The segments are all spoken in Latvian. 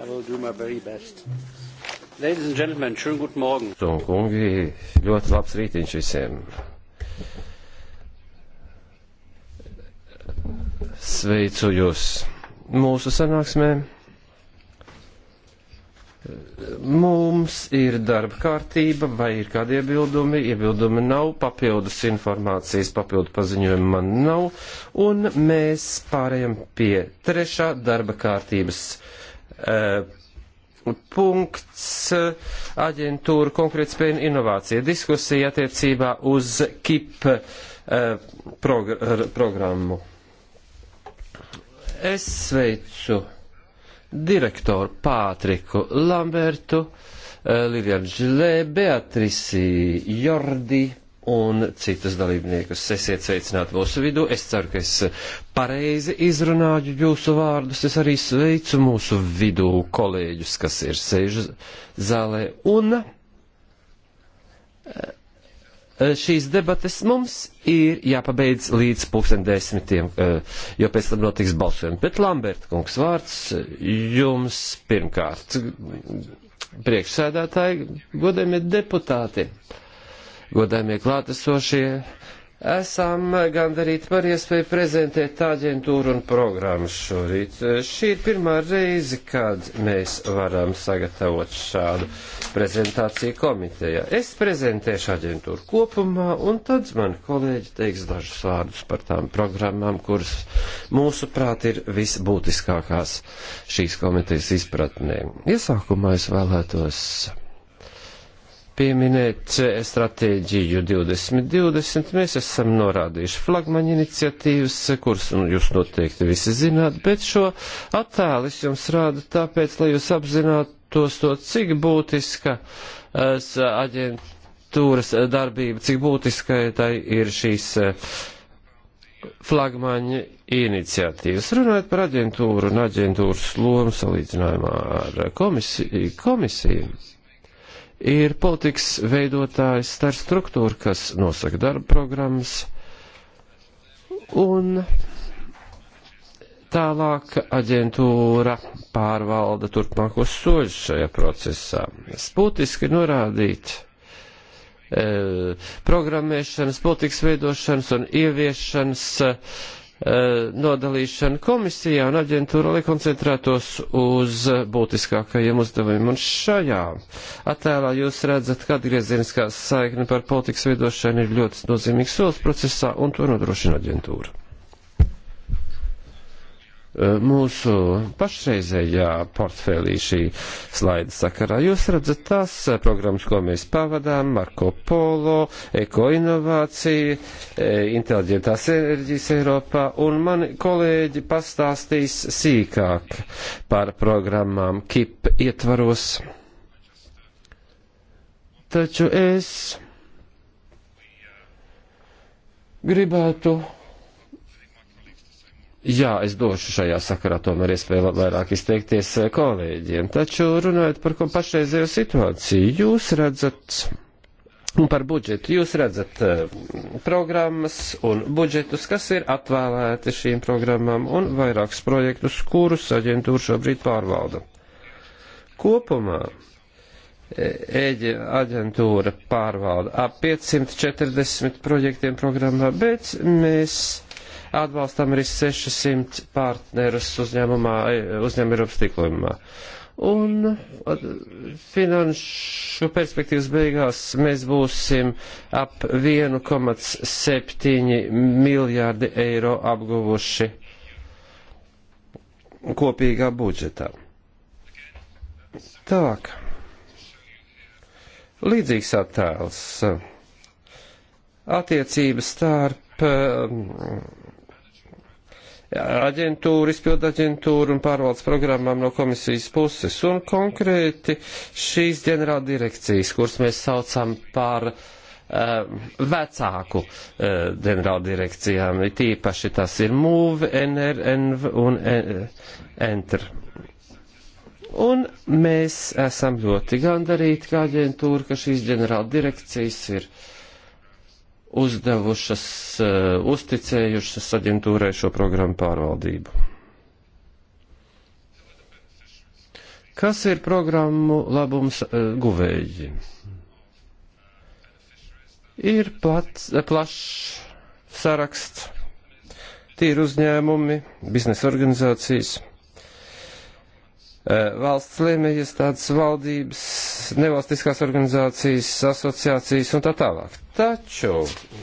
I will do my very best. Ladies and gentlemen, schönen guten Morgen. Un kungi, ļoti labs rītiņš visiem. Sveicu jūs mūsu sanāksmē. Mums ir darba kārtība, vai ir kādi iebildumi? Iebildumi nav, papildus informācijas, papildu paziņojumu man nav, un mēs pārējam pie trešā darba kārtības Eh, punkts eh, aģentūra konkurētspēja inovācija diskusija attiecībā uz KIP eh, progr programmu. Es sveicu direktoru Pātriku Lambertu, Lilian Žilē, Beatrisi Jordi, un citus dalībniekus. Esiet sveicināti mūsu vidū. Es ceru, ka es pareizi izrunāju jūsu vārdus. Es arī sveicu mūsu vidū kolēģus, kas ir sēžu zālē. Un e, šīs debates mums ir jāpabeidz līdz pulksten desmitiem, e, jo pēc tam notiks balsojumi. Bet Lamberta kungs vārds jums pirmkārt. Priekšsēdētāji, godējumie deputāti. Uh, godājumie klātesošie, esam gandarīti par iespēju prezentēt tā aģentūru un programmu šorīt. Šī ir pirmā reize, kad mēs varam sagatavot šādu prezentāciju komitejā. Es prezentēšu aģentūru kopumā, un tad mani kolēģi teiks dažus vārdus par tām programmām, kuras mūsuprāt ir visbūtiskākās šīs komitejas izpratnē. Iesākumā es vēlētos pieminēt stratēģiju 2020. Mēs esam norādījuši flagmaņa iniciatīvas, kuras nu, jūs noteikti visi zināt, bet šo attēlu es jums rādu tāpēc, lai jūs apzinātos to, cik būtiska aģentūras darbība, cik būtiska tai ir šīs flagmaņa iniciatīvas. Runājot par aģentūru un aģentūras lomu salīdzinājumā ar komisiju. komisiju ir politikas veidotājs, tā ir struktūra, kas nosaka darba programmas, un tālāk aģentūra pārvalda turpmākos soļus šajā procesā. Būtiski norādīt e, programmēšanas, politikas veidošanas un ieviešanas e, Eh, nodalīšana komisijā un aģentūra, lai koncentrētos uz būtiskākajiem uzdevumiem. Un šajā attēlā jūs redzat, ka atgriezeniskā saikne par politikas veidošanu ir ļoti nozīmīgs solis procesā un to nodrošina aģentūra. Eh, mūsu pašreizējā portfēlī šī slaida sakarā. Jūs redzat tās eh, programmas, ko mēs pavadām, Marko Polo, ekoinovācija, eh, inteliģentās enerģijas Eiropā, un mani kolēģi pastāstīs sīkāk par programmām KIP ietvaros. Taču es gribētu Jā, es došu šajā sakarā tomēr iespēju vairāk izteikties eh, kolēģiem, taču runājot par ko pašreizējo situāciju, jūs redzat, un par budžetu, jūs redzat eh, programmas un budžetus, kas ir atvēlēti šīm programmām un vairākus projektus, kurus aģentūra šobrīd pārvalda. Kopumā Eģi eh, aģentūra pārvalda ap 540 projektiem programmā, bet mēs Atbalstam arī 600 partnerus uzņēmumā, e, uzņēmuma Eiropas tīklojumā. Un finanšu perspektīvas beigās mēs būsim ap 1,7 miljārdi eiro apguvuši kopīgā budžetā. Tālāk. Līdzīgs attēls. Attiecības starp aģentūru, izpildu aģentūru un pārvaldes programmām no komisijas puses. Un konkrēti šīs ģenerāla direkcijas, kuras mēs saucam par uh, vecāku uh, ģenerāla direkcijām, ir tīpaši tas ir MUV, NR, NV un eh, ENTR. Un mēs esam ļoti gandarīti kā aģentūra, ka šīs ģenerāla direkcijas ir uh, uzdevušas, eh, uzticējušas aģentūrai šo programmu pārvaldību. Kas ir programmu labums eh, guvēji? Ir plats, eh, plašs saraksts, tīri uzņēmumi, biznesa organizācijas Eh, valsts lēmējas, tādas valdības, nevalstiskās organizācijas, asociācijas un tā tālāk. Taču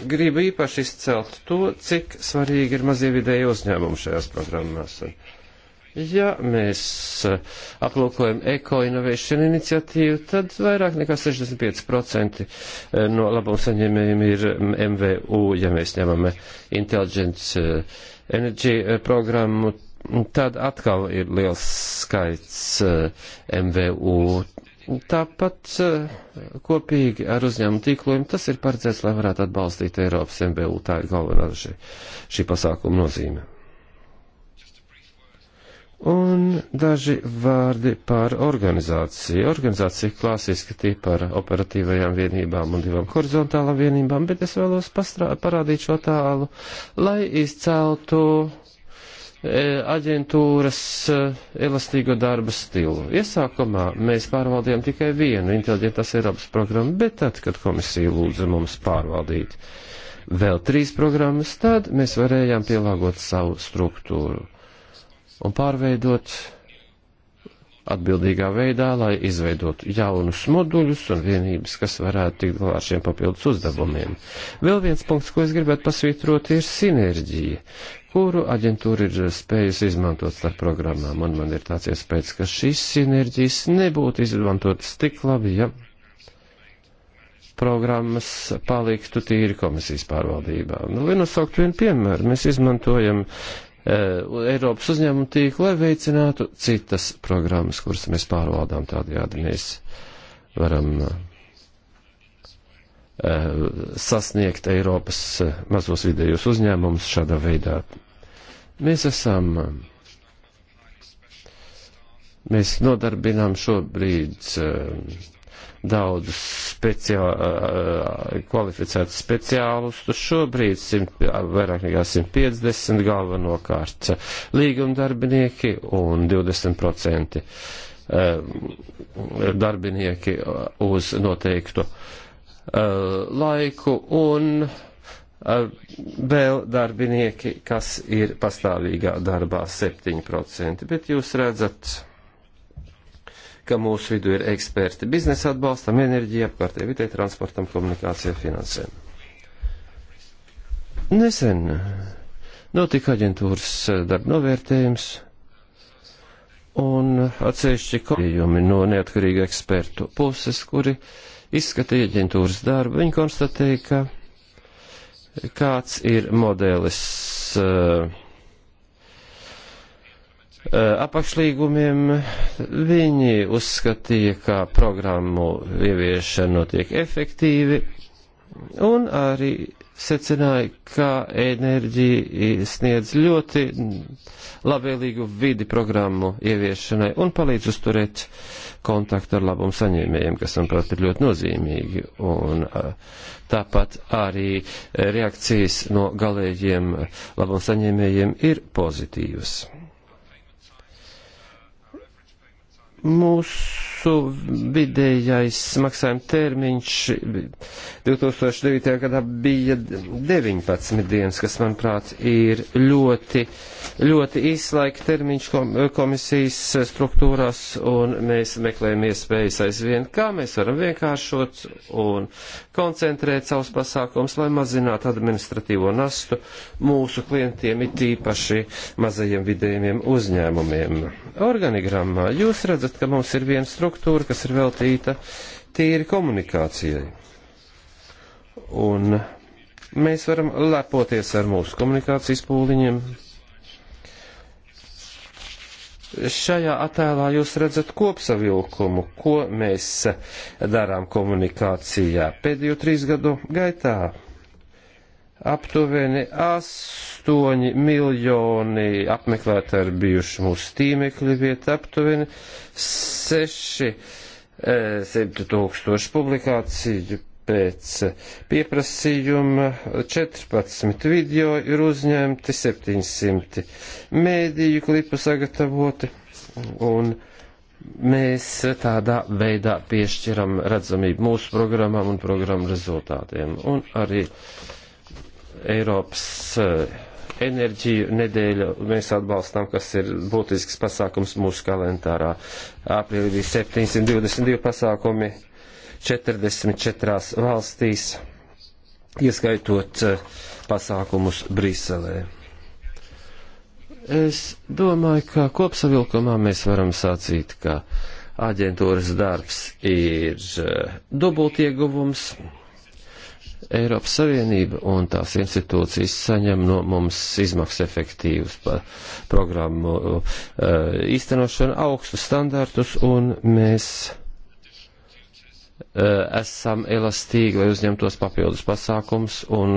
gribu īpaši izcelt to, cik svarīgi ir mazie vidēji uzņēmumi šajās programmās. Ja mēs eh, aplūkojam eco-innovation iniciatīvu, tad vairāk nekā 65% eh, no labuma saņēmējiem ir MVU, mm, ja mēs ņemam Intelligence Energy programmu, tad atkal ir liels skaits eh, MVU. Tāpat eh, kopīgi ar uzņēmumu tīklojumu tas ir paredzēts, lai varētu atbalstīt Eiropas MVU. Tā ir galvenā šī, šī pasākuma nozīme. Un daži vārdi par organizāciju. Organizācija klasiski tīpa par operatīvajām vienībām un divām horizontālām vienībām, bet es vēlos pastrā, parādīt šo tālu, lai izceltu E, aģentūras e, elastīgo darba stilu. Iesākumā mēs pārvaldījām tikai vienu inteliģentas Eiropas programmu, bet tad, kad komisija lūdza mums pārvaldīt vēl trīs programmas, tad mēs varējām pielāgot savu struktūru un pārveidot atbildīgā veidā, lai izveidotu jaunus moduļus un vienības, kas varētu tikt galā ar šiem papildus uzdevumiem. Vēl viens punkts, ko es gribētu pasvītrot, ir sinerģija kuru aģentūra ir eh, spējusi izmantot starp programmām. Un man ir tāds iespējas, ka šīs sinerģijas nebūtu izmantotas tik labi, ja programmas paliktu tīri komisijas pārvaldībā. Nu, vienu saukt vienu piemēru. Mēs izmantojam eh, Eiropas uzņēmumu tīklu, lai veicinātu citas programmas, kuras mēs pārvaldām tādajādi. Mēs varam eh, Eh, sasniegt Eiropas eh, mazos vidējos uzņēmumus šādā veidā. Mēs esam, eh, mēs nodarbinām šobrīd daudzus speciā, kvalificētus speciālustus. Šobrīd simt, vairāk nekā 150 galvenokārt līgumdarbinieki un 20% darbinieki uz noteiktu uh, Uh, laiku un uh, vēl darbinieki, kas ir pastāvīgā darbā 7%. Bet jūs redzat, ka mūsu vidu ir eksperti biznesa atbalstam, enerģija, apkārtē vidē, transportam, komunikācijai, finansēm. Nesen notika aģentūras darba novērtējums un atsevišķi kolēģumi no neatkarīga ekspertu puses, kuri uh, izskatīja aģentūras darbu, viņi konstatēja, ka kāds ir modelis uh, apakšlīgumiem, viņi uzskatīja, ka programmu ieviešana notiek efektīvi un arī secināja, ka enerģija sniedz ļoti labvēlīgu vidi programmu ieviešanai un palīdz uzturēt kontaktu ar labumu saņēmējiem, kas, manuprāt, ir ļoti nozīmīgi. Un tāpat arī reakcijas no galējiem labumu saņēmējiem ir pozitīvas. Mūsu Mūsu vidējais maksājuma termiņš 2009. gadā bija 19 dienas, kas, manuprāt, ir ļoti, ļoti īslaika termiņš komisijas struktūrās, un mēs meklējam iespējas aizvien, kā mēs varam vienkāršot un koncentrēt savus pasākums, lai mazinātu administratīvo nastu mūsu klientiem, it īpaši mazajiem vidējiem uzņēmumiem. Organigrammā jūs redzat, ka mums ir viens struktūrs, struktūra, kas ir veltīta tīri komunikācijai. Un mēs varam lepoties ar mūsu komunikācijas pūliņiem. Šajā attēlā jūs redzat kopsavilkumu, ko mēs darām komunikācijā pēdējo trīs gadu gaitā aptuveni 8 miljoni apmeklētāji ir bijuši mūsu tīmekļa vieta, aptuveni 6 7 eh, tūkstoši publikāciju pēc pieprasījuma, 14 video ir uzņemti, 700 mēdīju klipu sagatavoti un mēs tādā veidā piešķiram redzamību mūsu programmām un programmu rezultātiem. Un arī uh, Eiropas eh, enerģiju nedēļu mēs atbalstām, kas ir būtisks pasākums mūsu kalendārā. Aprīlī bija 722 pasākumi 44 valstīs, ieskaitot eh, pasākumus Briselē. Es domāju, ka kopsavilkumā mēs varam sacīt, ka aģentūras darbs ir eh, dubultieguvums. ieguvums Eiropas Savienība un tās institūcijas saņem no mums izmaksas efektīvas par programmu uh, īstenošanu augstus standartus, un mēs uh, esam elastīgi, lai uzņemtos papildus pasākums, un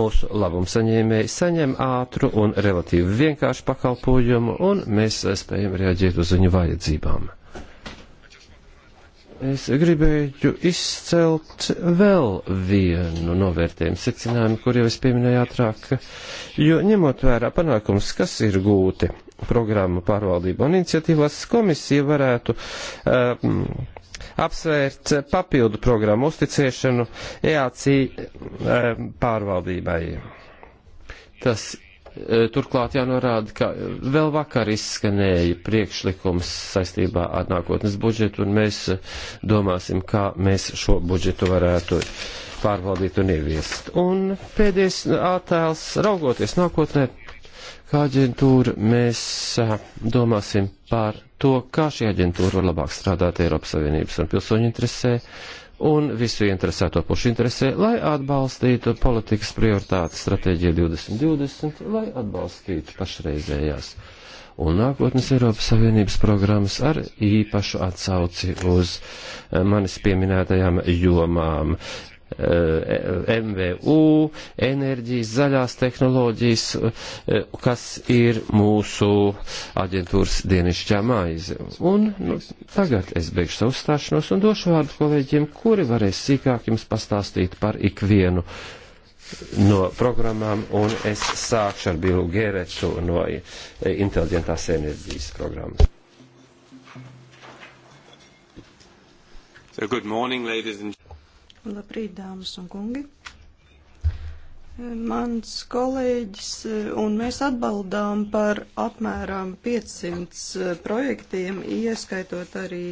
mūsu labumu saņēmēji saņem ātru un relatīvi vienkāršu pakalpojumu, un mēs uh, spējam reaģēt uz viņu vajadzībām. Es gribēju izcelt vēl vienu novērtējumu secinājumu, kur jau es pieminēju ātrāk, jo ņemot vērā panākums, kas ir gūti programmu pārvaldību un iniciatīvās, komisija varētu um, apsvērt papildu programmu uzticēšanu EAC um, pārvaldībai. Tas E, turklāt jānorāda, ka vēl vakar izskanēja priekšlikums saistībā ar nākotnes budžetu, un mēs domāsim, kā mēs šo budžetu varētu pārvaldīt un ieviest. Un pēdējais attēls, raugoties nākotnē, kā aģentūra, mēs domāsim par to, kā šī aģentūra var labāk strādāt Eiropas Savienības un pilsoņu interesē, un visu interesēto pušu interesē, lai atbalstītu politikas prioritātes stratēģija 2020, lai atbalstītu pašreizējās un nākotnes Eiropas Savienības programmas ar īpašu atsauci uz eh, manis pieminētajām jomām Eh, MVU, enerģijas, zaļās tehnoloģijas, eh, kas ir mūsu aģentūras dienišķā maize. Un nu, tagad es beigšu savu stāšanos un došu vārdu kolēģiem, kuri varēs sīkāk jums pastāstīt par ikvienu no programmām, un es sākšu ar Bilu Gēreču no eh, inteliģentās enerģijas programmas. So good morning, ladies and gentlemen. Labrīt, dāmas un kungi! Mans kolēģis eh, un mēs atbaldām par apmēram 500 eh, projektiem, ieskaitot arī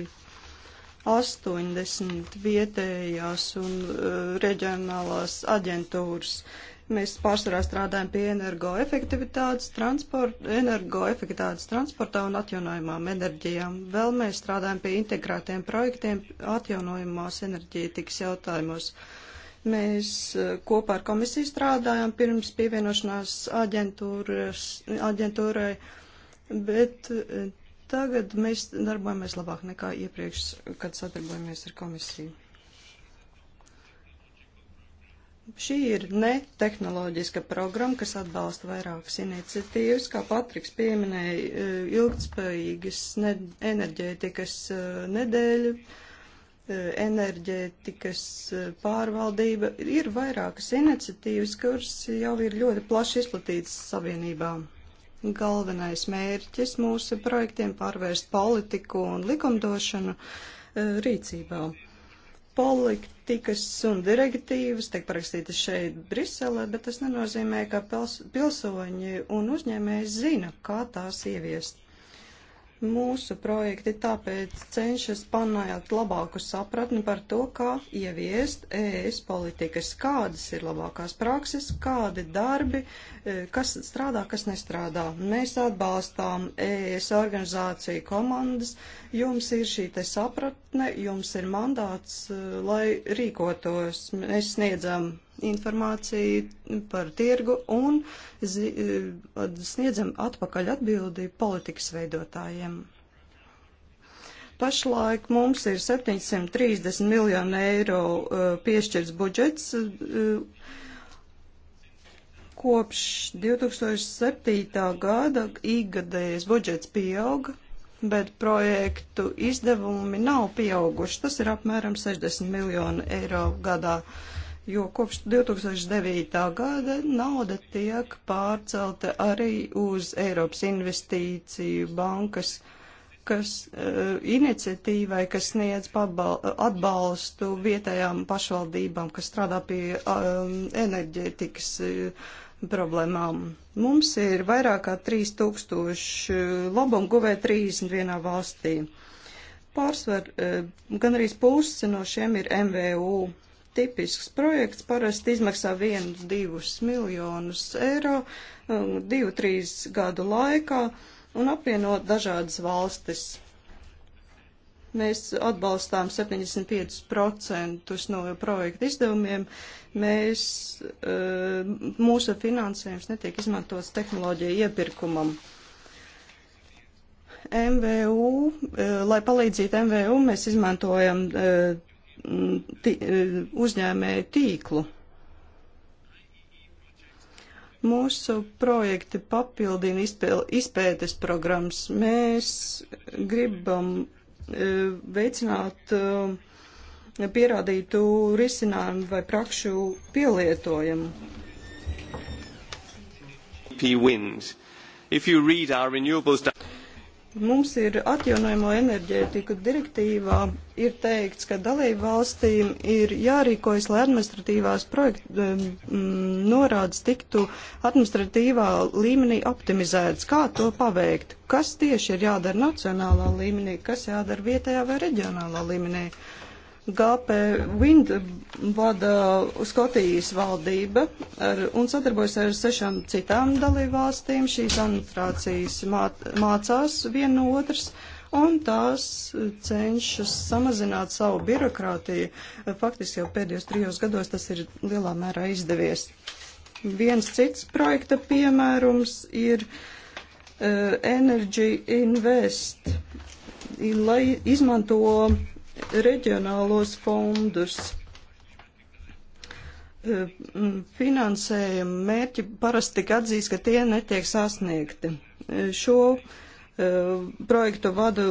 80 vietējās un eh, reģionālās aģentūras. Uh, Mēs pārsvarā strādājam pie energoefektivitātes, transport, energoefektivitātes transportā un atjaunojumām enerģijām. Vēl mēs strādājam pie integrētiem projektiem atjaunojumās enerģētikas jautājumos. Mēs eh, kopā ar komisiju strādājam pirms pievienošanās aģentūrai, bet eh, tagad mēs darbojamies labāk nekā iepriekš, kad sadarbojamies ar komisiju. Šī ir netehnoloģiska programma, kas atbalsta vairākas iniciatīvas, kā Patriks pieminēja, eh, ilgtspējīgas ne enerģētikas eh, nedēļa, eh, enerģētikas pārvaldība. Ir vairākas iniciatīvas, kuras jau ir ļoti plaši izplatītas savienībā. Galvenais mērķis mūsu projektiem pārvērst politiku un likumdošanu rīcībā. Polikt politikas un direktīvas tiek parakstītas šeit Briselē, bet tas nenozīmē, ka pilsoņi un uzņēmēji zina, kā tās ieviest. Mūsu projekti tāpēc cenšas panākt labāku sapratni par to, kā ieviest ES politikas, kādas ir labākās prakses, kādi darbi, e, kas strādā, kas nestrādā. Mēs atbalstām ES organizāciju komandas, jums ir šī te sapratne, jums ir mandāts, e, lai rīkotos. Mēs sniedzam informāciju par tirgu un e, sniedzam atpakaļ atbildību politikas veidotājiem. Pašlaik mums ir 730 miljonu eiro e, piešķirts budžets e, kopš 2007. gada īgadējais budžets pieauga, bet projektu izdevumi nav pieauguši. Tas ir apmēram 60 miljonu eiro gadā. Uh, jo kopš 2009. gada nauda tiek pārcelta arī uz Eiropas investīciju bankas kas uh, iniciatīvai, kas sniedz pabal, atbalstu vietējām pašvaldībām, kas strādā pie um, enerģētikas uh, problēmām. Mums ir vairāk kā 3000 labumu guvē 31 valstī. Pārsvar, uh, gan arī pusi no šiem ir MVU tipisks projekts parasti izmaksā 1-2 miljonus eiro 2-3 um, gadu laikā un apvienot dažādas valstis. Mēs atbalstām 75% no projekta izdevumiem. Mēs, um, mūsu finansējums netiek izmantots tehnoloģija iepirkumam. MVU, eh, lai palīdzītu MVU, mēs izmantojam eh, tī, e, uzņēmēju tīklu. Mūsu projekti papildina izpētes programmas. Mēs gribam e, veicināt e, pierādītu risinājumu vai prakšu pielietojumu. P-Wind. If you read our renewables... Mums ir atjaunojamo enerģētiku direktīvā ir teikts, ka dalību valstīm ir jārīkojas, lai administratīvās projekta norādes tiktu administratīvā līmenī optimizētas. Kā to paveikt? Kas tieši ir jādara nacionālā līmenī, kas jādara vietējā vai reģionālā līmenī? Uh, GP Wind vada Skotijas valdība ar, un sadarbojas ar sešām citām dalībvalstīm. Šīs administrācijas mācās viena no otras un tās cenšas samazināt savu birokrātiju. Faktiski jau pēdējos trijos gados tas ir lielā mērā izdevies. Viens cits projekta piemērums ir eh, Energy Invest, lai izmanto reģionālos fondus. E, finansējuma mērķi parasti tik atzīst, ka tie netiek sasniegti. E, šo e, projektu vadu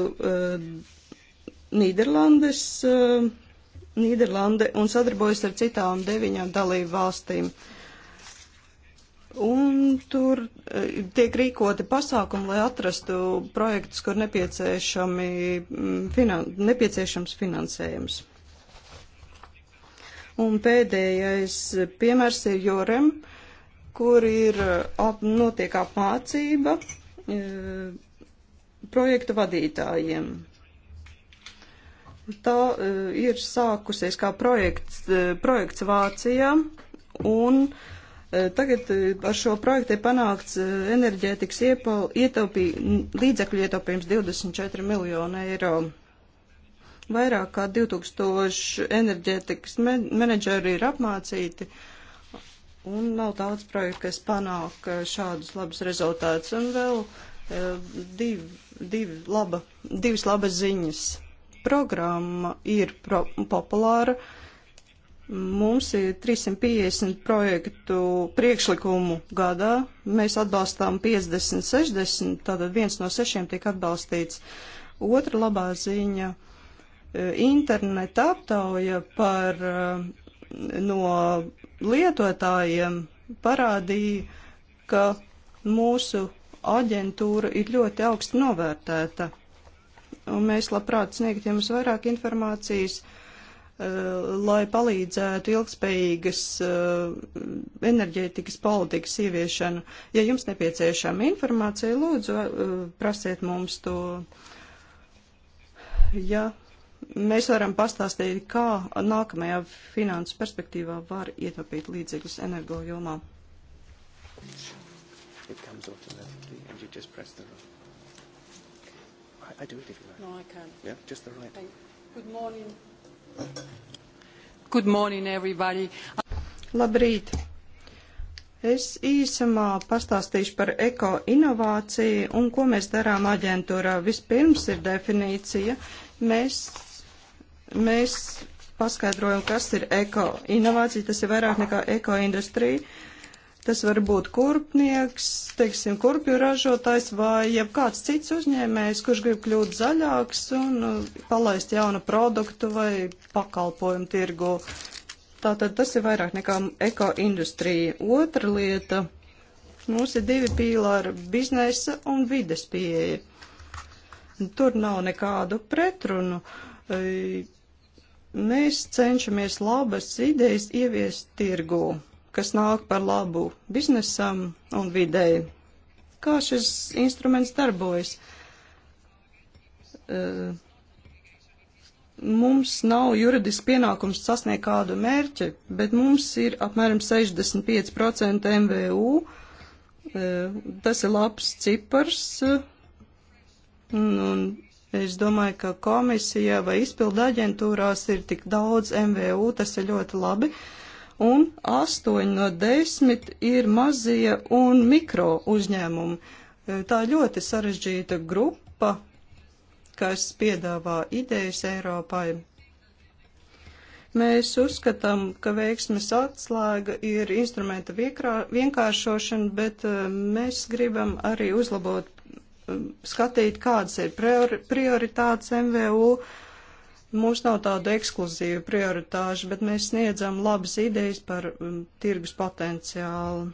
Nīderlandes, Nīderlande un sadarbojas ar citām deviņām dalību valstīm. Uh, Un tur eh, tiek rīkoti pasākumi, lai atrastu projektus, kur mm, finan nepieciešams finansējums. Un pēdējais piemērs ir Jorem, kur ir eh, ap, notiek apmācība e, projektu vadītājiem. Tā e, ir sākusies kā projekts, e, projekts Vācijā un e, Eh, tagad eh, ar šo projektu ir panākts eh, enerģētikas ietaupī, līdzekļu ietaupījums 24 miljonu eiro. Vairāk kā 2000 enerģētikas menedžeri ir apmācīti. Un nav daudz projektu, kas panāk šādus labus rezultātus. Un vēl div, div laba, divas labas ziņas. Programma ir pro, populāra. Uh, Mums ir 350 projektu priekšlikumu gadā. Mēs atbalstām 50, 60, tātad viens no sešiem tiek atbalstīts. Otra labā ziņa e, - interneta aptauja par e, no lietotājiem parādīja, ka mūsu aģentūra ir ļoti augsti novērtēta. Un mēs labprāt sniegt jums vairāk informācijas. Uh, Eh, lai palīdzētu ilgspējīgas eh, enerģētikas politikas ieviešanu. Ja jums nepieciešama informācija, lūdzu, eh, prasiet mums to. Ja mēs varam pastāstīt, kā nākamajā finanses perspektīvā var ietaupīt līdzekļus energo jomā. It comes automatically and you just press the right. I, I do it if you like. No, I can. Yeah, just the right. Thank you. Good morning. Good morning, everybody. Labrīt! Es īsumā pastāstīšu par ekoinovāciju un ko mēs darām aģentūrā. Vispirms ir definīcija. Mēs, mēs paskaidrojam, kas ir ekoinovācija. Tas ir vairāk nekā ekoindustrija. Tas var būt kurpnieks, teiksim, kurpju ražotājs vai jebkāds cits uzņēmējs, kurš grib kļūt zaļāks un uh, palaist jaunu produktu vai pakalpojumu tirgu. Tātad tas ir vairāk nekā ekoindustrija. Otra lieta - mums ir divi pīlāri - biznesa un vides pieeja. Tur nav nekādu pretrunu. Mēs cenšamies labas idejas ieviest tirgū kas nāk par labu biznesam un videi. Kā šis instruments darbojas? E, mums nav juridiski pienākums sasniegt kādu mērķi, bet mums ir apmēram 65% MVU. E, tas ir labs cipars, un, un Es domāju, ka komisijā vai izpildu aģentūrās ir tik daudz MVU, tas ir ļoti labi un 8 no 10 ir mazie un mikro uzņēmumi. E, tā ļoti sarežģīta grupa, kas piedāvā idejas Eiropai. Mēs uzskatām, ka veiksmes atslēga ir instrumenta vienkāršošana, bet e, mēs gribam arī uzlabot, skatīt, kādas ir prioritātes MVU, Mums nav tāda ekskluzīva prioritāša, bet mēs sniedzam labas idejas par um, tirgus potenciālu.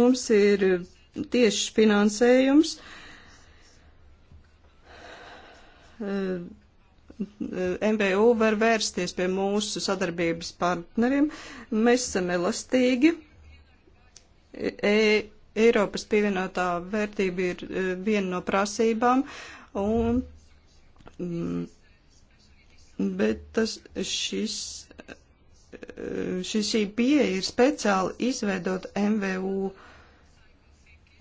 Mums ir tieši finansējums. Uh, eh, MVU var vērsties pie mūsu sadarbības partneriem. Mēs esam elastīgi. E Eiropas pievienotā vērtība ir eh, viena no prasībām, un mm, bet tas, šis, šī, šī pieeja ir speciāli izveidot MVU.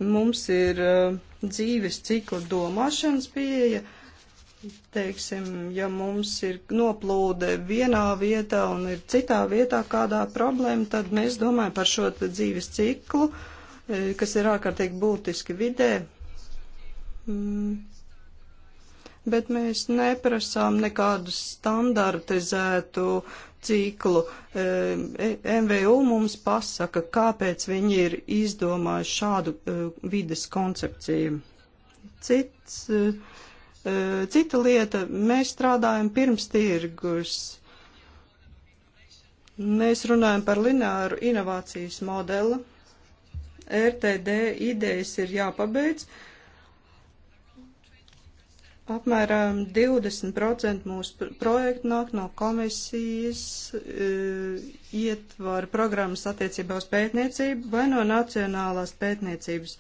Mums ir uh, dzīves cikla domāšanas pieeja. Teiksim, ja mums ir noplūde vienā vietā un ir citā vietā kādā problēma, tad mēs domājam par šo dzīves ciklu, eh, kas ir ārkārtīgi būtiski vidē. Mm bet mēs neprasām nekādu standartizētu ciklu. E, e, MVU mums pasaka, kāpēc viņi ir izdomājuši šādu e, vides koncepciju. Cits, cita lieta, mēs strādājam pirms tirgus. Mēs runājam par lineāru inovācijas modeli. RTD idejas ir jāpabeidz. Uh, Apmēram 20% mūsu projektu nāk no komisijas e, ietvaru programmas attiecībā uz pētniecību vai no nacionālās pētniecības.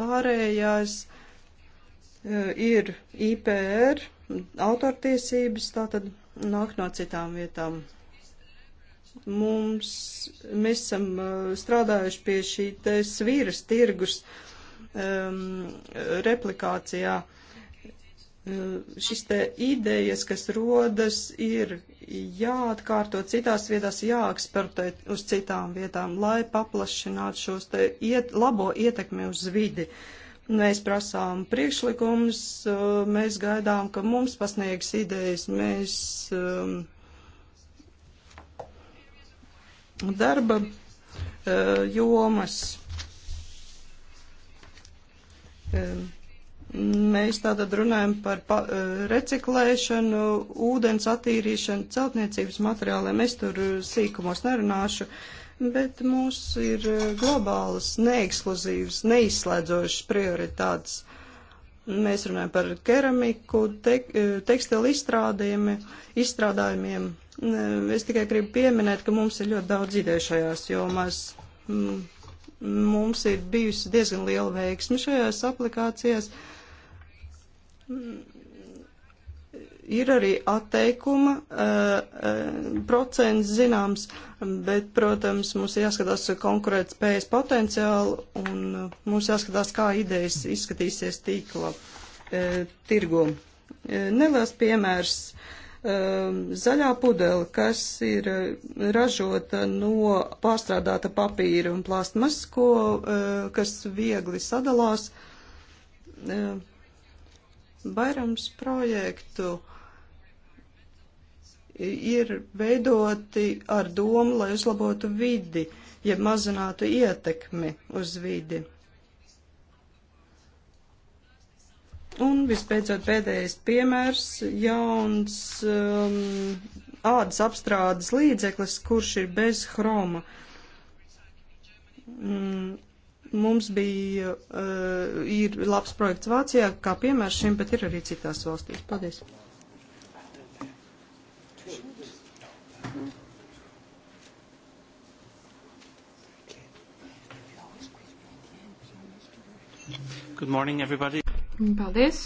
Pārējās e, ir IPR, autortiesības, tātad nāk no citām vietām. Mums, mēs esam e, strādājuši pie šī te svīras tirgus um, replikācijā. Uh, šis te idejas, kas rodas, ir jāatkārto citās vietās, jāeksportē uz citām vietām, lai paplašinātu šos te iet, labo ietekmi uz vidi. Mēs prasām priekšlikumus, uh, mēs gaidām, ka mums pasniegs idejas, mēs um, darba uh, jomas. Um, Mēs tātad runājam par pa, e, reciklēšanu, ūdens attīrīšanu, celtniecības materiāliem. Es tur sīkumos nerunāšu, bet mums ir e, globālas, neekskluzīvas, neizslēdzošas prioritātes. Mēs runājam par keramiku, te, e, tekstilu izstrādājumiem. Es tikai gribu pieminēt, ka mums ir ļoti daudz ideju šajās jomās mums ir bijusi diezgan liela veiksme šajās aplikācijās ir arī atteikuma uh, uh, procents zināms, bet, protams, mums jāskatās konkurēt spējas potenciālu un uh, mums jāskatās, kā idejas izskatīsies tīkla tirgu. Neliels piemērs. Zaļā pudele, kas ir ražota no pārstrādāta papīra un plastmas, ko, kas viegli sadalās, Vairums projektu ir veidoti ar domu, lai uzlabotu vidi, jeb ja mazinātu ietekmi uz vidi. Un vispēcot pēdējais piemērs, jauns um, ādas apstrādes līdzeklis, kurš ir bez hroma. Mm, Mums bija uh, ir labs projekts Vācijā, kā piemērs šim, bet ir arī citās valstīs. Paldies! Good morning, everybody. Paldies.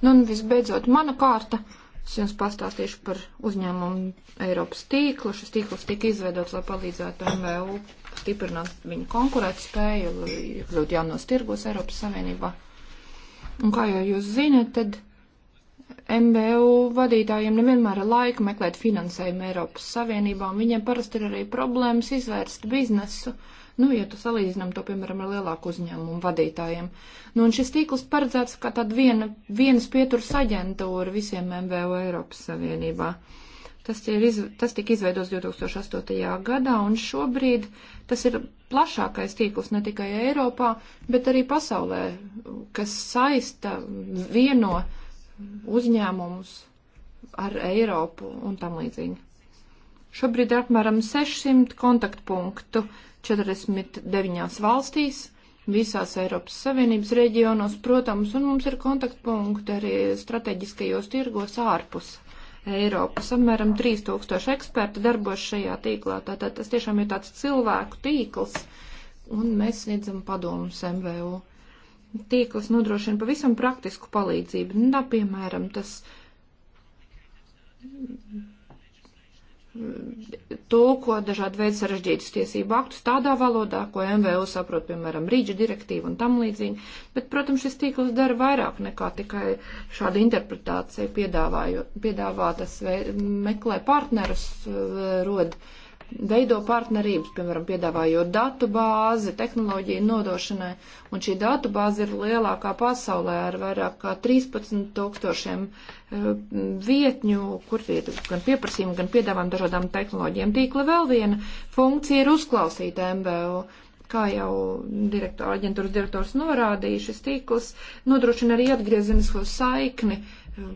Nu, un visbeidzot, mana kārta. Uh, Es jums pastāstīšu par uzņēmumu Eiropas tīklu. Šis tīkls tika izveidots, lai palīdzētu MVU stiprināt viņu konkurētspēju, lai iekļūtu jaunos tirgos Eiropas Savienībā. Un kā jau jūs zinat, tad MVU vadītājiem nevienmēr ir laika meklēt finansējumu Eiropas Savienībā, un viņiem parasti ir arī problēmas izvērst biznesu. Uh, Nu, ja tu salīdzinām to, piemēram, ar lielāku uzņēmumu vadītājiem. Nu, un šis tīkls paredzēts kā tāda viena, vienas pieturas aģentūra visiem MVO Eiropas Savienībā. Tas, iz, tas tika izveidots 2008. gadā, un šobrīd tas ir plašākais tīkls ne tikai Eiropā, bet arī pasaulē, kas saista, vieno uzņēmumus ar Eiropu un tam līdzīgi. Šobrīd ir apmēram 600 kontaktpunktu 49 valstīs, visās Eiropas Savienības reģionos, protams, un mums ir kontaktpunkti arī strateģiskajos tirgos ārpus Eiropas. Apmēram 3000 eksperti darbojas šajā tīklā, tātad tas tiešām ir tāds cilvēku tīkls, un mēs sniedzam padomus MVU. Tīkls nodrošina pavisam praktisku palīdzību, nu, piemēram, tas tulko dažādi veidi sarežģītus tiesību aktus tādā valodā, ko MVU saprot, piemēram, rīģa direktīva un tam līdzīgi. Bet, protams, šis tīkls dara vairāk nekā tikai šādu interpretāciju piedāvā, jo piedāvā tas meklē partnerus, eh, rod uh, veido partnerības, piemēram, piedāvājot datu bāzi, tehnoloģiju nodošanai, un šī datu bāze ir lielākā pasaulē ar vairāk kā 13 tūkstošiem eh, vietņu, kur ir gan pieprasījumi, gan piedāvājumi dažādām tehnoloģijām. Tīkla vēl viena funkcija ir uzklausīt MBU. Kā jau direktora aģentūras direktors norādīja, šis tīkls nodrošina arī atgriezenisko saikni uh,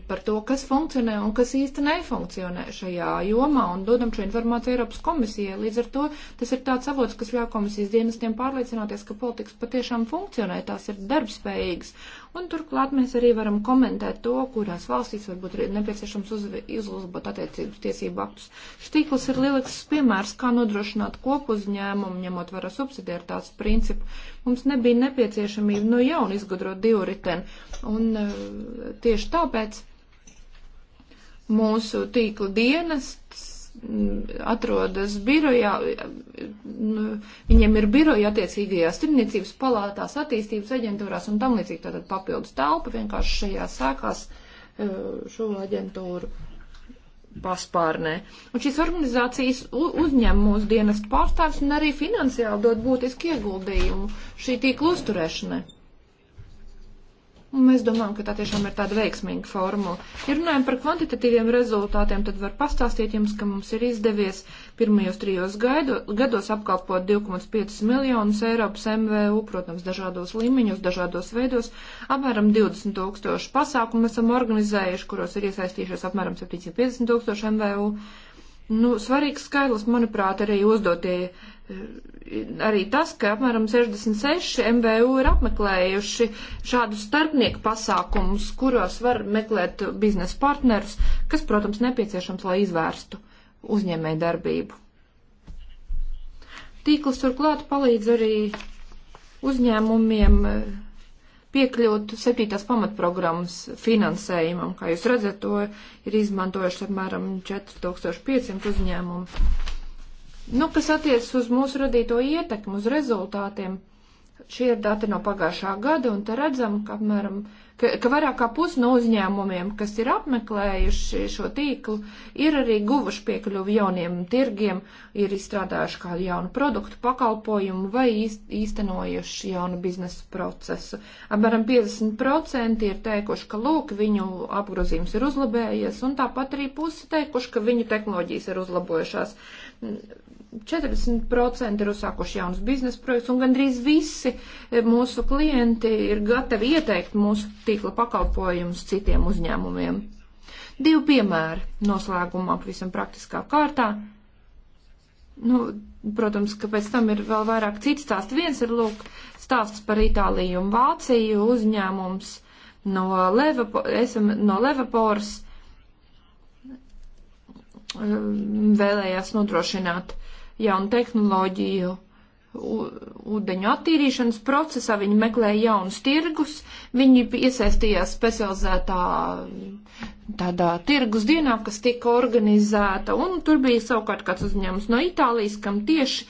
par to, kas funkcionē un kas īsti nefunkcionē šajā jomā un dodam šo informāciju Eiropas komisijai. Līdz ar to tas ir tāds avots, kas ļauj komisijas dienestiem pārliecināties, ka politikas patiešām funkcionē, tās ir darbspējīgas Un turklāt mēs arī varam komentēt to, kurās valstīs varbūt ir nepieciešams uzlabot attiecības tiesību aktus. Štīkls ir lielisks piemērs, kā nodrošināt kopuzņēmumu, ņemot vērā subsidiaritātes principu. Mums nebija nepieciešamība no jauna izgudrot divriteni. Un eh, tieši tāpēc mūsu tīkla dienests atrodas birojā, nu, viņiem ir biroja attiecīgajās tirniecības palātās, attīstības aģentūrās un tam līdzīgi tātad papildus telpa vienkārši šajā sākās e, šo aģentūru paspārnē. Un šīs organizācijas uzņem mūsu dienestu pārstāvis un arī finansiāli dod būtiski ieguldījumu šī tīkla uzturēšanai. Un mēs domājam, ka tā tiešām ir tāda veiksmīga formula. Ja runājam par kvantitatīviem rezultātiem, tad var pastāstīt jums, ka mums ir izdevies pirmajos trijos gaido, gados apkalpot 2,5 miljonus Eiropas MVU, protams, dažādos līmeņos, dažādos veidos. Apmēram 20 tūkstoši pasākumu esam organizējuši, kuros ir iesaistījušies apmēram 750 tūkstoši MVU. Nu, svarīgs skaidrs, manuprāt, arī uzdotie arī tas, ka apmēram 66 MVU ir apmeklējuši šādus starpnieku pasākumus, kuros var meklēt biznesa partnerus, kas, protams, nepieciešams, lai izvērstu uzņēmē darbību. Tīkls turklāt palīdz arī uzņēmumiem eh, piekļūt septītās pamatprogrammas finansējumam. Kā jūs redzat, to ir izmantojuši apmēram 4500 uzņēmumu. Nu, kas attiecas uz mūsu radīto ietekmu, uz rezultātiem, šie ir dati no pagājušā gada, un te redzam, ka, apmēram, ka, ka vairāk kā pus no uzņēmumiem, kas ir apmeklējuši šo tīklu, ir arī guvuši piekļuvi jauniem tirgiem, ir izstrādājuši kādu jaunu produktu, pakalpojumu vai īstenojuši jaunu biznesa procesu. Apmēram 50% ir teikuši, ka lūk, viņu apgrozījums ir uzlabējies, un tāpat arī pusi teikuši, ka viņu tehnoloģijas ir uzlabojušās. 40% ir uzsākuši jaunus biznesa projektus, un gandrīz visi eh, mūsu klienti ir gatavi ieteikt mūsu tīkla pakalpojumus citiem uzņēmumiem. Divi piemēri noslēgumā pavisam praktiskā kārtā. Nu, protams, ka pēc tam ir vēl vairāk cits stāsts. Viens ir, lūk, stāsts par Itāliju un Vāciju uzņēmums no, Levapo, esam, no Levaporas Um, vēlējās nodrošināt jaunu tehnoloģiju ūdeņu attīrīšanas procesā, viņi meklēja jaunus tirgus, viņi iesaistījās specializētā tādā tirgus dienā, kas tika organizēta, un tur bija savukārt kāds uzņēmums no Itālijas, kam tieši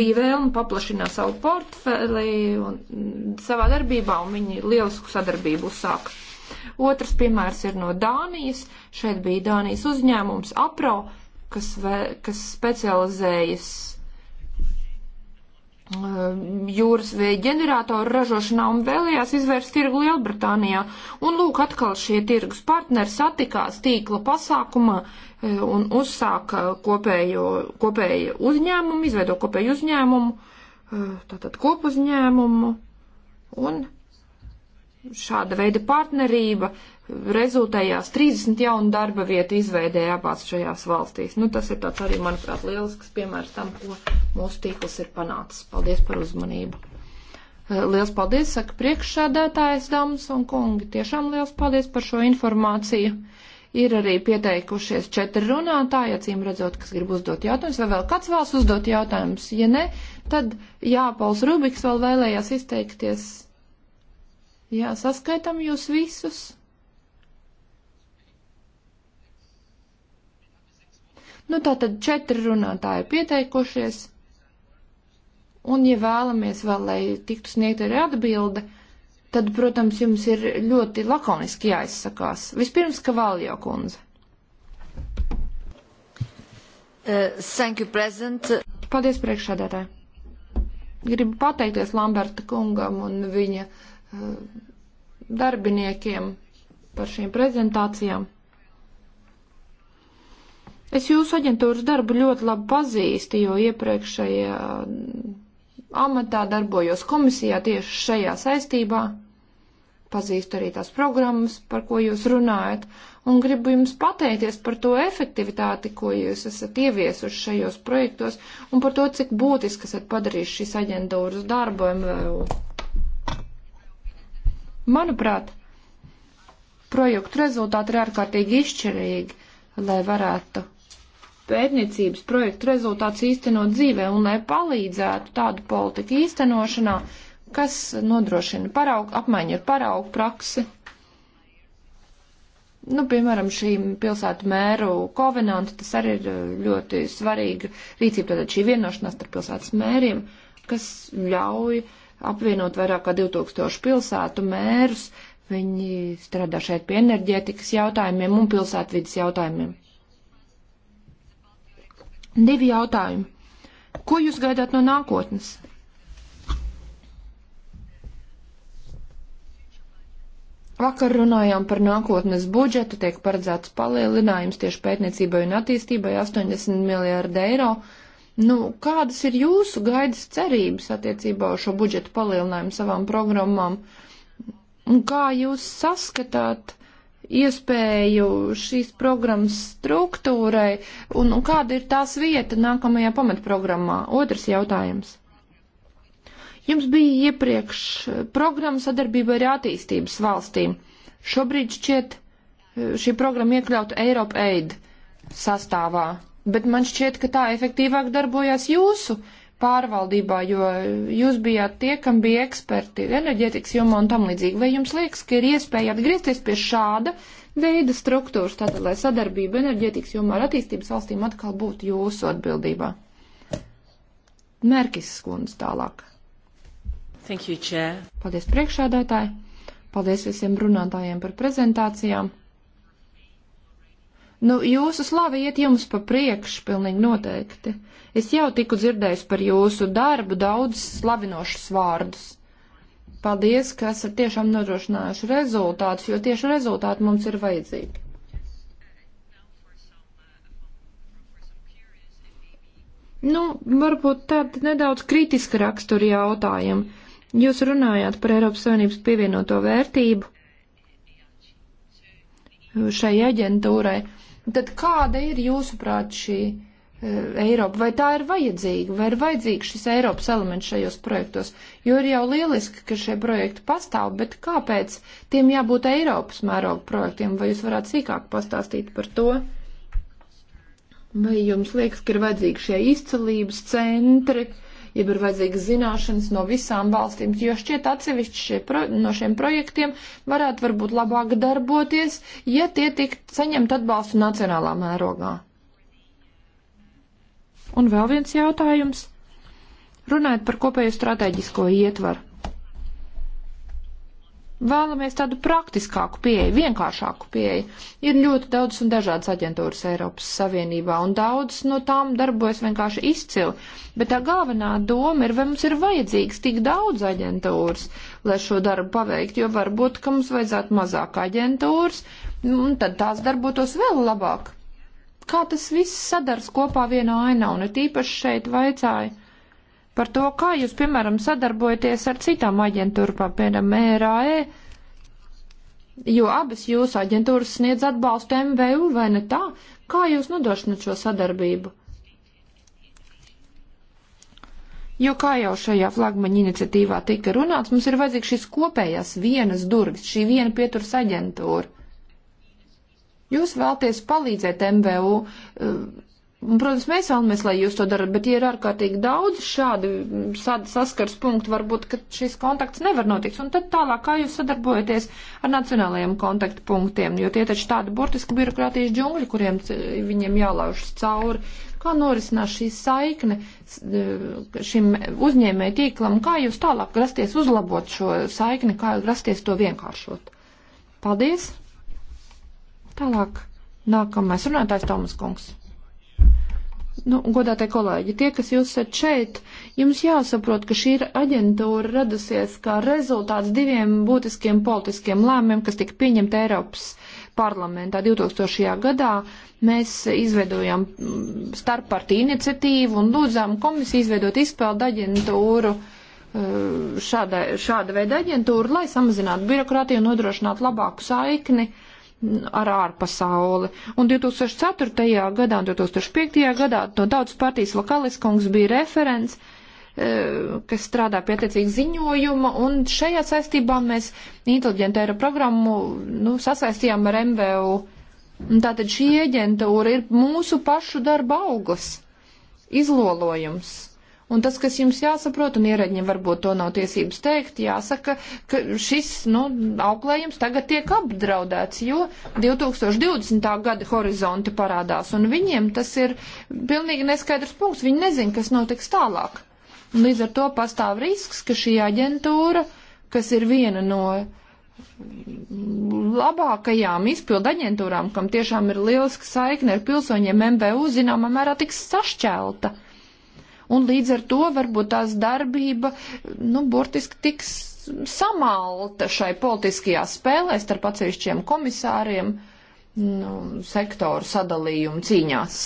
bija vēlme paplašināt savu portfeli un savā darbībā, un viņi lielisku sadarbību uzsāka. Otrs piemērs ir no Dānijas. Šeit bija Dānijas uzņēmums APRO, kas, vē, kas specializējas um, jūras vēja ģeneratoru ražošanā un vēlējās izvērst tirgu Lielbritānijā. Un lūk, atkal šie tirgus partneri satikās tīkla pasākumā eh, un uzsāka kopējo, kopēju uzņēmumu, izveido kopēju uzņēmumu, eh, tātad kopuzņēmumu. Un šāda veida partnerība rezultējās 30 jaunu darba vietu izveidē abās šajās valstīs. Nu, tas ir tāds arī, manuprāt, lielisks piemērs tam, ko mūsu tīkls ir panācis. Paldies par uzmanību. Eh, liels paldies, saka priekšsādētājs dāmas un kungi. Tiešām liels paldies par šo informāciju. Ir arī pieteikušies četri runātāji, acīm redzot, kas grib uzdot jautājumus, vai vēl kāds vēlas uzdot jautājumus. Ja ne, tad jā, Pauls Rubiks vēl vēlējās izteikties Jā, saskaitam jūs visus. Nu, tā tad četri runātāji pieteikušies, un, ja vēlamies vēl, lai tiktu sniegt arī atbilde, tad, protams, jums ir ļoti lakoniski jāizsakās. Vispirms, ka Valjo kundze. Uh, thank you, President. Paldies, priekšsādātāji. Gribu pateikties Lamberta kungam un viņa uh, Eh, darbiniekiem par šīm prezentācijām. Es jūsu aģentūras darbu ļoti labi pazīstu, jo iepriekšējā eh, amatā darbojos komisijā tieši šajā saistībā. Pazīstu arī tās programmas, par ko jūs runājat, un gribu jums pateikties par to efektivitāti, ko jūs esat ieviesuši šajos projektos, un par to, cik būtiski esat padarījuši šīs aģentūras darbu MVU. Manuprāt, projektu rezultāti ir ārkārtīgi izšķirīgi, lai varētu pētniecības projektu rezultāts īstenot dzīvē un lai palīdzētu tādu politiku īstenošanā, kas nodrošina paraugu, apmaiņu ar paraugu praksi. Nu, piemēram, šīm pilsētu mēru kovenanti, tas arī ir uh, ļoti svarīga rīcība, tātad šī vienošanās starp pilsētas mēriem, kas ļauj uh, apvienot vairāk kā 2000 pilsētu mērus. Viņi strādā šeit pie enerģētikas jautājumiem un pilsētvidas jautājumiem. Divi jautājumi. Ko jūs gaidāt no nākotnes? Vakar runājām par nākotnes budžetu, tiek paredzēts palielinājums tieši pētniecībai un attīstībai 80 miljārdu eiro. Uh, Nu, kādas ir jūsu gaidas cerības attiecībā uz šo budžetu palielinājumu savām programmām? Un kā jūs saskatāt iespēju šīs programmas struktūrai un, un kāda ir tās vieta nākamajā pamatprogrammā? Otrs jautājums. Jums bija iepriekš programma sadarbība ar attīstības valstīm. Šobrīd šķiet eh, šī programma iekļauta Eiropa Aid sastāvā bet man šķiet, ka tā efektīvāk darbojās jūsu pārvaldībā, jo jūs bijāt tie, kam bija eksperti enerģētikas jomā un tam līdzīgi. Vai jums liekas, ka ir iespēja atgriezties pie šāda veida struktūras, tātad, lai sadarbība enerģētikas jomā ar attīstības valstīm atkal būtu jūsu atbildībā? Mērkis skundz tālāk. Thank you, Chair. Paldies priekšādātāji. Paldies visiem runātājiem par prezentācijām. Nu, jūsu slava iet jums pa priekšu, pilnīgi noteikti. Es jau tiku dzirdējis par jūsu darbu daudz slavinošus vārdus. Paldies, ka esat tiešām nodrošinājuši rezultātus, jo tieši rezultāti mums ir vajadzīgi. Nu, varbūt tādi nedaudz kritiska rakstura jautājumi. Jūs runājāt par Eiropas Savienības pievienoto vērtību šai aģentūrai Tad kāda ir jūsuprāt šī e, Eiropa? Vai tā ir vajadzīga? Vai ir vajadzīgs šis Eiropas elements šajos projektos? Jo ir jau lieliski, ka šie projekti pastāv, bet kāpēc tiem jābūt Eiropas mēroga projektiem? Vai jūs varētu sīkāk pastāstīt par to? Vai jums liekas, ka ir vajadzīgi šie izcelības centri? Uh, jeb ir vajadzīgas zināšanas no visām valstīm, jo šķiet atsevišķi šie pro, no šiem projektiem varētu varbūt labāk darboties, ja tie tik saņemt atbalstu nacionālā mērogā. Un vēl viens jautājums. Runājot par kopējo strateģisko ietvaru. Vēlamies tādu praktiskāku pieeju, vienkāršāku pieeju. Ir ļoti daudz un dažādas aģentūras Eiropas Savienībā, un daudz no tām darbojas vienkārši izcili. Bet tā galvenā doma ir, vai mums ir vajadzīgs tik daudz aģentūras, lai šo darbu paveikt, jo varbūt, ka mums vajadzētu mazāk aģentūras, un tad tās darbotos vēl labāk. Kā tas viss sadars kopā vienā ainā, un ir tīpaši šeit vaicāja par to, kā jūs, piemēram, sadarbojaties ar citām aģentūrām, piemēram, ERAE, jo abas jūsu aģentūras sniedz atbalstu MVU, vai ne tā? Kā jūs nodrošināt šo sadarbību? Jo, kā jau šajā flagmaņa iniciatīvā tika runāts, mums ir vajadzīgs šis kopējās vienas durvis, šī viena pieturas aģentūra. Jūs vēlties palīdzēt MVU uh, Un, protams, mēs vēlamies, lai jūs to darat, bet ja ir ārkārtīgi daudz šādu saskars punktu, varbūt, ka šis kontakts nevar notikt. Un tad tālāk, kā jūs sadarbojaties ar nacionālajiem kontaktu punktiem, jo tie taču tādi burtiski birokrātijas džungļi, kuriem viņiem jālaužas cauri. Kā norisinās šī saikne šim uzņēmēju tīklam, kā jūs tālāk grasties uzlabot šo saikni, kā grasties to vienkāršot? Paldies! Tālāk nākamais runātājs Tomas Kungs. Nu, godātie kolēģi, tie, kas jūs esat šeit, jums jāsaprot, ka šī aģentūra radusies kā rezultāts diviem būtiskiem politiskiem lēmumiem, kas tika pieņemti Eiropas parlamentā 2000. gadā. Mēs izveidojām mm, starppartiju iniciatīvu un lūdzām komisiju izveidot izpildu aģentūru e, šāda, šāda veida aģentūru, lai samazinātu birokrātiju un nodrošinātu labāku saikni uh, ar ārpasauli. Un 2004. gadā un 2005. gadā no Tautas partijas lokaliskungs bija referents e, kas strādā pie attiecīga ziņojuma, un šajā saistībā mēs inteliģenta eiro programmu nu, sasaistījām ar MVU. Un tātad šī ieģentūra ir mūsu pašu darba auglis, izlolojums. Un tas, kas jums jāsaprot, un ierēģiem varbūt to nav tiesības teikt, jāsaka, ka šis nu, auklējums tagad tiek apdraudēts, jo 2020. gada horizonti parādās, un viņiem tas ir pilnīgi neskaidrs punkts. Viņi nezin, kas notiks tālāk. Un līdz ar to pastāv risks, ka šī aģentūra, kas ir viena no labākajām izpildu aģentūrām, kam tiešām ir lieliska saikne ar pilsoņiem MBU, zināmā mērā tiks sašķelta Un līdz ar to varbūt tās darbība, nu, burtiski tiks samalta šai politiskajā spēlē starp atsevišķiem komisāriem, nu, sektoru sadalījumu cīņās.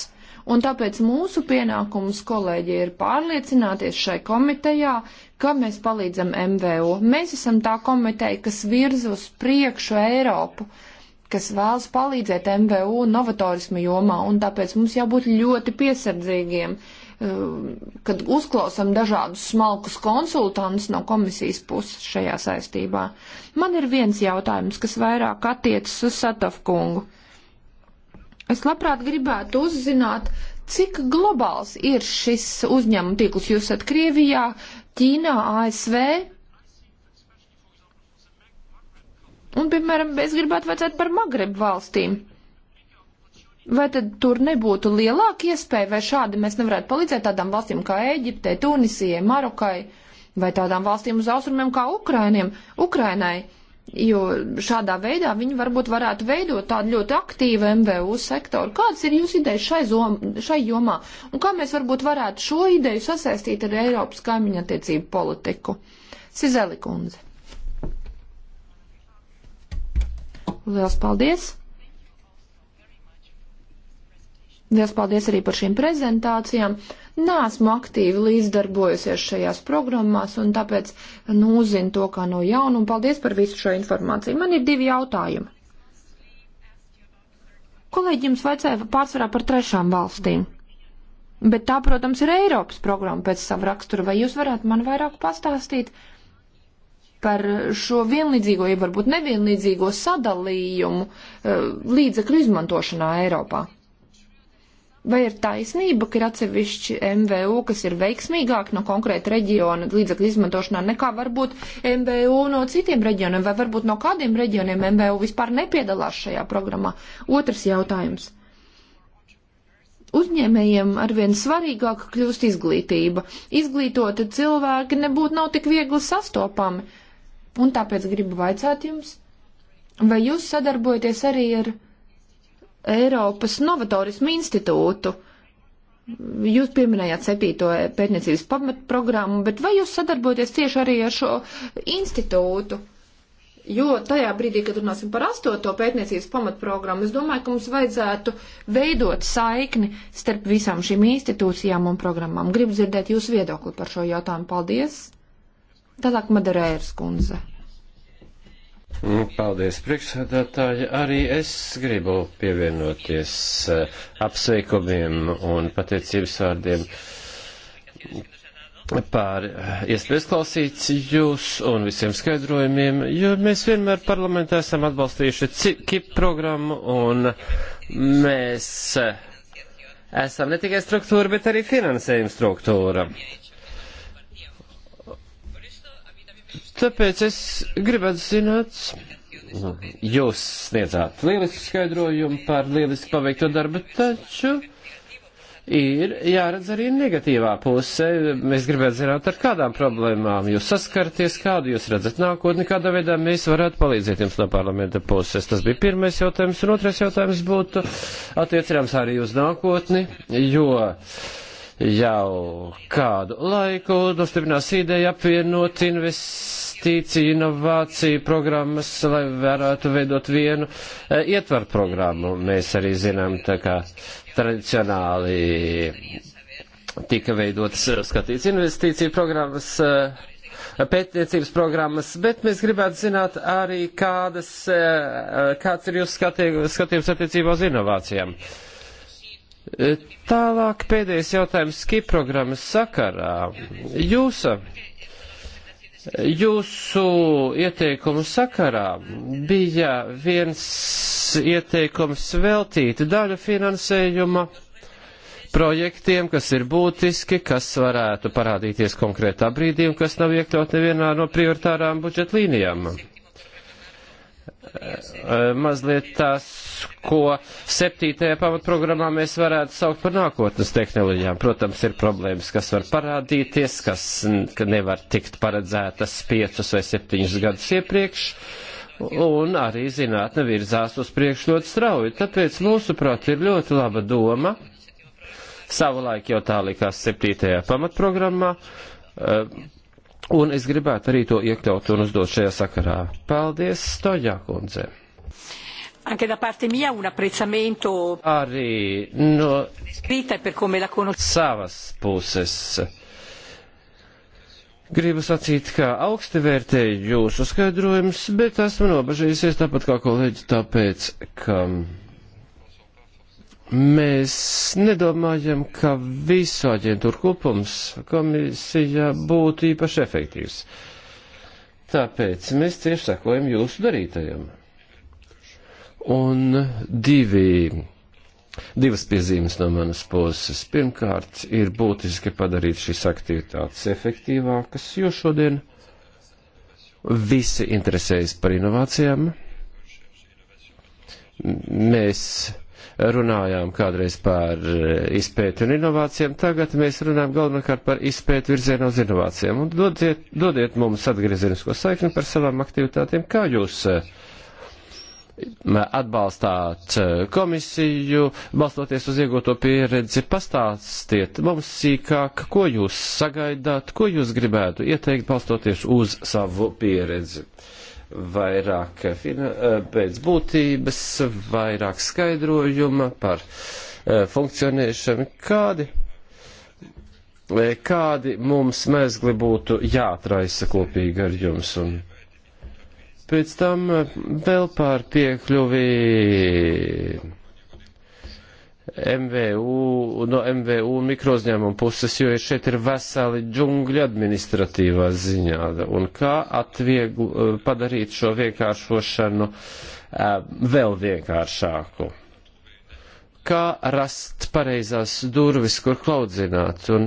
Un tāpēc mūsu pienākums, kolēģi, ir pārliecināties šai komitejā, ka mēs palīdzam MVO. Mēs esam tā komiteja, kas virza uz priekšu Eiropu, kas vēlas palīdzēt MVO novatorismu jomā, un tāpēc mums jābūt ļoti piesardzīgiem. Uh, Ehm, kad uzklausam dažādus smalkus konsultantus no komisijas puses šajā saistībā. Man ir viens jautājums, kas vairāk attiecas uz Satofkungu. Es labprāt gribētu uzzināt, cik globāls ir šis uzņēmuma tīkls. Jūs esat Krievijā, Ķīnā, ASV. Un, piemēram, es gribētu vajadzēt par Magrebu valstīm. Vai tad tur nebūtu lielāka iespēja, vai šādi mēs nevarētu palīdzēt tādām valstīm kā Eģiptei, Tunisijai, Marokai, vai tādām valstīm uz austrumiem kā Ukrainiem, Ukrainai? Jo šādā veidā viņi varbūt varētu veidot tādu ļoti aktīvu MVU sektoru. Kādas ir jūsu idejas šai, zom, šai jomā? Un kā mēs varbūt varētu šo ideju sasaistīt ar Eiropas kaimiņa attiecību politiku? Sizeli kundze. Liels paldies! Liels paldies arī par šīm prezentācijām. Nāsmu aktīvi līdzdarbojusies šajās programmās un tāpēc nu uzzinu to kā no jauna un paldies par visu šo informāciju. Man ir divi jautājumi. Kolēģi jums vajadzēja pārsvarā par trešām valstīm. Bet tā, protams, ir Eiropas programma pēc savu raksturu. Vai jūs varētu man vairāk pastāstīt par šo vienlīdzīgo, ja varbūt nevienlīdzīgo sadalījumu eh, līdzekļu izmantošanā Eiropā? Vai ir taisnība, ka ir atsevišķi MVU, kas ir veiksmīgāk no konkrēta reģiona līdzekļu izmantošanā nekā varbūt MVU no citiem reģioniem, vai varbūt no kādiem reģioniem MVU vispār nepiedalās šajā programmā? Otrs jautājums. Uzņēmējiem arvien svarīgāk kļūst izglītība. Izglītoti cilvēki nebūtu nav tik viegli sastopami. Un tāpēc gribu vaicāt jums, vai jūs sadarbojaties arī ar Eiropas novatorismu institūtu. Jūs pieminējāt septīto pētniecības pamatprogrammu, bet vai jūs sadarboties tieši arī ar šo institūtu? Jo tajā brīdī, kad runāsim par astoto pētniecības pamatprogrammu, es domāju, ka mums vajadzētu veidot saikni starp visām šīm institūcijām un programmām. Gribu dzirdēt jūsu viedokli par šo jautājumu. Paldies! Tālāk Madarēras kundze. Nu, paldies, priekšsēdētāji. Arī es gribu pievienoties eh, apsveikumiem un pateicības vārdiem par eh, iespēju klausīt jūs un visiem skaidrojumiem, jo mēs vienmēr parlamentā esam atbalstījuši KIP programmu un mēs eh, esam ne tikai struktūra, bet arī finansējuma struktūra. Tāpēc es gribētu zināt, jūs sniedzāt lielisku skaidrojumu par lieliski paveikto darbu, taču ir jāredz arī negatīvā pusē. Mēs gribētu zināt, ar kādām problēmām jūs saskaraties, kādu jūs redzat nākotni, kādā veidā mēs varētu palīdzēt jums no parlamenta puses. Tas bija pirmais jautājums, un otrais jautājums būtu attiecināms arī uz nākotni, jo jau kādu laiku nostiprinās ideja apvienot investīcijas investīciju, inovāciju programmas, lai varētu veidot vienu e, ietvaru programmu. Mēs arī zinām, tā kā tradicionāli tika veidotas e, skatīts investīciju programmas e, pētniecības programmas, bet mēs gribētu zināt arī, kādas, kāds ir jūsu skatījums attiecībā uz inovācijām. Tālāk pēdējais jautājums Ski programmas sakarā. Jūsu Jūsu ieteikumu sakarā bija viens ieteikums veltīt daļu finansējuma projektiem, kas ir būtiski, kas varētu parādīties konkrētā brīdī un kas nav iekļaut nevienā no prioritārām budžetlīnijām. līnijām. Eh, eh, mazliet tas, ko septītajā pamatprogrammā mēs varētu saukt par nākotnes tehnoloģijām. Protams, ir problēmas, kas var parādīties, kas nevar tikt paredzētas piecus vai septiņus gadus iepriekš, un arī zinātne virzās uz priekšu ļoti strauji. Tāpēc, mūsuprāt, ir ļoti laba doma. Savulaik jau tā likās septītajā pamatprogrammā eh, Un es gribētu arī to iekļaut un uzdot šajā sakarā. Paldies, Stoļā kundze! Anche da parte mia un apprezzamento Arī, no, scritta e per come la conosco. Savas puses. Gribu sacīt, ka augsti vērtēju jūsu skaidrojumus, bet esmu nobažījusies tāpat kā kolēģi, tāpēc, ka Mēs nedomājam, ka visu aģentūru kopums komisija būtu īpaši efektīvs. Tāpēc mēs cieši sakojam jūsu darītajam. Un divi, divas piezīmes no manas puses. Pirmkārt, ir būtiski padarīt šīs aktivitātes efektīvākas, jo šodien visi interesējas par inovācijām. M mēs runājām kādreiz par eh, izpēti un inovācijām, tagad mēs runājam galvenokārt par izpēti virzienu uz inovācijām. Un dodiet, dodiet mums atgriezinisko saikni par savām aktivitātēm, kā jūs eh, atbalstāt eh, komisiju, balstoties uz iegūto pieredzi, pastāstiet mums sīkāk, ko jūs sagaidāt, ko jūs gribētu ieteikt, balstoties uz savu pieredzi. Uh, vairāk eh, pēc būtības, vairāk skaidrojuma par eh, funkcionēšanu, kādi, eh, kādi mums mēzgli būtu jāatraisa kopīgi ar jums. Un pēc tam vēl pār piekļuvi MVU, no MVU mikrouzņēmumu puses, jo šeit ir veseli džungļi administratīvā ziņā. Un kā atvieglu, eh, padarīt šo vienkāršošanu eh, vēl vienkāršāku? Kā rast pareizās durvis, kur klaudzināt? Un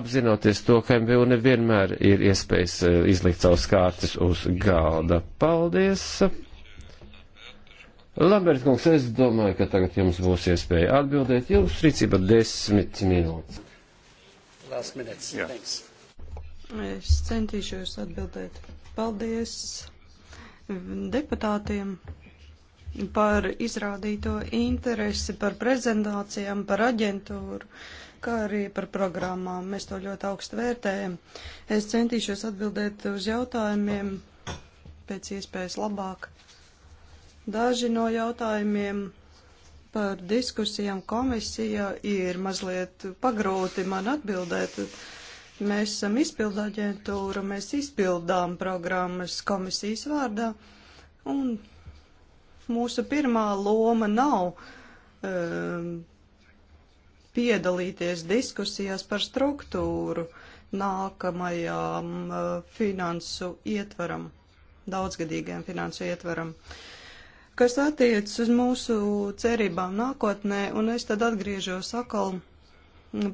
apzinoties to, ka MVU nevienmēr ir iespējas eh, izlikt savus kārtas uz galda. Paldies! Lamberts kungs, es domāju, ka tagad jums būs iespēja atbildēt. Jums rīcība desmit minūtes. Last minutes. Yeah. Thanks. Es centīšos atbildēt. Paldies deputātiem par izrādīto interesi, par prezentācijām, par aģentūru, kā arī par programmām. Mēs to ļoti augstu vērtējam. Es centīšos atbildēt uz jautājumiem pēc iespējas labāk. Uh, Daži no jautājumiem par diskusijām komisijā ir mazliet pagrūti man atbildēt. Mēs esam izpildu aģentūra, mēs izpildām programmas komisijas vārdā, un mūsu pirmā loma nav um, piedalīties diskusijās par struktūru nākamajām uh, finansu ietvaram, daudzgadīgajam finansu ietvaram. Uh, Kas attiecas uz mūsu cerībām nākotnē, un es tad atgriežos atkal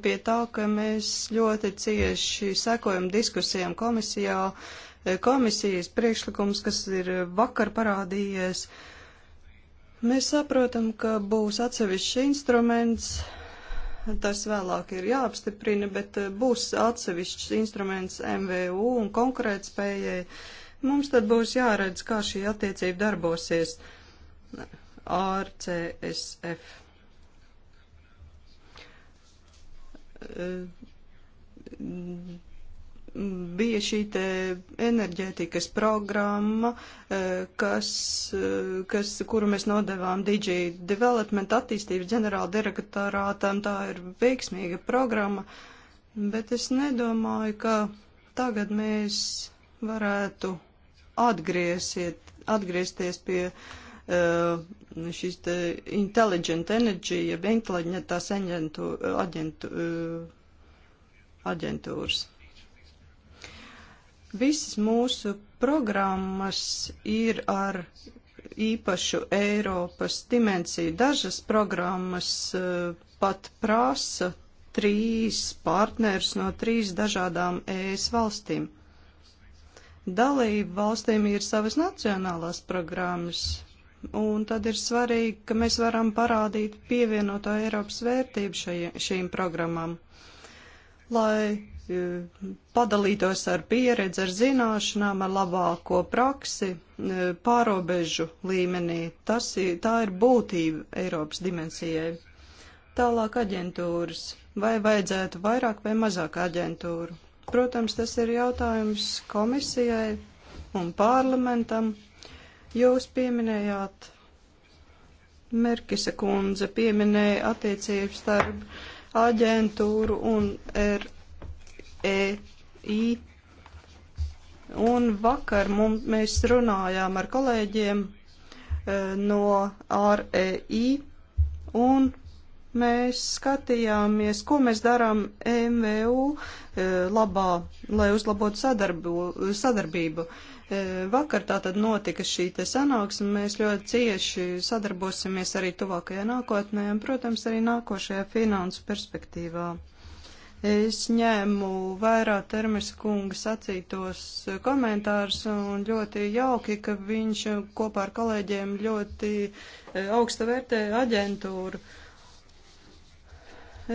pie tā, ka mēs ļoti cieši sekojam diskusijām komisijā, komisijas priekšlikums, kas ir vakar parādījies. Mēs saprotam, ka būs atsevišķs instruments, tas vēlāk ir jāapstiprina, bet eh, būs atsevišķs instruments MVU un konkurētspējai. Mums tad būs jāredz, kā šī attiecība darbosies. Uh, RCSF. Bija šī te enerģētikas programma, kas, kas, kuru mēs nodevām DG Development attīstības ģenerāla direktorātam. Tā ir veiksmīga programma, bet es nedomāju, ka tagad mēs varētu atgriezties pie uh, Uh, šīs te intelligent energy, jeb inteliģentās uh, aģentu, aģentu, uh, aģentūras. Visas mūsu programmas ir ar īpašu Eiropas dimensiju. Dažas programmas pat prasa trīs partnerus no trīs dažādām ES valstīm. Dalību valstīm ir savas nacionālās programmas, un tad ir svarīgi, ka mēs varam parādīt pievienoto Eiropas vērtību šai, šīm programmām, lai e, padalītos ar pieredzi, ar zināšanām, ar labāko praksi e, pārobežu līmenī. Tas, ir, tā ir būtība Eiropas dimensijai. Tālāk aģentūras. Vai vajadzētu vairāk vai mazāk aģentūru? Protams, tas ir jautājums komisijai un parlamentam Jūs pieminējāt, Merkise kundze pieminēja attiecības starp aģentūru un REI. Un vakar mums, mēs runājām ar kolēģiem eh, no REI un mēs skatījāmies, ko mēs darām MVU eh, labā, lai uzlabotu sadarbu, sadarbību. E, vakar tā tad notika šī te sanāksme, mēs ļoti cieši sadarbosimies arī tuvākajā nākotnē un, protams, arī nākošajā finansu perspektīvā. Es ņēmu vērā Termes kunga sacītos komentārus un ļoti jauki, ka viņš kopā ar kolēģiem ļoti e, augsta vērtē aģentūru.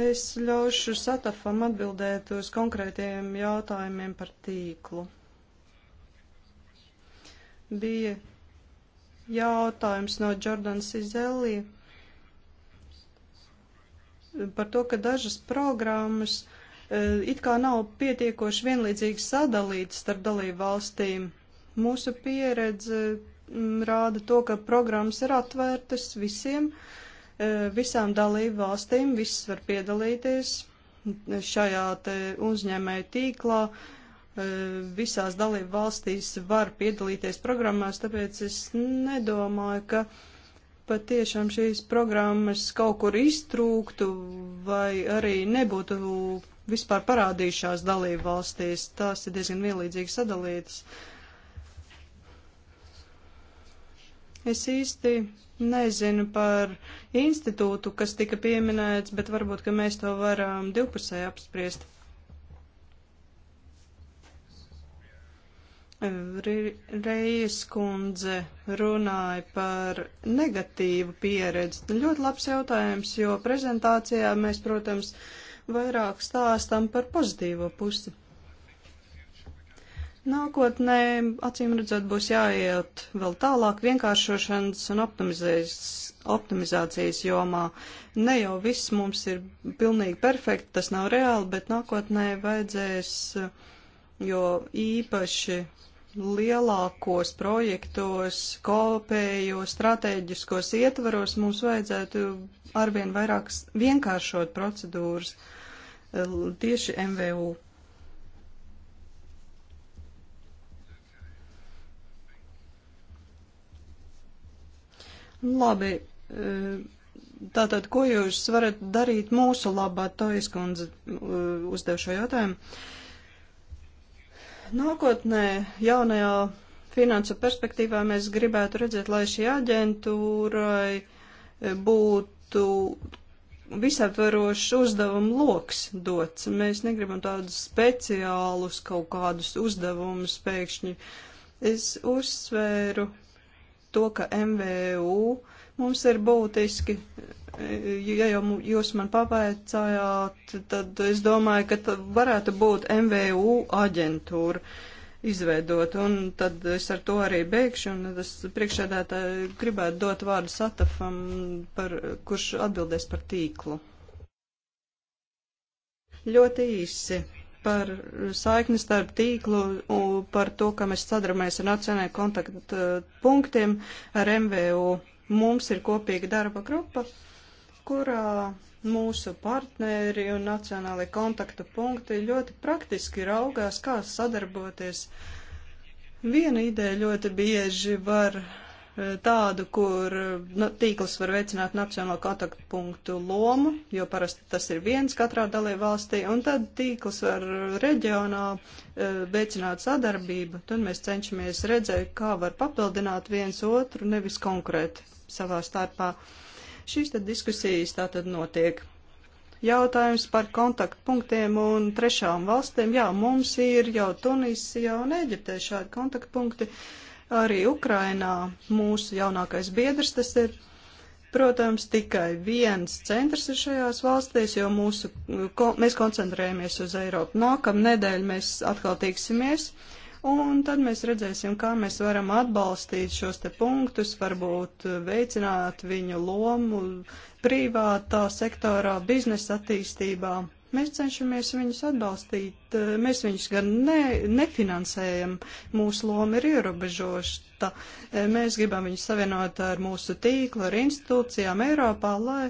Es ļaušu Satafam atbildēt uz konkrētiem jautājumiem par tīklu bija jautājums no Jordana Sizelī par to, ka dažas programmas e, it kā nav pietiekoši vienlīdzīgi sadalītas starp dalību valstīm. Mūsu pieredze rāda to, ka programmas ir atvērtas visiem, e, visām dalību valstīm, viss var piedalīties šajā uzņēmēju tīklā, uh, E, visās dalību valstīs var piedalīties programmās, tāpēc es nedomāju, ka patiešām šīs programmas kaut kur iztrūktu vai arī nebūtu vispār parādījušās dalību valstīs. Tās ir diezgan vienlīdzīgi sadalītas. Es īsti nezinu par institūtu, kas tika pieminēts, bet varbūt, ka mēs to varam divpusēji apspriest. Reijas kundze runāja par negatīvu pieredzi. Ļoti labs jautājums, jo prezentācijā mēs, protams, vairāk stāstam par pozitīvo pusi. Nākotnē, acīm redzot, būs jāiet vēl tālāk vienkāršošanas un optimizācijas jomā. Ne jau viss mums ir pilnīgi perfekti, tas nav reāli, bet nākotnē vajadzēs, jo īpaši lielākos projektos, kopējos strateģiskos ietvaros mums vajadzētu arvien vairāk vienkāršot procedūras eh, tieši MVU. Labi, eh, tātad, ko jūs varat darīt mūsu labā, to es kundze eh, uzdevu šo jautājumu. Nākotnē jaunajā finansu perspektīvā mēs gribētu redzēt, lai šī aģentūrai būtu visaptverošs uzdevumu loks dots. Mēs negribam tādus speciālus kaut kādus uzdevumus pēkšņi. Es uzsvēru to, ka MVU mums ir būtiski ja jau jūs man pavaicājāt, tad es domāju, ka varētu būt MVU aģentūra izveidot, un tad es ar to arī beigšu, un es priekšēdētāji gribētu dot vārdu Satafam, par, kurš atbildēs par tīklu. Ļoti īsi par saikni starp tīklu, par to, ka mēs sadarbojamies ar nacionālajiem kontaktpunktiem, ar MVU. Mums ir kopīga darba grupa, kurā mūsu partneri un nacionālai kontaktu punkti ļoti praktiski raugās, kā sadarboties. Viena ideja ļoti bieži var e, tādu, kur nu, tīkls var veicināt nacionālo kontaktu punktu lomu, jo parasti tas ir viens katrā dalība valstī, un tad tīkls var reģionā e, veicināt sadarbību. Tad mēs cenšamies redzēt, kā var papildināt viens otru, nevis konkrēti savā starpā. Uh, Šīs tad diskusijas tā tad notiek. Jautājums par kontaktpunktiem un trešām valstīm. Jā, mums ir jau Tunisijā un Eģiptē šādi kontaktpunkti. Arī Ukrainā mūsu jaunākais biedrs tas ir. Protams, tikai viens centrs ir šajās valstīs, jo mūsu, ko, mēs koncentrējamies uz Eiropu. Nākamnedēļ mēs atkal tiksimies. Uh, un tad mēs redzēsim, kā mēs varam atbalstīt šos te punktus, varbūt eh, veicināt viņu lomu privātā sektorā, biznesa attīstībā. Mēs cenšamies viņus atbalstīt, eh, mēs viņus gan ne, nefinansējam, mūsu loma ir ierobežošta. Eh, mēs gribam viņus savienot ar mūsu tīklu, ar institūcijām Eiropā, lai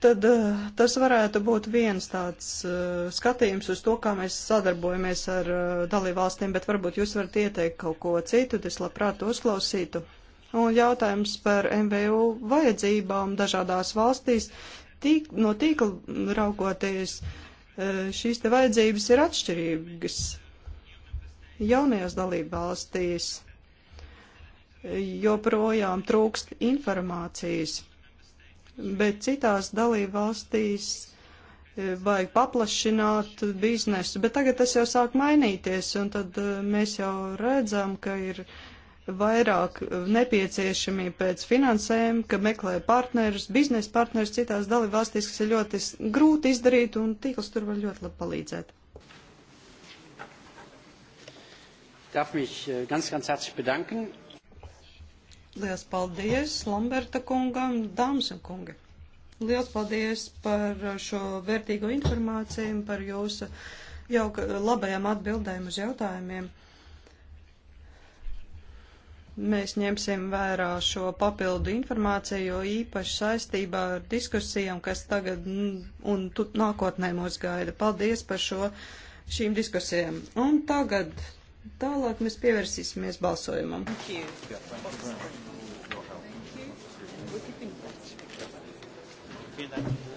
tad eh, tas varētu būt viens tāds uh, skatījums uz to, kā mēs sadarbojamies ar uh, dalībvalstīm, bet varbūt jūs varat ieteikt kaut ko citu, es labprāt uzklausītu. Un jautājums par MVU vajadzībām dažādās valstīs, tīk, no tīkla raugoties, uh, šīs te vajadzības ir atšķirīgas jaunajās dalībvalstīs, joprojām trūkst informācijas bet citās dalību valstīs e, vajag paplašināt biznesu. Bet tagad tas jau sāk mainīties, un tad e, mēs jau redzam, ka ir vairāk nepieciešamība pēc finansēm, ka meklē partnerus, biznesa partnerus citās dalībvalstīs, kas ir ļoti grūti izdarīt, un tīkls tur var ļoti labi palīdzēt. Darf mich äh, ganz, ganz herzlich bedanken. Lielas paldies Lamberta kungam, dāmas un kungi. Lielas paldies par šo vērtīgo informāciju un par jūsu jauka, labajām atbildēm uz jautājumiem. Mēs ņemsim vērā šo papildu informāciju, jo īpaši saistībā ar diskusijām, kas tagad un nākotnē mūs gaida. Paldies par šo, šīm diskusijām. Un tagad Tālāk mēs pievērsīsimies balsojumam. Thank you.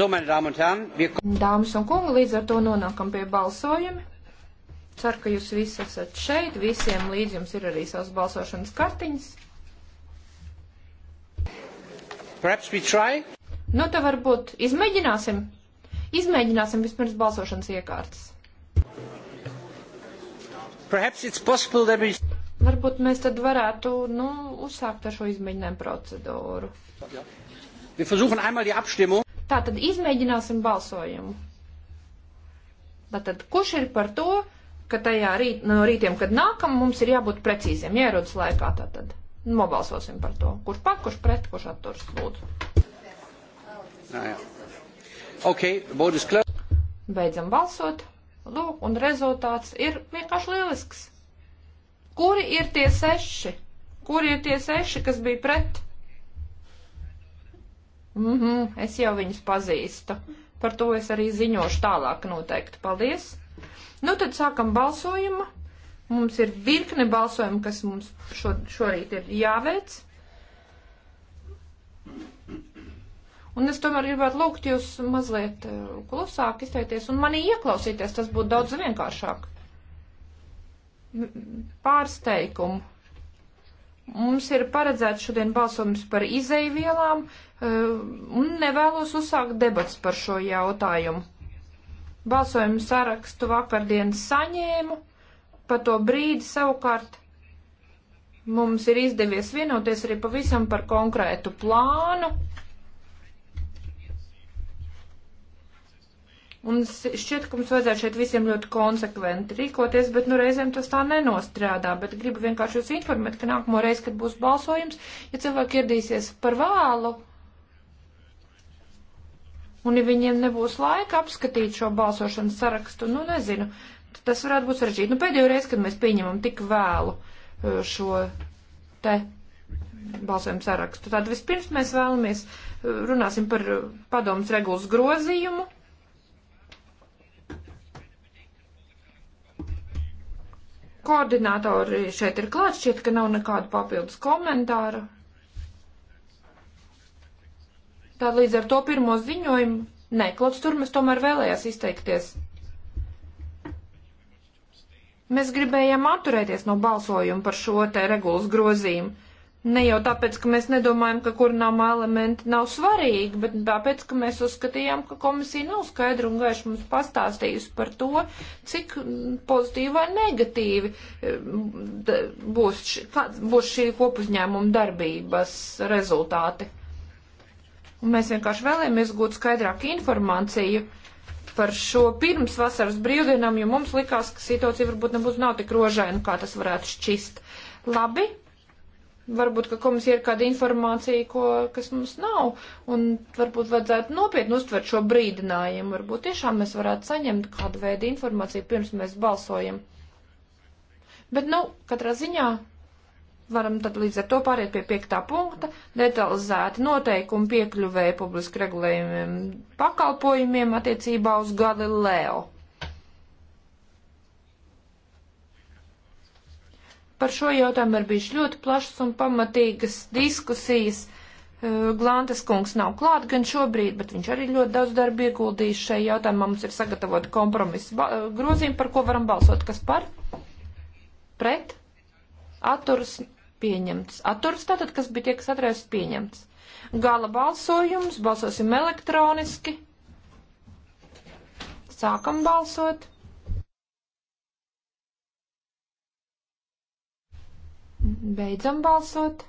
Dāmas un kungi, līdz ar to nonākam pie balsojumi. Ceru, ka jūs visi esat šeit, visiem līdz jums ir arī savas balsošanas kartiņas. Nu, te varbūt izmēģināsim. Izmēģināsim vispirms balsošanas iekārtas. We... Varbūt mēs tad varētu nu, uzsākt ar šo izmēģinājumu procedūru. Ja. Wir versuchen einmal die Abstimmung. Tātad izmēģināsim balsojumu. Tātad, kurš ir par to, ka tajā rīt, no rītiem, kad nākam, mums ir jābūt precīziem, ierodas laikā tātad. Nobalsosim par to. Kurš par, kurš pret, kurš atturs, lūdzu. Nā, ah, jā. Ok, būtis klāt. Beidzam balsot. Lūk, un rezultāts ir vienkārši lielisks. Kuri ir tie seši? Kuri ir tie seši, kas bija pret? Mhm, mm es jau viņus pazīstu. Par to es arī ziņošu tālāk noteikti. Paldies! Nu tad sākam balsojumu. Mums ir virkne balsojumu, kas mums šo, šorīt ir jāveic. Un es tomēr gribētu lūgt jūs mazliet eh, klusāk izteikties un manī ieklausīties, tas būtu daudz vienkāršāk. Pārsteigumu. Mums ir paredzēts šodien balsojums par izeivielām, eh, un nevēlos uzsākt debats par šo jautājumu. Balsojumu sarakstu vakardien saņēmu, pa to brīdi savukārt mums ir izdevies vienoties arī pavisam par konkrētu plānu Mums šķiet, ka mums vajadzētu šeit visiem ļoti konsekventi rīkoties, bet nu reizēm tas tā nenostrādā. Bet gribu vienkārši jūs informēt, ka nākamo reizi, kad būs balsojums, ja cilvēki ieradīsies par vēlu, un ja viņiem nebūs laika apskatīt šo balsošanas sarakstu, nu nezinu, tas varētu būt sarežģīti. Nu pēdējo reizi, kad mēs pieņemam tik vēlu uh, šo te balsojumu sarakstu, tad vispirms mēs vēlamies uh, runāsim par uh, padomus regulas grozījumu Koordinātori šeit ir klāt, šķiet, ka nav nekādu papildus komentāru. Tā līdz ar to pirmo ziņojumu. Nē, Klods Turmes tomēr vēlējās izteikties. Mēs gribējām atturēties no balsojuma par šo te regulas grozījumu Ne jau tāpēc, ka mēs nedomājam, ka kurināma elementi nav svarīgi, bet tāpēc, ka mēs uzskatījām, ka komisija nav skaidri un gaiši mums pastāstījusi par to, cik pozitīvi vai negatīvi eh, būs, šī, būs šī kopuzņēmuma darbības rezultāti. Un mēs vienkārši vēlamies gūt skaidrāku informāciju par šo pirms vasaras brīvdienām, jo mums likās, ka situācija varbūt nebūs nav tik rožaina, kā tas varētu šķist. Labi, Varbūt, ka komisija ir kāda informācija, ko, kas mums nav, un varbūt vajadzētu nopietni uztvert šo brīdinājumu. Varbūt tiešām mēs varētu saņemt kādu veidu informāciju pirms mēs balsojam. Bet, nu, katrā ziņā varam tad līdz ar to pāriet pie piektā punkta - detalizēti noteikumi piekļuvēja publiski regulējumiem pakalpojumiem attiecībā uz Galileo. Par šo jautājumu ir bijušas ļoti plašas un pamatīgas diskusijas. Eh, Glantas kungs nav klāt gan šobrīd, bet viņš arī ļoti daudz darba ieguldījis šajā jautājumā. Mums ir sagatavot kompromisu eh, grozījumu, par ko varam balsot. Kas par? Pret? Atturs pieņemts. Atturs tātad, kas bija tie, kas atrēs pieņemts. Gala balsojums. Balsosim elektroniski. Sākam balsot. Beidzam balsot.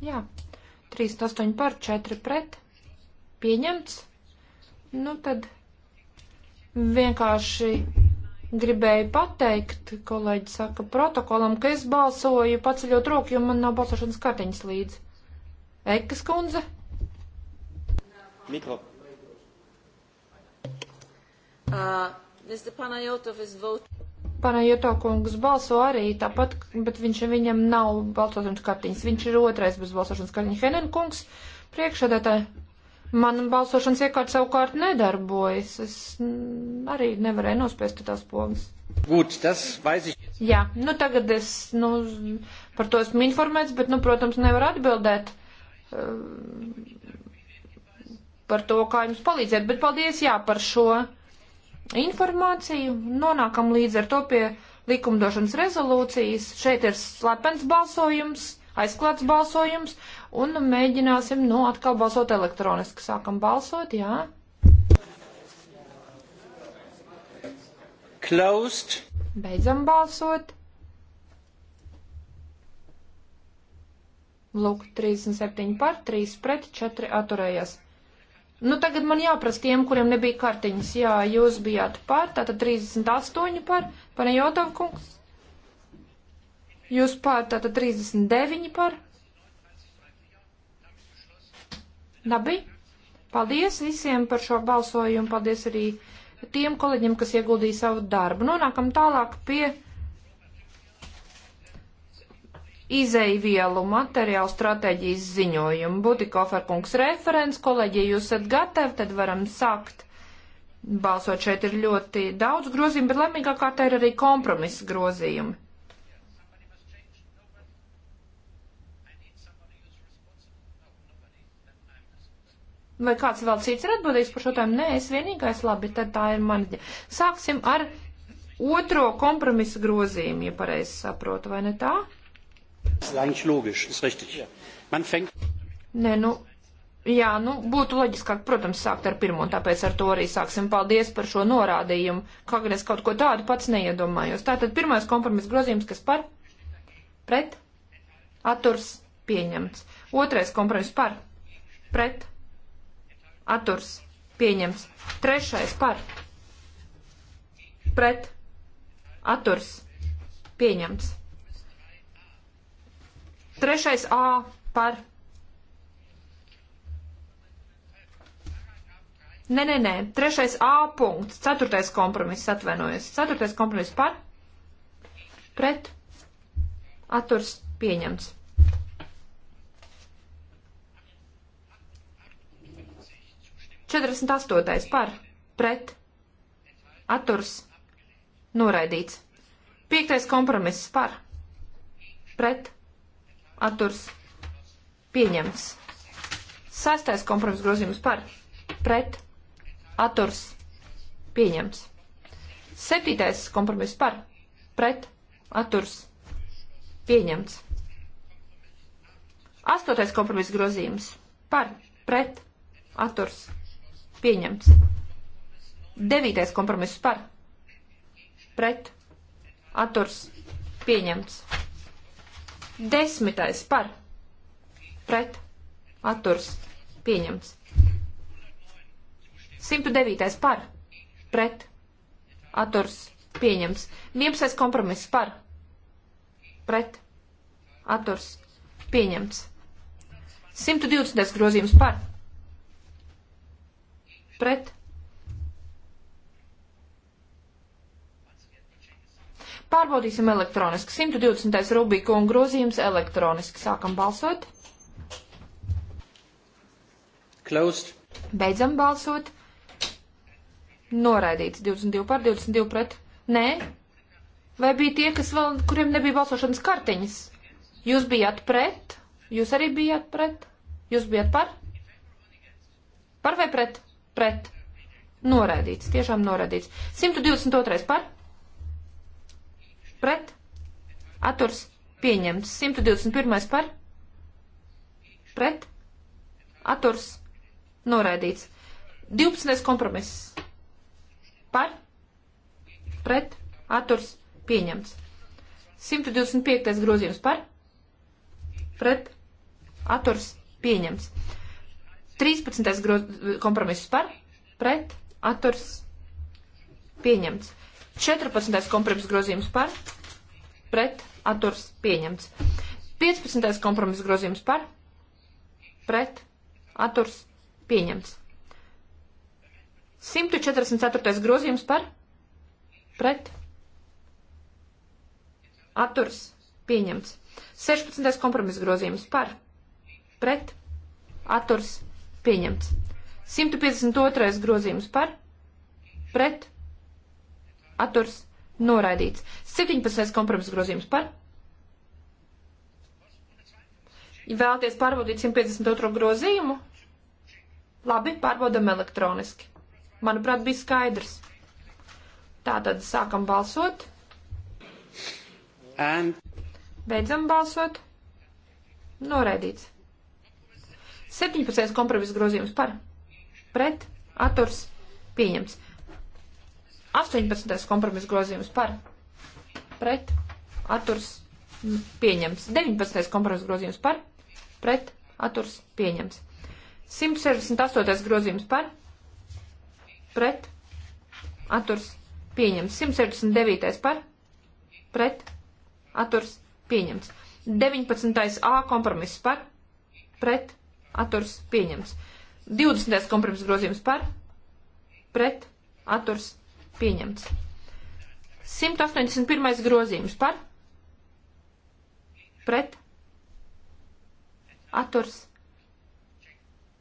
Jā, 38 par 4 pret. Pieņemts. Nu tad vienkārši gribēju pateikt, kolēģi saka protokolam, ka es balsoju paceļot roku, jo man nav balsošanas kartiņas līdzi. Ekas kundze. Mikro. Uh, Mr. Panayotov is voting. Panajoto kungs balso arī tāpat, bet viņš, viņam nav balsošanas kartiņas. Viņš ir otrais bez balsošanas kartiņa. Henen kungs, priekšsēdētāji, man balsošanas iekārta savukārt nedarbojas. Es arī nevarēju nospēst tās pogas. Gut, tas vaizi. Jā, nu tagad es, nu, par to esmu informēts, bet, nu, protams, nevaru atbildēt. Uh, par to, kā jums palīdzēt, bet paldies, jā, par šo. Uh, informāciju, nonākam līdz ar to pie likumdošanas rezolūcijas. Šeit ir slepens balsojums, aizklāts balsojums, un mēģināsim, nu, atkal balsot elektroniski. Sākam balsot, jā. Closed. Beidzam balsot. Lūk, 37 par, 3 pret, 4 atturējās. Nu, tagad man jāprasa tiem, kuriem nebija kartiņas. Jā, jūs bijāt par, tātad 38 par, Panajotov kungs. Jūs par, tātad 39 par. Labi. Paldies visiem par šo balsojumu. Paldies arī tiem kolēģiem, kas ieguldīja savu darbu. Nonākam tālāk pie izeivielu materiālu stratēģijas ziņojumu. Butikoferkungs referents, kolēģi, ja jūs esat gatavi, tad varam sākt. Balsot šeit ir ļoti daudz grozījumu, bet laimīgā kārtā ir arī kompromisa grozījumi. Vai kāds vēl cits ir atbildīgs par šo tēmu? Nē, es vienīgais labi, tad tā ir mani. Sāksim ar otro kompromisa grozījumu, ja pareizi saprotu, vai ne tā? Nē, nu, jā, nu, būtu loģiskāk, protams, sākt ar pirmo, tāpēc ar to arī sāksim. Paldies par šo norādījumu. Kā gan es kaut ko tādu pats neiedomājos. Tātad pirmais kompromiss grozījums, kas par? Pret? Aturs? Pieņemts. Otrais kompromiss par? Pret? Aturs? Pieņemts. Trešais par? Pret? Aturs? Pieņemts. Trešais A par. Nē, nē, nē. Trešais A punkts. Ceturtais kompromiss atvainojas. Ceturtais kompromiss par. Pret. Atturs pieņemts. 48. par, pret, atturs, noraidīts. 5. kompromiss par, pret, atturs pieņemts. Sastais kompromiss grozījums par pret atturs pieņemts. Septītais kompromiss par pret atturs pieņemts. Astotais kompromiss grozījums par pret atturs pieņemts. Devītais kompromiss par pret atturs pieņemts. Desmitais par pret atturs pieņemts. 109. par pret atturs pieņemts. 11. kompromiss par pret atturs pieņemts. 120. grozījums par pret Pārbaudīsim elektroniski. 120. Rubika un grozījums elektroniski. Sākam balsot. Closed. Beidzam balsot. Noraidīts 22 par 22 pret. Nē. Vai bija tie, kas vēl, kuriem nebija balsošanas kartiņas? Jūs bijāt pret? Jūs arī bijāt pret? Jūs bijāt par? Par vai pret? Pret. Noraidīts, tiešām noraidīts. 122 par? pret, atturs pieņemts. 121. par, pret, atturs noraidīts. 12. kompromiss par, pret, atturs pieņemts. 125. grozījums par, pret, atturs pieņemts. 13. Groz, kompromiss par, pret, atturs pieņemts. 14. kompromiss grozījums par, pret, atturs pieņemts. 15. kompromiss grozījums par, pret, atturs pieņemts. 144. grozījums par, pret, atturs pieņemts. 16. kompromiss grozījums par, pret, atturs pieņemts. 152. grozījums par, pret, atturs pieņemts atturs noraidīts. 17. kompromiss grozījums par. Ja vēlaties pārbaudīt 152. grozījumu, labi, pārbaudam elektroniski. Manuprāt, bija skaidrs. Tātad sākam balsot. And... Beidzam balsot. Noraidīts. 17. kompromiss grozījums par. Pret. Aturs. Pieņems. 18. kompromis grozījums par pret atturs pieņems. 19. kompromis grozījums par pret atturs pieņems. 168. grozījums par pret atturs pieņems. 169. par pret atturs pieņems. 19. A kompromiss par pret atturs pieņems. 20. kompromiss grozījums par pret atturs pieņems Pieņemts. 181. grozījums par pret atturs.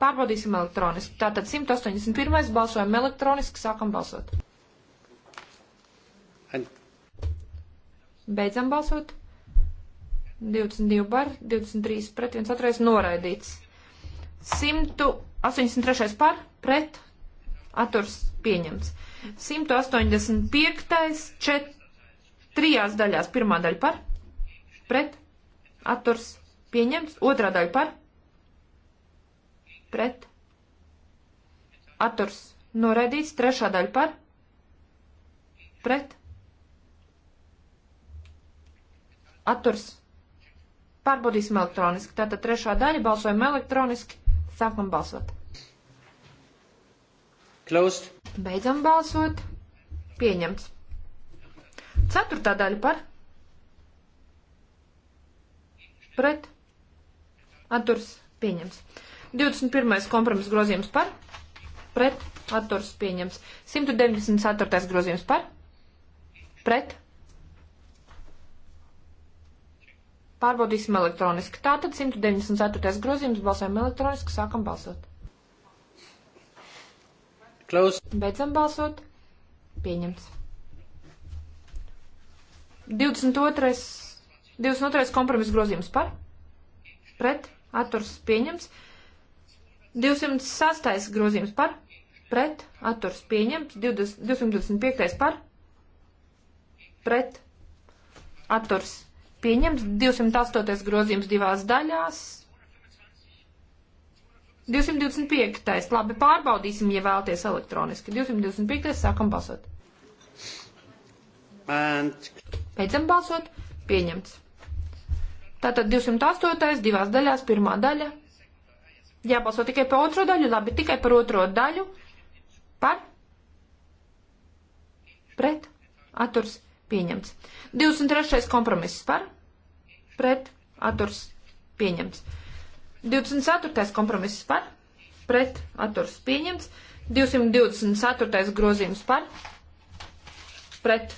Pārbaudīsim elektroniski. Tātad 181. balsojam elektroniski, sākam balsot. Beidzam balsot. 22 bar, 23 pret, 1 atrais noraidīts. 183 par, pret, atturs pieņemts. 185. Čet, trijās daļās. Pirmā daļa par, pret, atturs, pieņemts. Otrā daļa par, pret, atturs, noraidīts. Trešā daļa par, pret, atturs. Pārbaudīsim elektroniski. Tātad trešā daļa balsojam elektroniski. Sākam balsot. Closed. Beidzam balsot. Pieņemts. Ceturtā daļa par. Pret. Atturs. Pieņemts. 21. kompromis grozījums par. Pret. Atturs. Pieņemts. 194. grozījums par. Pret. Pārbaudīsim elektroniski. Tātad 194. grozījums balsojam elektroniski, sākam balsot. Close. Beidzam balsot. Pieņemts. 22. 22. kompromiss grozījums par. Pret. Atturs pieņemts. 206. grozījums par. Pret. Atturs pieņemts. 20, 225. par. Pret. Atturs pieņemts. 208. grozījums divās daļās. 225. Labi, pārbaudīsim, ja vēlaties elektroniski. 225. sākam balsot. And... Beidzam balsot. Pieņemts. Tātad 208. divās daļās, pirmā daļa. Jābalso tikai par otro daļu, labi, tikai par otro daļu. Par? Pret? Aturs pieņemts. 23. kompromiss par? Pret? Aturs pieņemts. 24. kompromiss par, pret atturs pieņemts, 224. grozījums par, pret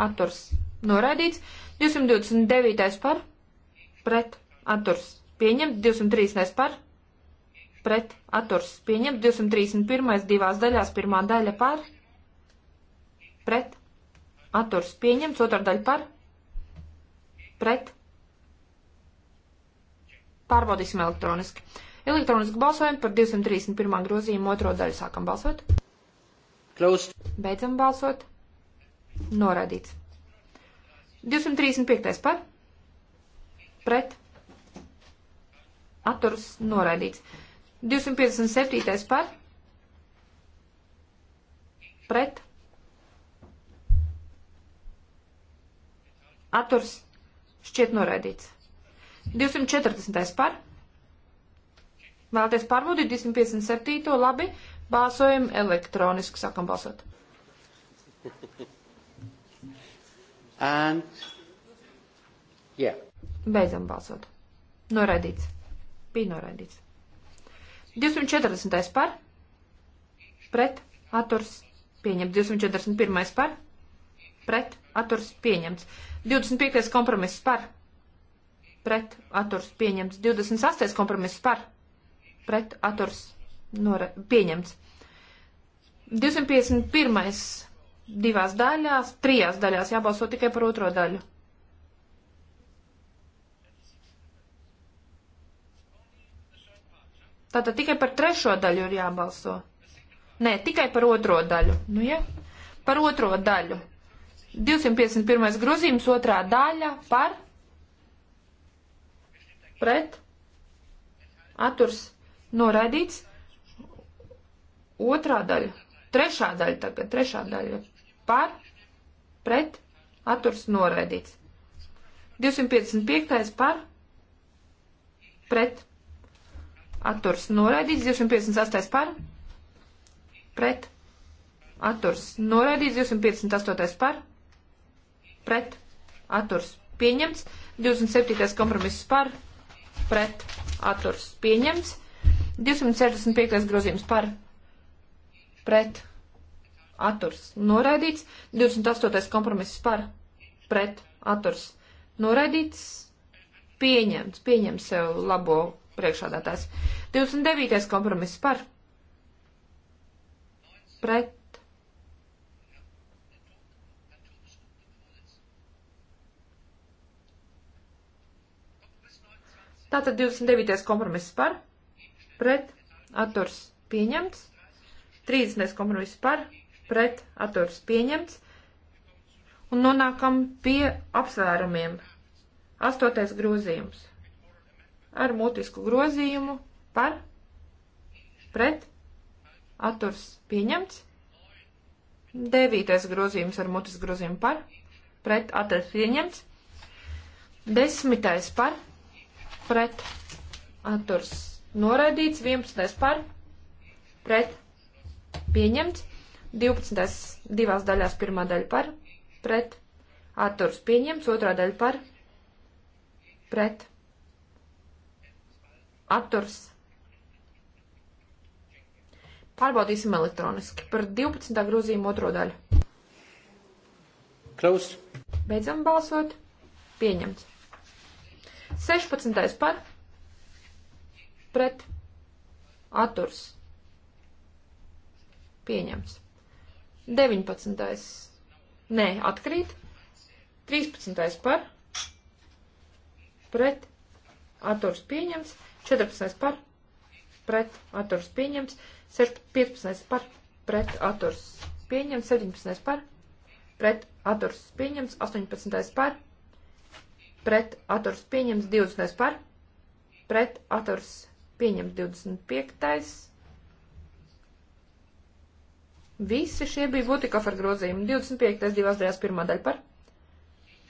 atturs noraidīts, 229. par, pret atturs pieņemts, 230. par, pret atturs pieņemts, 231. divās daļās, pirmā daļa par, pret atturs pieņemts, otrā daļa par, pret Pārbaudīsim elektroniski. Elektroniski balsojam par 231. grozījumu otro daļu. Sākam balsot. Closed. Beidzam balsot. Noraidīts. 235. par. Pret. Atturs noraidīts. 257. par. Pret. Atturs šķiet noraidīts. 240. par. Vēlaties pārbaudīt 257. labi. Bāsojam elektroniski, sākam balsot. And, yeah. Beidzam balsot. Noraidīts. Bija noraidīts. 240. par. Pret. Atturs. Pieņemts. 241. par. Pret. Atturs. Pieņemts. 25. kompromiss par pret atturs pieņemts. 28. kompromiss par pret atturs nore, pieņemts. 251. divās daļās, trijās daļās jābalso tikai par otro daļu. Tātad tikai par trešo daļu ir jābalso. Nē, tikai par otro daļu. Nu, ja? Par otro daļu. 251. grozījums, otrā daļa par pret, atturs noraidīts. Otrā daļa, trešā daļa tagad, trešā daļa par, pret, atturs noraidīts. 255. par, pret, atturs noraidīts. 258. par, pret, atturs noraidīts. 258. par, pret, atturs pieņemts. 27. kompromiss par, pret pret atturs pieņemts. 265. grozījums par pret atturs noraidīts. 28. kompromiss par pret atturs noraidīts. Pieņemts, pieņem sev labo priekšādātājs. 29. kompromiss par pret Tātad 29. kompromiss par, pret, atturs pieņemts. 30. kompromiss par, pret, atturs pieņemts. Un nonākam pie apsvērumiem. 8. grozījums. Ar mutisku grozījumu par, pret, atturs pieņemts. 9. grozījums ar mutisku grozījumu par, pret, atturs pieņemts. 10. par, pret atturs noraidīts, 11. par pret pieņemts, 12. divās daļās pirmā daļa par pret atturs pieņemts, otrā daļa par pret atturs. Pārbaudīsim elektroniski par 12. grozījumu otro daļu. Closed. Beidzam balsot. Pieņemts. 16. par pret atturs pieņems. 19. Nē, atkrīt. 13. par pret atturs pieņems. 14. par pret atturs pieņems. 15. par pret atturs pieņems. 17. par pret atturs pieņems. 18. par pret pret atturs pieņems 20. par, pret atturs pieņems 25. Visi šie bija Vutikofer grozījumi. 25. divās daļās pirmā daļa par,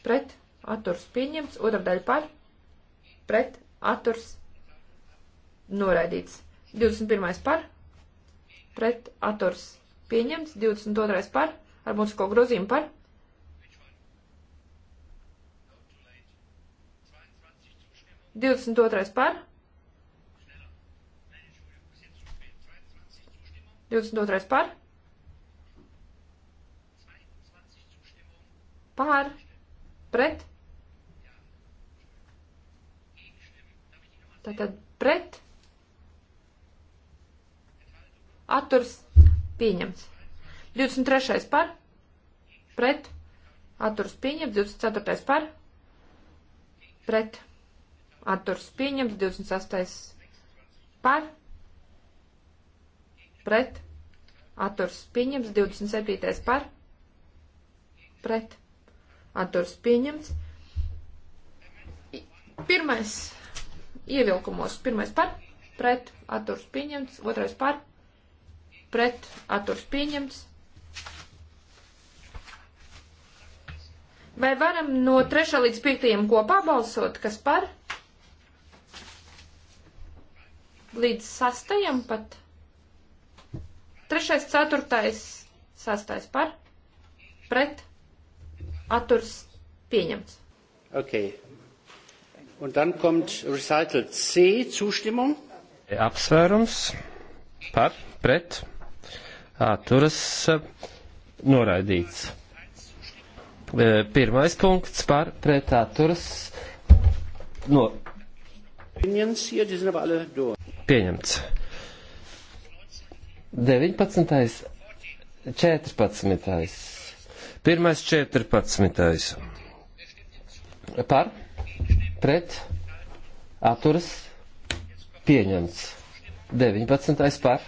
pret atturs pieņemts, otrā daļa par, pret atturs noraidīts. 21. par, pret atturs pieņemts, 22. par, ar mūsu ko grozījumu par, 22. par. 22. par. Par. Pret. Tātad pret. Atturs pieņemts. 23. par. Pret. Atturs pieņemts. 24. par. Pret. Atturs pieņemts. 28. par. Pret. Atturs pieņemts. 27. par. Pret. Atturs pieņemts. Pirmais ievilkumos. Pirmais par. Pret. Atturs pieņemts. Otrais par. Pret. Atturs pieņemts. Vai varam no 3. līdz 5. kopā balsot, kas par? līdz sastajam pat. Trešais, ceturtais, sastais par, pret, atturs pieņemts. Okay. Un dann kommt recital C, zustimmung. E, apsvērums par, pret, atturas noraidīts. E, pirmais punkts par, pret, atturas no. Opinions hier, die sind aber alle durch pieņemts. 19. 14. Pirmais 14. Par, pret, atturas, pieņemts. 19. par,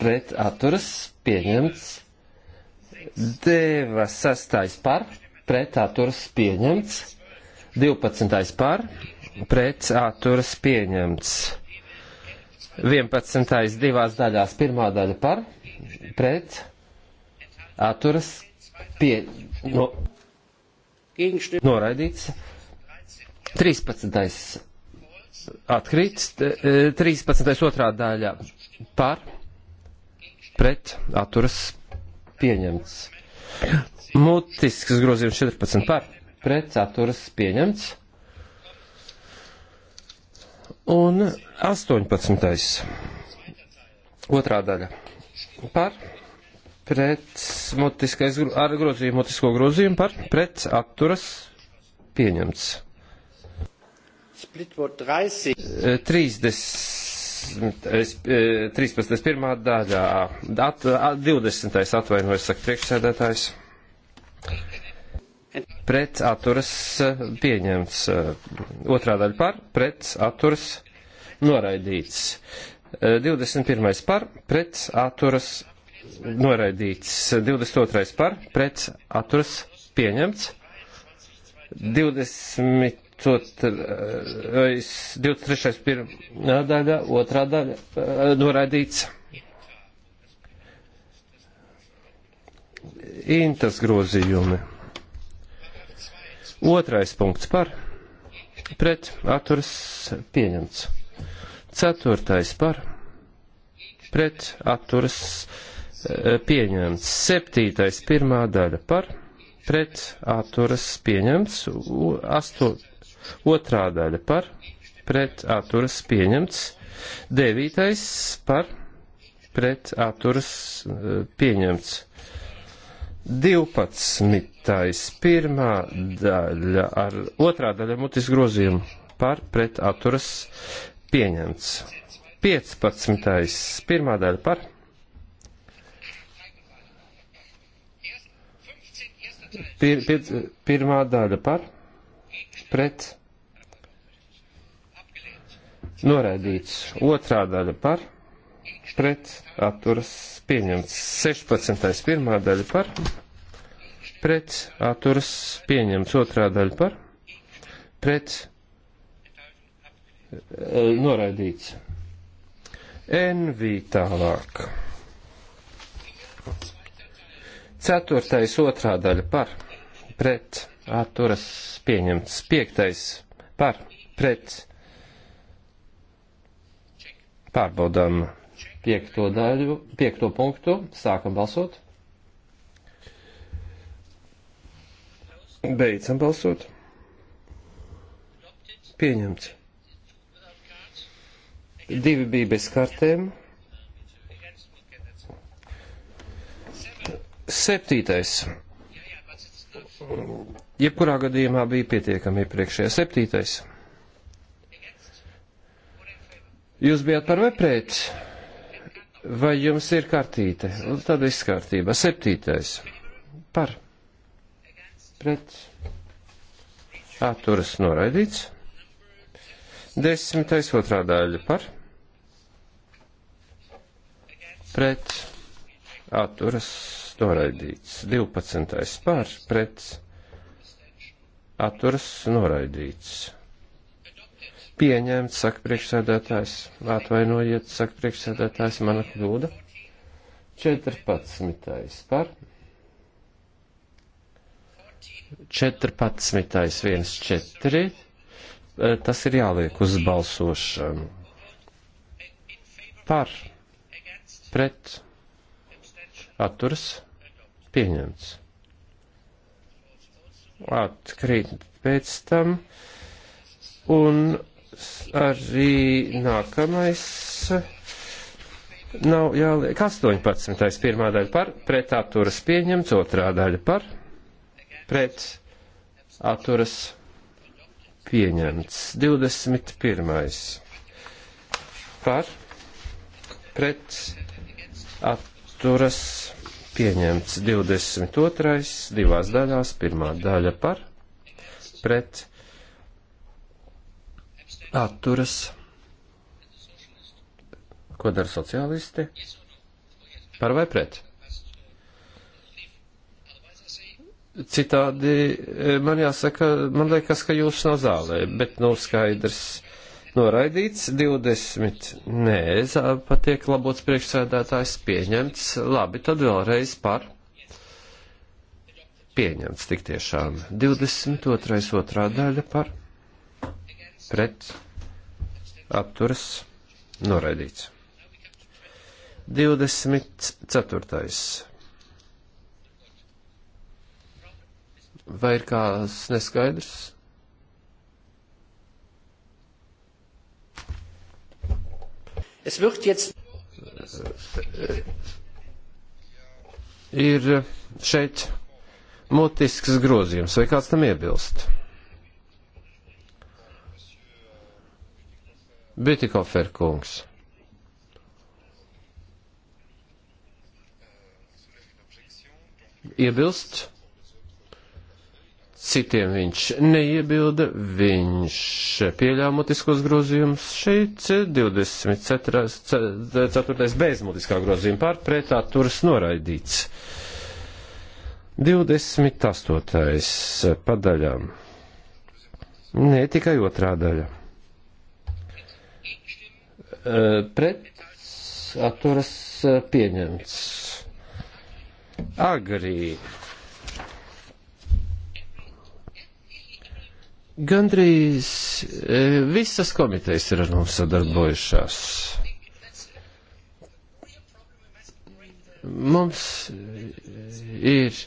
pret, atturas, pieņemts. Deva 6. par, pret, atturas, pieņemts. 12. par, pret, atturas, pieņemts. 11. divās daļās. Pirmā daļa par, pret, atturas, pie, no, noraidīts. 13. atkrīt, 13. otrā daļa par, pret, atturas, pieņemts. Mutisks grozījums 14 par, pret, atturas, pieņemts. Un 18. otrā daļa par pret mutiskais, ar grozījumu, mutisko grozījumu par pret atturas pieņemts. 30. 13. Eh, eh, eh, pirmā daļā, at, 20. atvainojas, saka priekšsēdētājs. Pret atturas eh, pieņemts. Eh, otrā daļa par, pret atturas noraidīts. 21. Eh, par, pret atturas noraidīts. 22. par, pret atturas pieņemts. 20. 23. pirmā daļa, otrā daļa noraidīts. Intas grozījumi. Otrais punkts par pret atturas pieņemts. Ceturtais par pret atturas eh, pieņemts. Septītais pirmā daļa par pret atturas pieņemts. Asto, otrā daļa par pret atturas pieņemts. Devītais par pret atturas eh, pieņemts. 12. pirmā daļa ar otrā daļa mutis grozījumu par pret atturas pieņemts. 15. pirmā daļa par. Pir, pir, pirmā daļa par pret noraidīts. Otrā daļa par pret pret atturas pieņemts. 16. pirmā daļa par pret atturas pieņemts. Otrā daļa par pret e, noraidīts. NV tālāk. Ceturtais otrā daļa par pret atturas pieņemts. Piektais par pret pārbaudām piekto, daļu, piekto punktu. Sākam balsot. Beidzam balsot. Pieņemts. Divi bija bez kartēm. Septītais. Jebkurā gadījumā bija pietiekami iepriekšējā septītais. Jūs bijat par vai pret? Vai jums ir kartīte? Un tad viss kārtībā. Septītais. Par. Pret. Atturas noraidīts. Desmitais otrā daļa par. Pret. Atturas noraidīts. Divpadsmitais par. Pret. Atturas noraidīts pieņemts, saka priekšsēdētājs, atvainojiet, saka priekšsēdētājs, mana kļūda. 14. par. 14. 1, 4. Tas ir jāliek uz balsošanu. Par. Pret. Atturs. Pieņemts. Atkrīt pēc tam. Un arī nākamais nav jāliek 18. pirmā daļa par, pret atturas pieņemts, otrā daļa par, pret atturas pieņemts, 21. par, pret atturas pieņemts, 22. divās daļās, pirmā daļa par, pret atturas. Ko dara sociālisti? Par vai pret? Citādi eh, man jāsaka, man liekas, ka jūs nav zālē, bet nav skaidrs. Noraidīts 20. Nē, patiek labots priekšsēdētājs pieņemts. Labi, tad vēlreiz par. Pieņemts tik tiešām. 22. otrā daļa par pret apturas noraidīts. 24. Vai ir kāds neskaidrs? Es wird jetzt ir šeit mutisks grozījums, vai kāds tam iebilst? Bitikofer kungs. Iebilst? Citiem viņš neiebilda, viņš pieļāva mutiskos grozījumus šeit 24. bezmutiskā grozījuma pārpretā turas noraidīts. 28. padaļām. Nē, tikai otrā daļa. Eh, pret atturas eh, pieņemts. Agrī. Gandrīz eh, visas komitejas ir ar mums sadarbojušās. Mums ir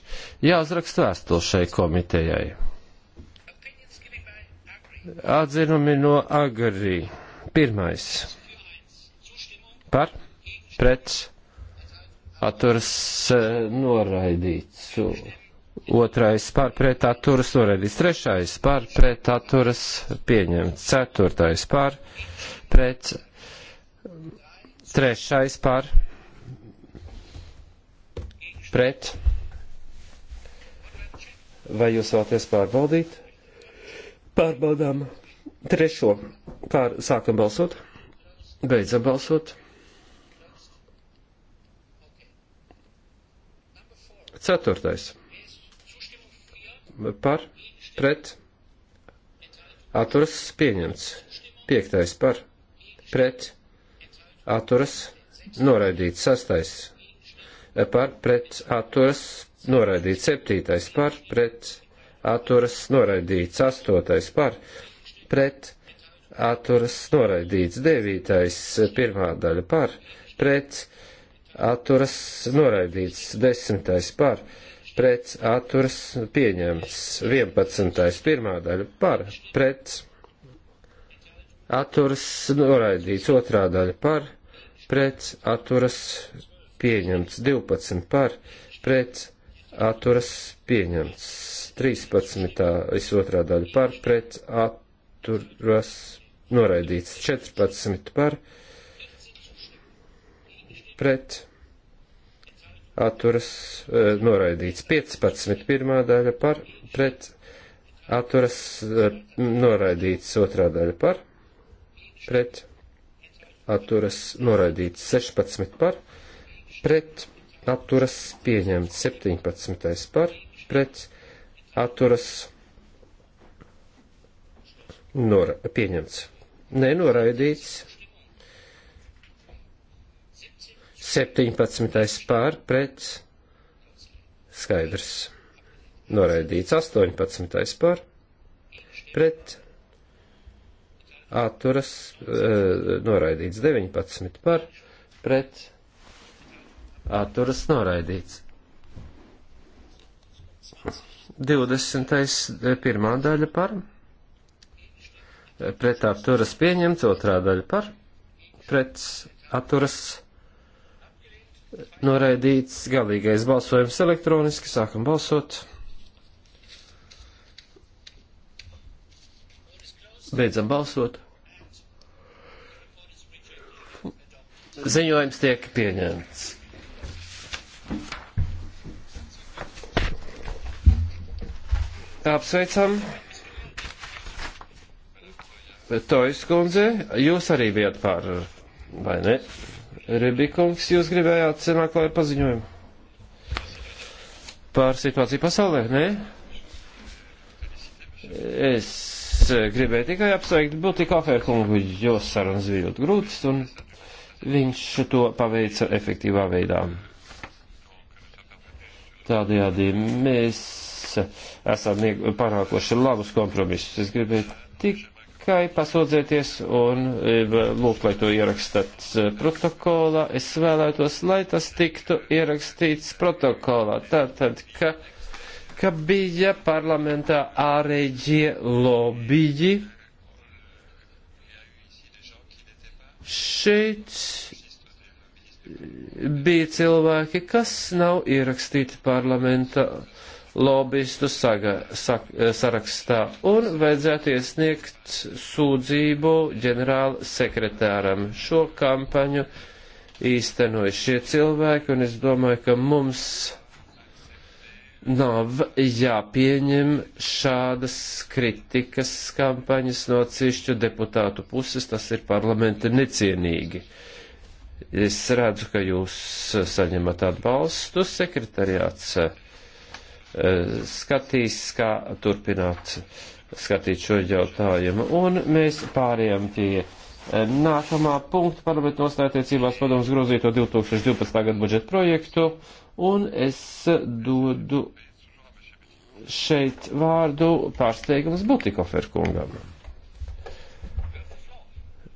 jāuzraksta vēstule šai komitejai. Atzinumi no Agri. Pirmais par pret atturas e, noraidīts. Otrais par pret atturas noraidīts. Trešais par pret atturas pieņemts. Ceturtais par pret. Trešais par pret. Vai jūs vēlaties pārbaudīt? Pārbaudām trešo. Pār, sākam balsot. Beidzam balsot. Ceturtais. Par, pret, atturas pieņemts. Piektais par, pret, atturas noraidīts. Sastais par, pret, atturas noraidīts. Septītais par, pret, atturas noraidīts. Astotais par, pret, atturas noraidīts. Devītais pirmā daļa par, pret, atturas noraidīts atturas noraidīts, 10. par, pret atturas pieņemts, 11. pirmā daļa par, pret atturas noraidīts, otrā daļa par, pret atturas pieņemts, 12. par, pret atturas pieņemts, 13. otrā daļa par, pret atturas noraidīts, 14. par, pret pret atturas e, noraidīts. 15. pirmā daļa par pret atturas e, noraidīts. Otrā daļa par pret atturas noraidīts. 16 par pret atturas pieņemts. 17. par pret atturas nora, pieņemts. Nenoraidīts. 17. pār pret skaidrs. Noraidīts 18. pār pret atturas, e, noraidīts 19 par pret atturas noraidīts. 20. E, pirmā daļa par e, pret atturas pieņemts, otrā daļa par pret atturas pieņemts Noraidīts galīgais balsojums elektroniski. Sākam balsot. Beidzam balsot. Ziņojums tiek pieņemts. Apsveicam. Tojas kundze, jūs arī bijat pār, vai ne? Rebikungs, jūs gribējāt senāko paziņojumu par situāciju pasaulē, nē? Es gribēju tikai apsveikt Būtika Aferkungu, jo sarunas bija ļoti grūtas, un viņš to paveica efektīvā veidā. Tādējādi mēs esam panākoši labus kompromisus. Es gribēju tik tikai pasūdzēties un e, lūk, lai to ierakstat e, protokolā. Es vēlētos, lai tas tiktu ierakstīts protokolā. Tātad, ka, ka bija parlamentā ārēģie lobiji. Šeit bija cilvēki, kas nav ierakstīti parlamentā lobistu saga, sak, eh, sarakstā un vajadzētu iesniegt sūdzību ģenerāla sekretāram. Šo kampaņu īstenoja šie cilvēki un es domāju, ka mums nav jāpieņem šādas kritikas kampaņas no cišķu deputātu puses, tas ir parlamenta necienīgi. Es redzu, ka jūs saņemat atbalstu, sekretariāts skatīs, kā turpināt skatīt šo jautājumu. Un mēs pārējām pie e, nākamā punkta parlamentu nostājotiecībās padomus grozīto 2012. gadu budžetu projektu. Un es dodu šeit vārdu pārsteigums Butikofer kungam.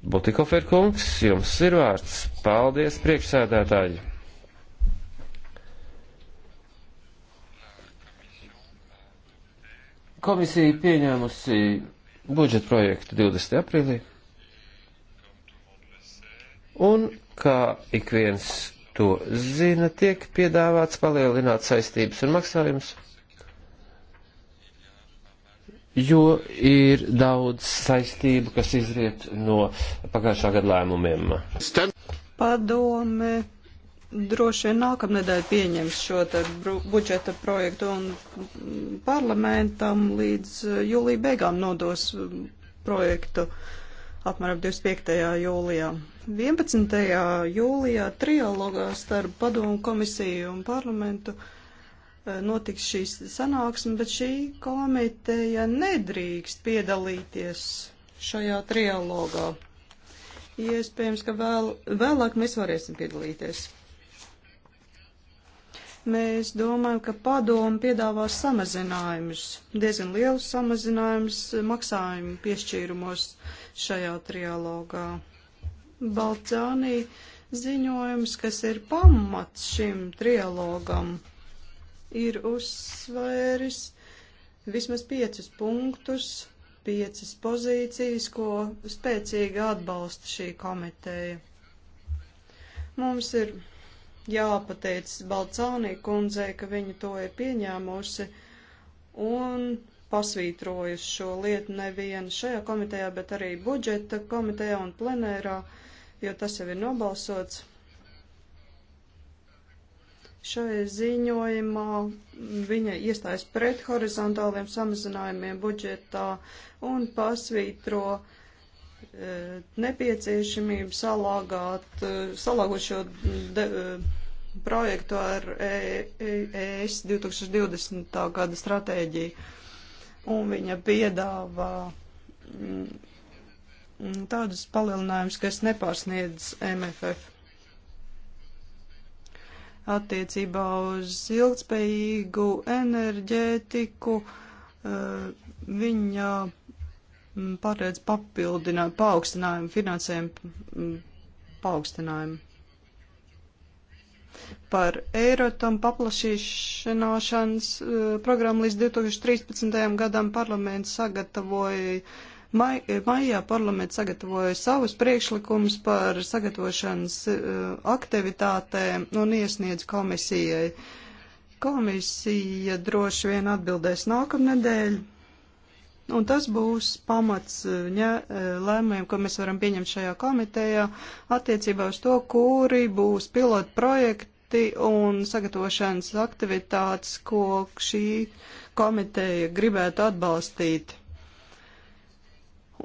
Butikofer kungs, jums ir vārds. Paldies, priekšsēdētāji! Komisija pieņēmusi budžeta projektu 20. aprīlī. Un, kā ik viens to zina, tiek piedāvāts palielināt saistības un maksājumus, jo ir daudz saistību, kas izriet no pagājušā gada lēmumiem. Padome droši vien nākamnedēļ pieņems šo budžeta projektu un parlamentam līdz eh, jūlija beigām nodos eh, projektu apmēram 25. jūlijā. 11. jūlijā trialogā starp padomu komisiju un parlamentu eh, notiks šī sanāksme, bet šī komiteja nedrīkst piedalīties šajā trialogā. Iespējams, ka vēl, vēlāk mēs varēsim piedalīties. Mēs domājam, ka padomu piedāvās samazinājumus, diezgan lielus samazinājumus maksājumu piešķīrumos šajā trialogā. Balcānī ziņojums, kas ir pamats šim trialogam, ir uzsvēris vismaz piecus punktus, piecas pozīcijas, ko spēcīgi atbalsta šī komiteja. Mums ir jāpateic Balcānī kundzei, ka viņa to ir pieņēmusi un pasvītrojusi šo lietu nevien šajā komitejā, bet arī budžeta komitejā un plenērā, jo tas jau ir nobalsots. Šajā ziņojumā viņa iestājas pret horizontāliem samazinājumiem budžetā un pasvītro uh, nepieciešamību salāgāt, eh, salāgot šo de, eh, projektu ar e e ES 2020. gada stratēģiju. Un viņa piedāvā mm, tādus palielinājumus, kas nepārsniedz MFF. Attiecībā uz ilgspējīgu enerģētiku eh, viņa mm, paredz papildinājumu, paaugstinājumu, finansējumu mm, paaugstinājumu par Eirotam paplašīšanāšanas eh, programmu līdz 2013. gadam parlaments sagatavoja. Mai, maijā parlaments sagatavoja savus priekšlikumus par sagatavošanas eh, aktivitātēm un iesniedz komisijai. Komisija droši vien atbildēs nākamnedēļ Un tas būs pamats ja, e, e, lēmumiem, ko mēs varam pieņemt šajā komitejā attiecībā uz to, kuri būs pilotu projekti un sagatavošanas aktivitātes, ko šī komiteja gribētu atbalstīt.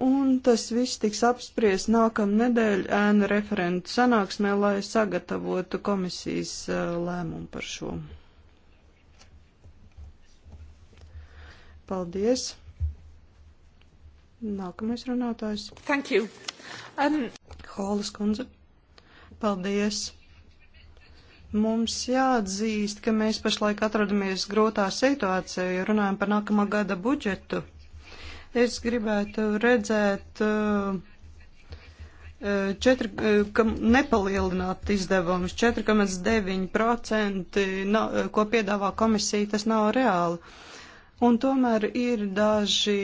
Un tas viss tiks apspriest nākamnedēļ ēnu referentu sanāksmē, lai sagatavotu komisijas e, lēmumu par šo. Paldies! Nākamais runātājs. Thank you. Um... Holas kundze. Paldies. Mums jāatzīst, ka mēs pašlaik atrodamies grūtā situācijā, ja runājam par nākamā gada budžetu. Es gribētu redzēt, uh, uh, četri, uh, ka nepalielināt izdevumus 4,9%, ko piedāvā komisija, tas nav reāli. Un tomēr ir daži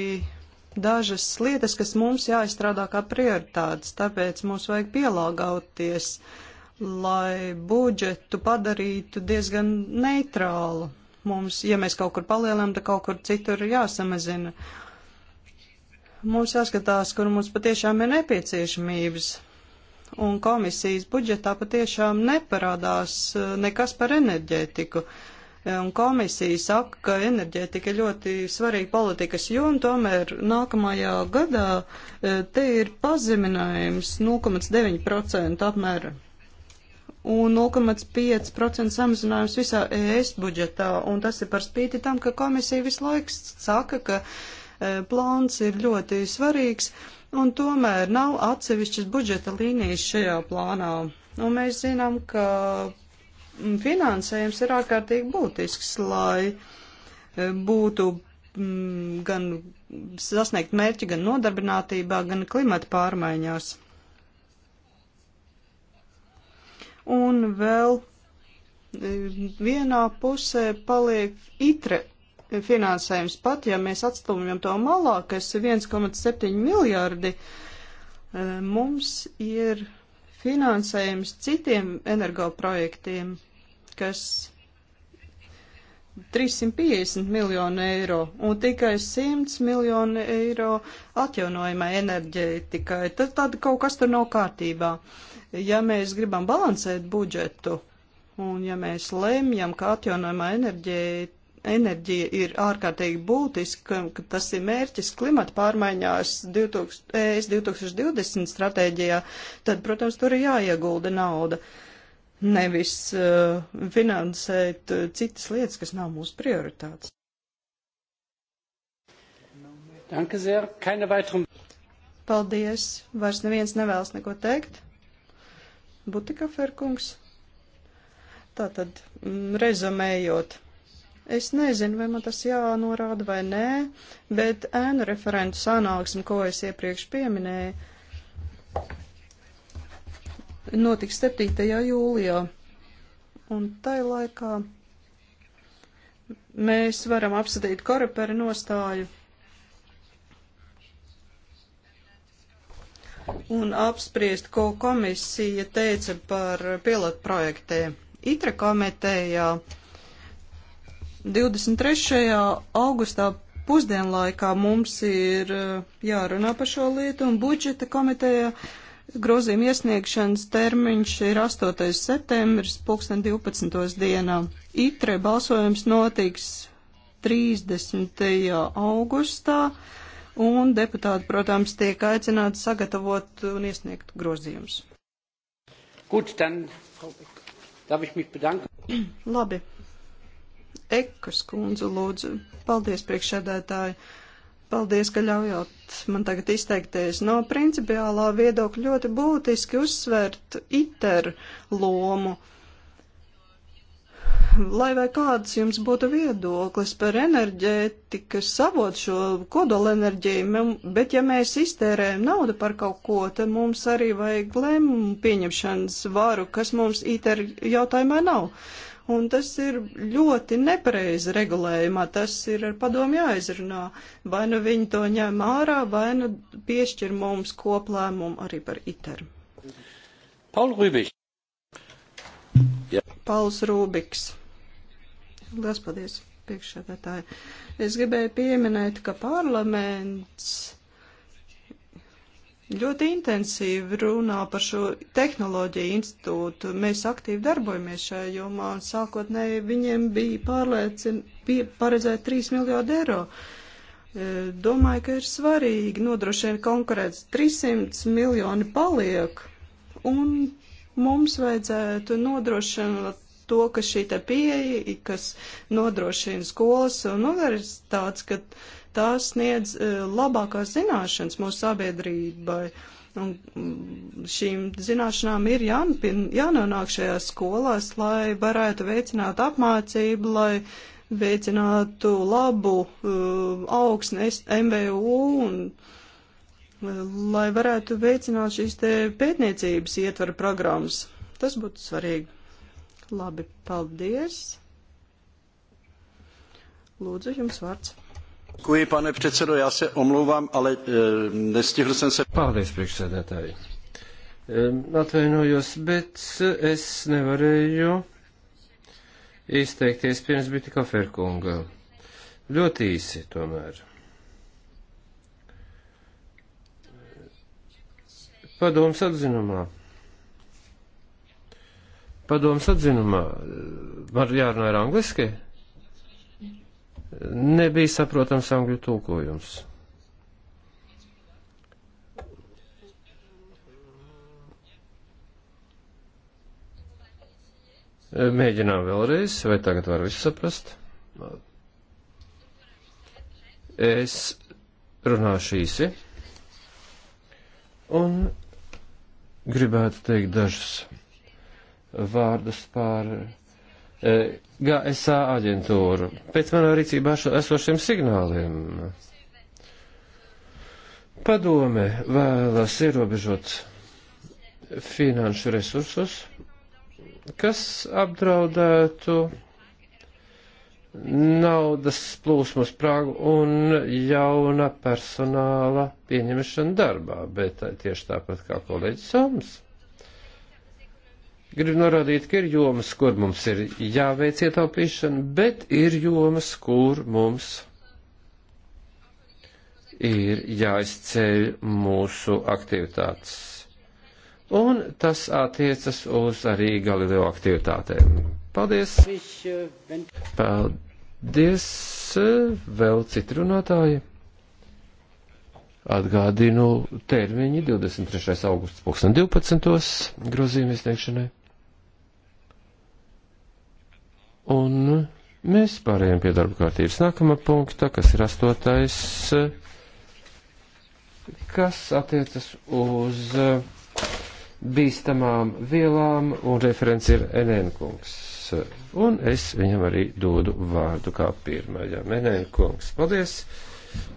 dažas lietas, kas mums jāizstrādā kā prioritātes, tāpēc mums vajag pielāgoties, lai budžetu padarītu diezgan neitrālu. Mums, ja mēs kaut kur palielinām, tad kaut kur citur jāsamazina. Mums jāskatās, kur mums patiešām ir nepieciešamības. Un komisijas budžetā patiešām neparādās eh, nekas par enerģētiku. Uh, Un komisija saka, ka enerģētika ir ļoti svarīga politikas joma, tomēr nākamajā gadā e, te ir pazeminājums 0,9% apmēram un 0,5% samazinājums visā ES budžetā. Un tas ir par spīti tam, ka komisija visu laiku saka, ka e, plāns ir ļoti svarīgs, un tomēr nav atsevišķas budžeta līnijas šajā plānā. Un mēs zinām, ka Mm, finansējums ir ārkārtīgi būtisks, lai e, būtu mm, gan sasniegt mērķi, gan nodarbinātībā, gan klimata pārmaiņās. Un vēl e, vienā pusē paliek itre finansējums pat, ja mēs atstumjam to malā, kas ir 1,7 miljārdi, e, mums ir finansējums citiem energoprojektiem, kas 350 miljonu eiro un tikai 100 miljonu eiro atjaunojumai enerģētikai. Tad, tad kaut kas tur nav kārtībā. Ja mēs gribam balansēt budžetu un ja mēs lemjam, ka atjaunojumā enerģētika enerģija ir ārkārtīgi būtiska, ka tas ir mērķis klimata pārmaiņās 2000, ES 2020 stratēģijā, tad, protams, tur ir jāiegulda nauda. Uh, nevis uh, finansēt uh, citas lietas, kas nav mūsu prioritātes. Paldies. Vairs neviens nevēlas neko teikt. Butikaferkungs. Tātad, mm, rezumējot, es nezinu, vai man tas jānorāda vai nē, bet ēnu referentu sanāksmi, ko es iepriekš pieminēju, notiks 7. jūlijā. Un tai laikā mēs varam apsadīt koreperi nostāju un apspriest, ko komisija teica par pilotu projektē. ITRA komitejā 23. augustā pusdienlaikā mums ir eh, jārunā par šo lietu un budžeta komitejā Grozījuma iesniegšanas termiņš ir 8. septembris, 2012. dienā. ITRE balsojums notiks 30. augustā, un deputāti, protams, tiek aicināti sagatavot un iesniegt grozījumus. Gut, dann darf ich mich bedanken. Labi. Ekas kundze, lūdzu. Paldies, priekšsēdētāji. Paldies, ka ļaujāt man tagad izteikties. No principiālā viedokļa ļoti būtiski uzsvērt ITER lomu. Lai vai kāds jums būtu viedoklis par enerģētikas savot šo kodolenerģiju, bet ja mēs iztērējam naudu par kaut ko, tad mums arī vajag lēmumu pieņemšanas varu, kas mums ITER jautājumā nav un tas ir ļoti nepareizi regulējumā. Tas ir ar padomu jāizrunā. Vai nu viņi to ņem ārā, vai nu piešķir mums koplēmumu arī par ITER. Paul Rūbiks. Ja. Pauls Rūbiks. Lielas paldies, priekšsēdētāji. Es gribēju pieminēt, ka parlaments ļoti intensīvi runā par šo tehnoloģiju institūtu. Mēs aktīvi darbojamies šajā jomā un sākotnēji viņiem bija pārliecin, bija paredzēt 3 miljārdu eiro. E, domāju, ka ir svarīgi nodrošināt konkurēts 300 miljoni paliek un mums vajadzētu nodrošināt to, ka šī te pieeja, kas nodrošina skolas un universitātes, ka tās sniedz eh, labākās zināšanas mūsu sabiedrībai. Un mm, šīm zināšanām ir jānopin, jānonāk šajās skolās, lai varētu veicināt apmācību, lai veicinātu labu uh, augsni MVU un eh, lai varētu veicināt šīs te pētniecības ietvara programmas. Tas būtu svarīgi. Labi, paldies. Lūdzu, jums vārds. Kui, pane predsedo, jā se omlūvām, ale eh, nestihlu sen se... Paldies, priekšsēdētāji. Atvainojos, bet es nevarēju izteikties pirms bija tikai Ferkunga. Ļoti īsi tomēr. Padoms atzinumā. Padoms atzinumā. Var jārunā ar angliski? nebija saprotams angļu tulkojums. Mēģinām vēlreiz, vai tagad var visu saprast? Es runāšu īsi un gribētu teikt dažus vārdus par e, GSA aģentūru pēc manā rīcībā esošiem signāliem. Padome vēlas ierobežot finanšu resursus, kas apdraudētu naudas plūsmu uz Prāgu un jauna personāla pieņemšana darbā, bet tieši tāpat kā kolēģis Sams Gribu norādīt, ka ir jomas, kur mums ir jāveic ietaupīšana, bet ir jomas, kur mums ir jāizceļ mūsu aktivitātes. Un tas attiecas uz arī Galileo aktivitātēm. Paldies! Paldies! Vēl citi runātāji! Atgādinu termiņu 23. augusts 2012. grozījuma izteikšanai. Un mēs pārējām pie darba kārtības nākamā punkta, kas ir astotais, kas attiecas uz eh, bīstamām vielām, un referents ir Enēnkungs. Un es viņam arī dodu vārdu kā pirmajam. Enēnkungs, paldies!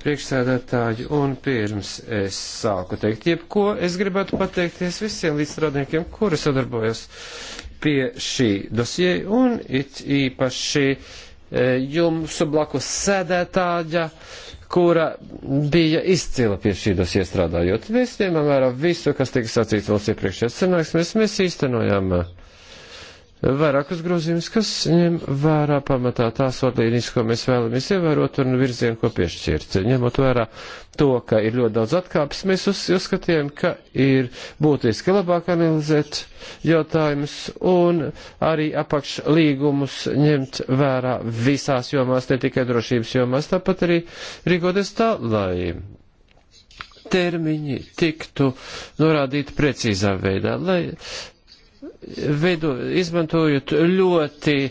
priekšsēdētāju, un pirms es sāku teikt jebko, es gribētu pateikties visiem līdzstrādniekiem, kuri sadarbojos pie šī dosie un it īpaši e, jums blakus sēdētāja, kura bija izcila pie šī dosie strādājot. Mēs ņēmām vērā visu, kas tika sacīts valsts iepriekšējās sanāksmēs, mēs īstenojām uh, vairākus grozījumus, kas ņem vērā pamatā tās vadlīnijas, ko mēs vēlamies ievērot un virzienu, ko piešķirt. Ņemot vērā to, ka ir ļoti daudz atkāpes, mēs uz, uzskatījām, ka ir būtiski labāk analizēt jautājumus un arī apakšlīgumus ņemt vērā visās jomās, ne tikai drošības jomās, tāpat arī rīkoties tā, lai termiņi tiktu norādīti precīzā veidā, lai veido, izmantojot ļoti e,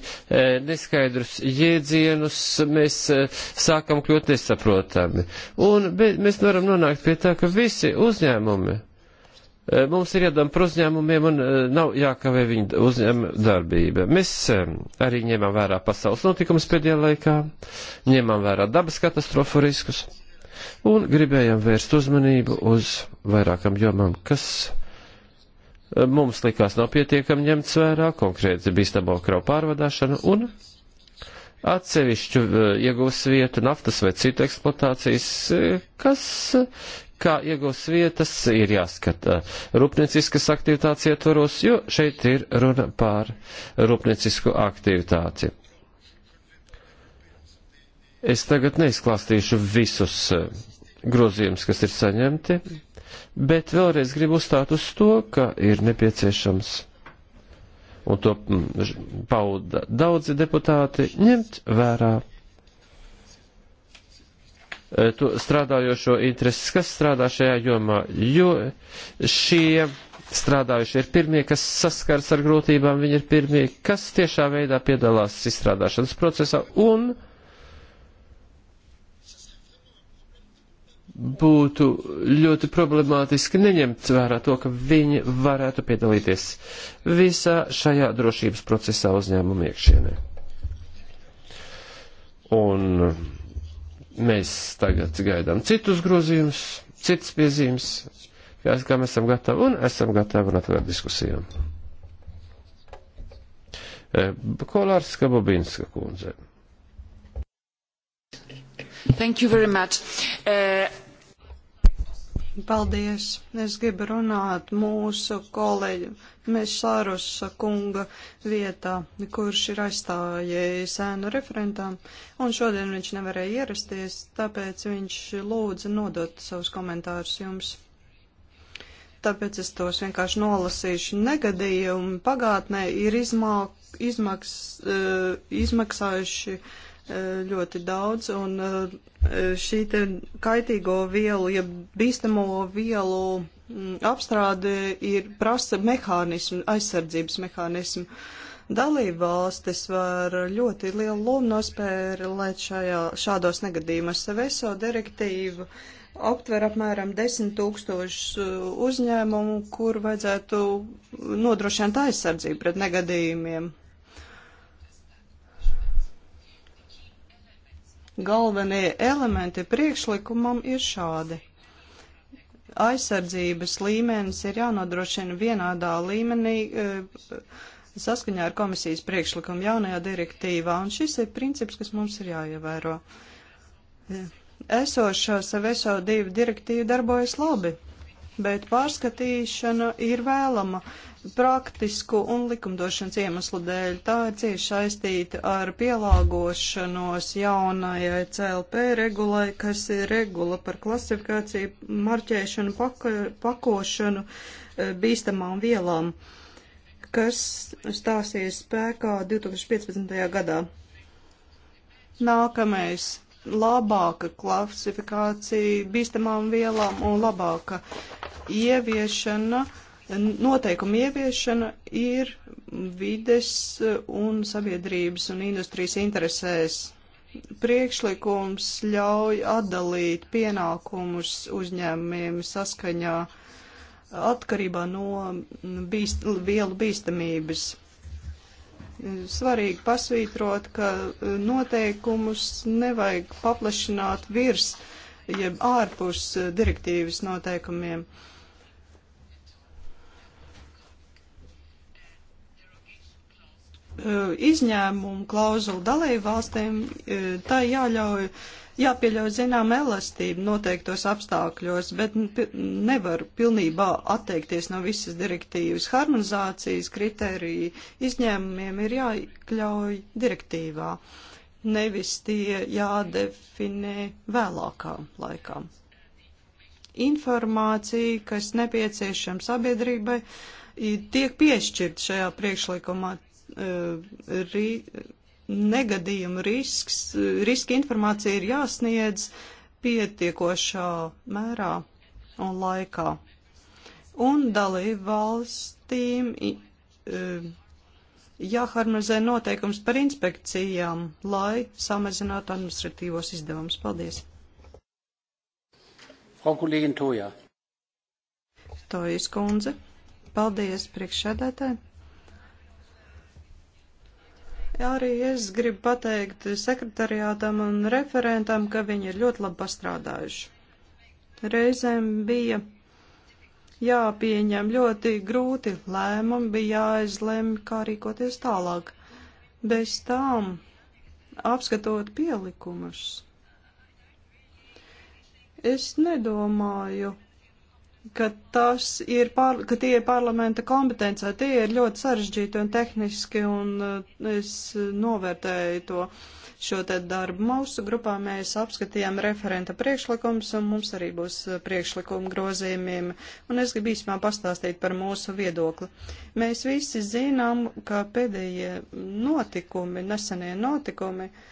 neskaidrus jēdzienus, mēs e, sākam kļūt nesaprotami. Un be, mēs varam nonākt pie tā, ka visi uzņēmumi, e, mums ir jādama par uzņēmumiem un e, nav jākavē viņu uzņēmuma darbība. Mēs e, arī ņemam vērā pasaules notikumus pēdējā laikā, ņemam vērā dabas katastrofu riskus un gribējam vērst uzmanību uz vairākam jomam, kas Eh, mums likās nav pietiekami ņemts vērā konkrēti bīstamo kravu pārvadāšanu un atsevišķu eh, iegūs vietu naftas vai citu eksploatācijas, eh, kas, kā iegūs vietas, ir jāskata rūpnieciskas aktivitātes ietvaros, jo šeit ir runa par rūpniecisku aktivitāti. Es tagad neizklāstīšu visus grozījumus, kas ir saņemti Bet vēlreiz gribu uzstāt uz to, ka ir nepieciešams, un to mm, pauda daudzi deputāti, ņemt vērā e, to strādājošo intereses, kas strādā šajā jomā, jo šie strādājušie ir pirmie, kas saskars ar grūtībām, viņi ir pirmie, kas tiešā veidā piedalās izstrādāšanas procesā un uh, būtu ļoti problemātiski neņemt vērā to, ka viņi varētu piedalīties visā šajā drošības procesā uzņēmuma iekšienē. Un mēs tagad gaidām citus grozījumus, citas piezīmes, kas, kā mēs esam gatavi un esam gatavi un atvērt diskusijām. E, Kolārska Bobinska kundze. Thank you very much. Uh, Paldies! Es gribu runāt mūsu kolēģi Mešārusa kunga vietā, kurš ir aizstājies ēnu referentām, un šodien viņš nevarēja ierasties, tāpēc viņš lūdza nodot savus komentārus jums. Tāpēc es tos vienkārši nolasīšu. Negadījumi pagātnē ir izmāk, izmaks, eh, izmaksājuši. Uh, Eh, ļoti daudz, un eh, šī te kaitīgo vielu, ja bīstamo vielu mm, apstrāde ir prasa mehānismu, aizsardzības mehānismu. Dalība valstis var ļoti lielu lomu nospēlēt šajā, šādos negadījumos. Seveso direktīvu aptver apmēram 10 tūkstošu eh, uzņēmumu, kur vajadzētu nodrošināt aizsardzību pret negadījumiem Galvenie elementi priekšlikumam ir šādi. Aizsardzības līmenis ir jānodrošina vienādā līmenī eh, saskaņā ar komisijas priekšlikumu jaunajā direktīvā, un šis ir princips, kas mums ir jāievēro. Esošā SVSO divu direktīva darbojas labi, bet pārskatīšana ir vēlama. Uh, praktisku un likumdošanas iemeslu dēļ. Tā ir cieši saistīta ar pielāgošanos jaunajai CLP regulai, kas ir regula par klasifikāciju, marķēšanu, pako, pakošanu e, bīstamām vielām, kas stāsies spēkā 2015. gadā. Nākamais labāka klasifikācija bīstamām vielām un labāka ieviešana uh, noteikumu ieviešana ir vides eh, un sabiedrības un industrijas interesēs. Priekšlikums ļauj atdalīt pienākumus uzņēmumiem saskaņā atkarībā no bīst, vielu bīstamības. Svarīgi pasvītrot, ka eh, noteikumus nevajag paplašināt virs, jeb ārpus eh, direktīvas noteikumiem. Uh, E, izņēmumu klauzulu dalību valstīm, e, tā jāļauj, jāpieļauj zinām elastību noteiktos apstākļos, bet nevar pilnībā atteikties no visas direktīvas. Harmonizācijas kritēriji izņēmumiem ir jāiekļauj direktīvā, nevis tie jādefinē vēlākā laikā. Informācija, kas nepieciešama sabiedrībai, tiek piešķirt šajā priekšlikumā ri, negadījumu risks, riska informācija ir jāsniedz pietiekošā mērā un laikā. Un dalību valstīm e, jāharmonizē noteikums par inspekcijām, lai samazinātu administratīvos izdevumus. Paldies! Frau Kollegin Toja. Tojas kundze, paldies priekšsēdētāji. Arī es gribu pateikt sekretariātam un referentam, ka viņi ir ļoti labi pastrādājuši. Reizēm bija jāpieņem ļoti grūti lēmumi, bija jāizlemj, kā rīkoties tālāk. Bez tām, apskatot pielikumus, es nedomāju, ka, ir pār, ka tie ir parlamenta kompetencē. Tie ir ļoti sarežģīti un tehniski, un uh, es novērtēju to šo te darbu. Mūsu grupā mēs apskatījām referenta priekšlikums, un mums arī būs uh, priekšlikuma grozījumiem, un es gribu īsumā pastāstīt par mūsu viedokli. Mēs visi zinām, ka pēdējie notikumi, nesenie notikumi, uh,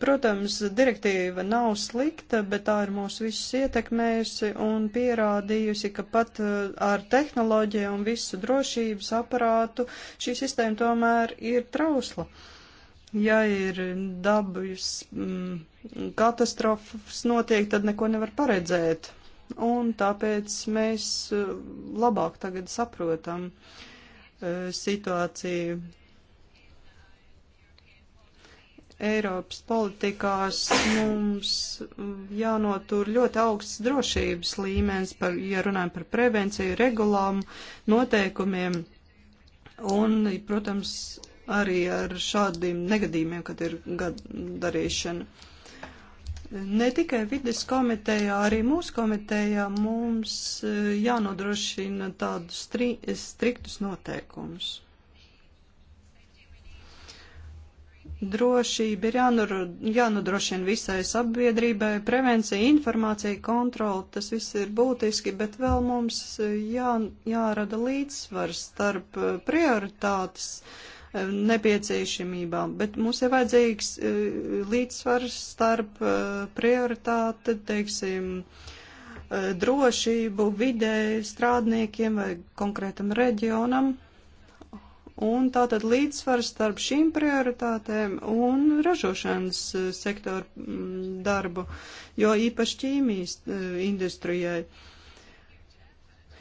Protams, direktīva nav slikta, bet tā ir mūs visus ietekmējusi un pierādījusi, ka pat eh, ar tehnoloģiju un visu drošības aparātu šī sistēma tomēr ir trausla. Ja ir dabas mm, katastrofas notiek, tad neko nevar paredzēt. Un tāpēc mēs eh, labāk tagad saprotam eh, situāciju Eiropas politikās mums jānotur ļoti augsts drošības līmenis, par, ja runājam par prevenciju, regulām, noteikumiem un, protams, arī ar šādiem negadījumiem, kad ir darīšana. Ne tikai vides komitejā, arī mūsu komitejā mums eh, jānodrošina tādus stri striktus noteikumus. drošība ir jānur, jānodrošina visai sabiedrībai, prevencija, informācija, kontrola, tas viss ir būtiski, bet vēl mums jā, jārada līdzsvars starp eh, prioritātes eh, nepieciešamībām, bet mums ir vajadzīgs eh, līdzsvars starp prioritāte, teiksim, drošību vidē strādniekiem vai konkrētam reģionam Un tātad līdzsvars starp šīm prioritātēm un ražošanas eh, sektoru mm, darbu, jo īpaši ķīmijas eh, industrijai,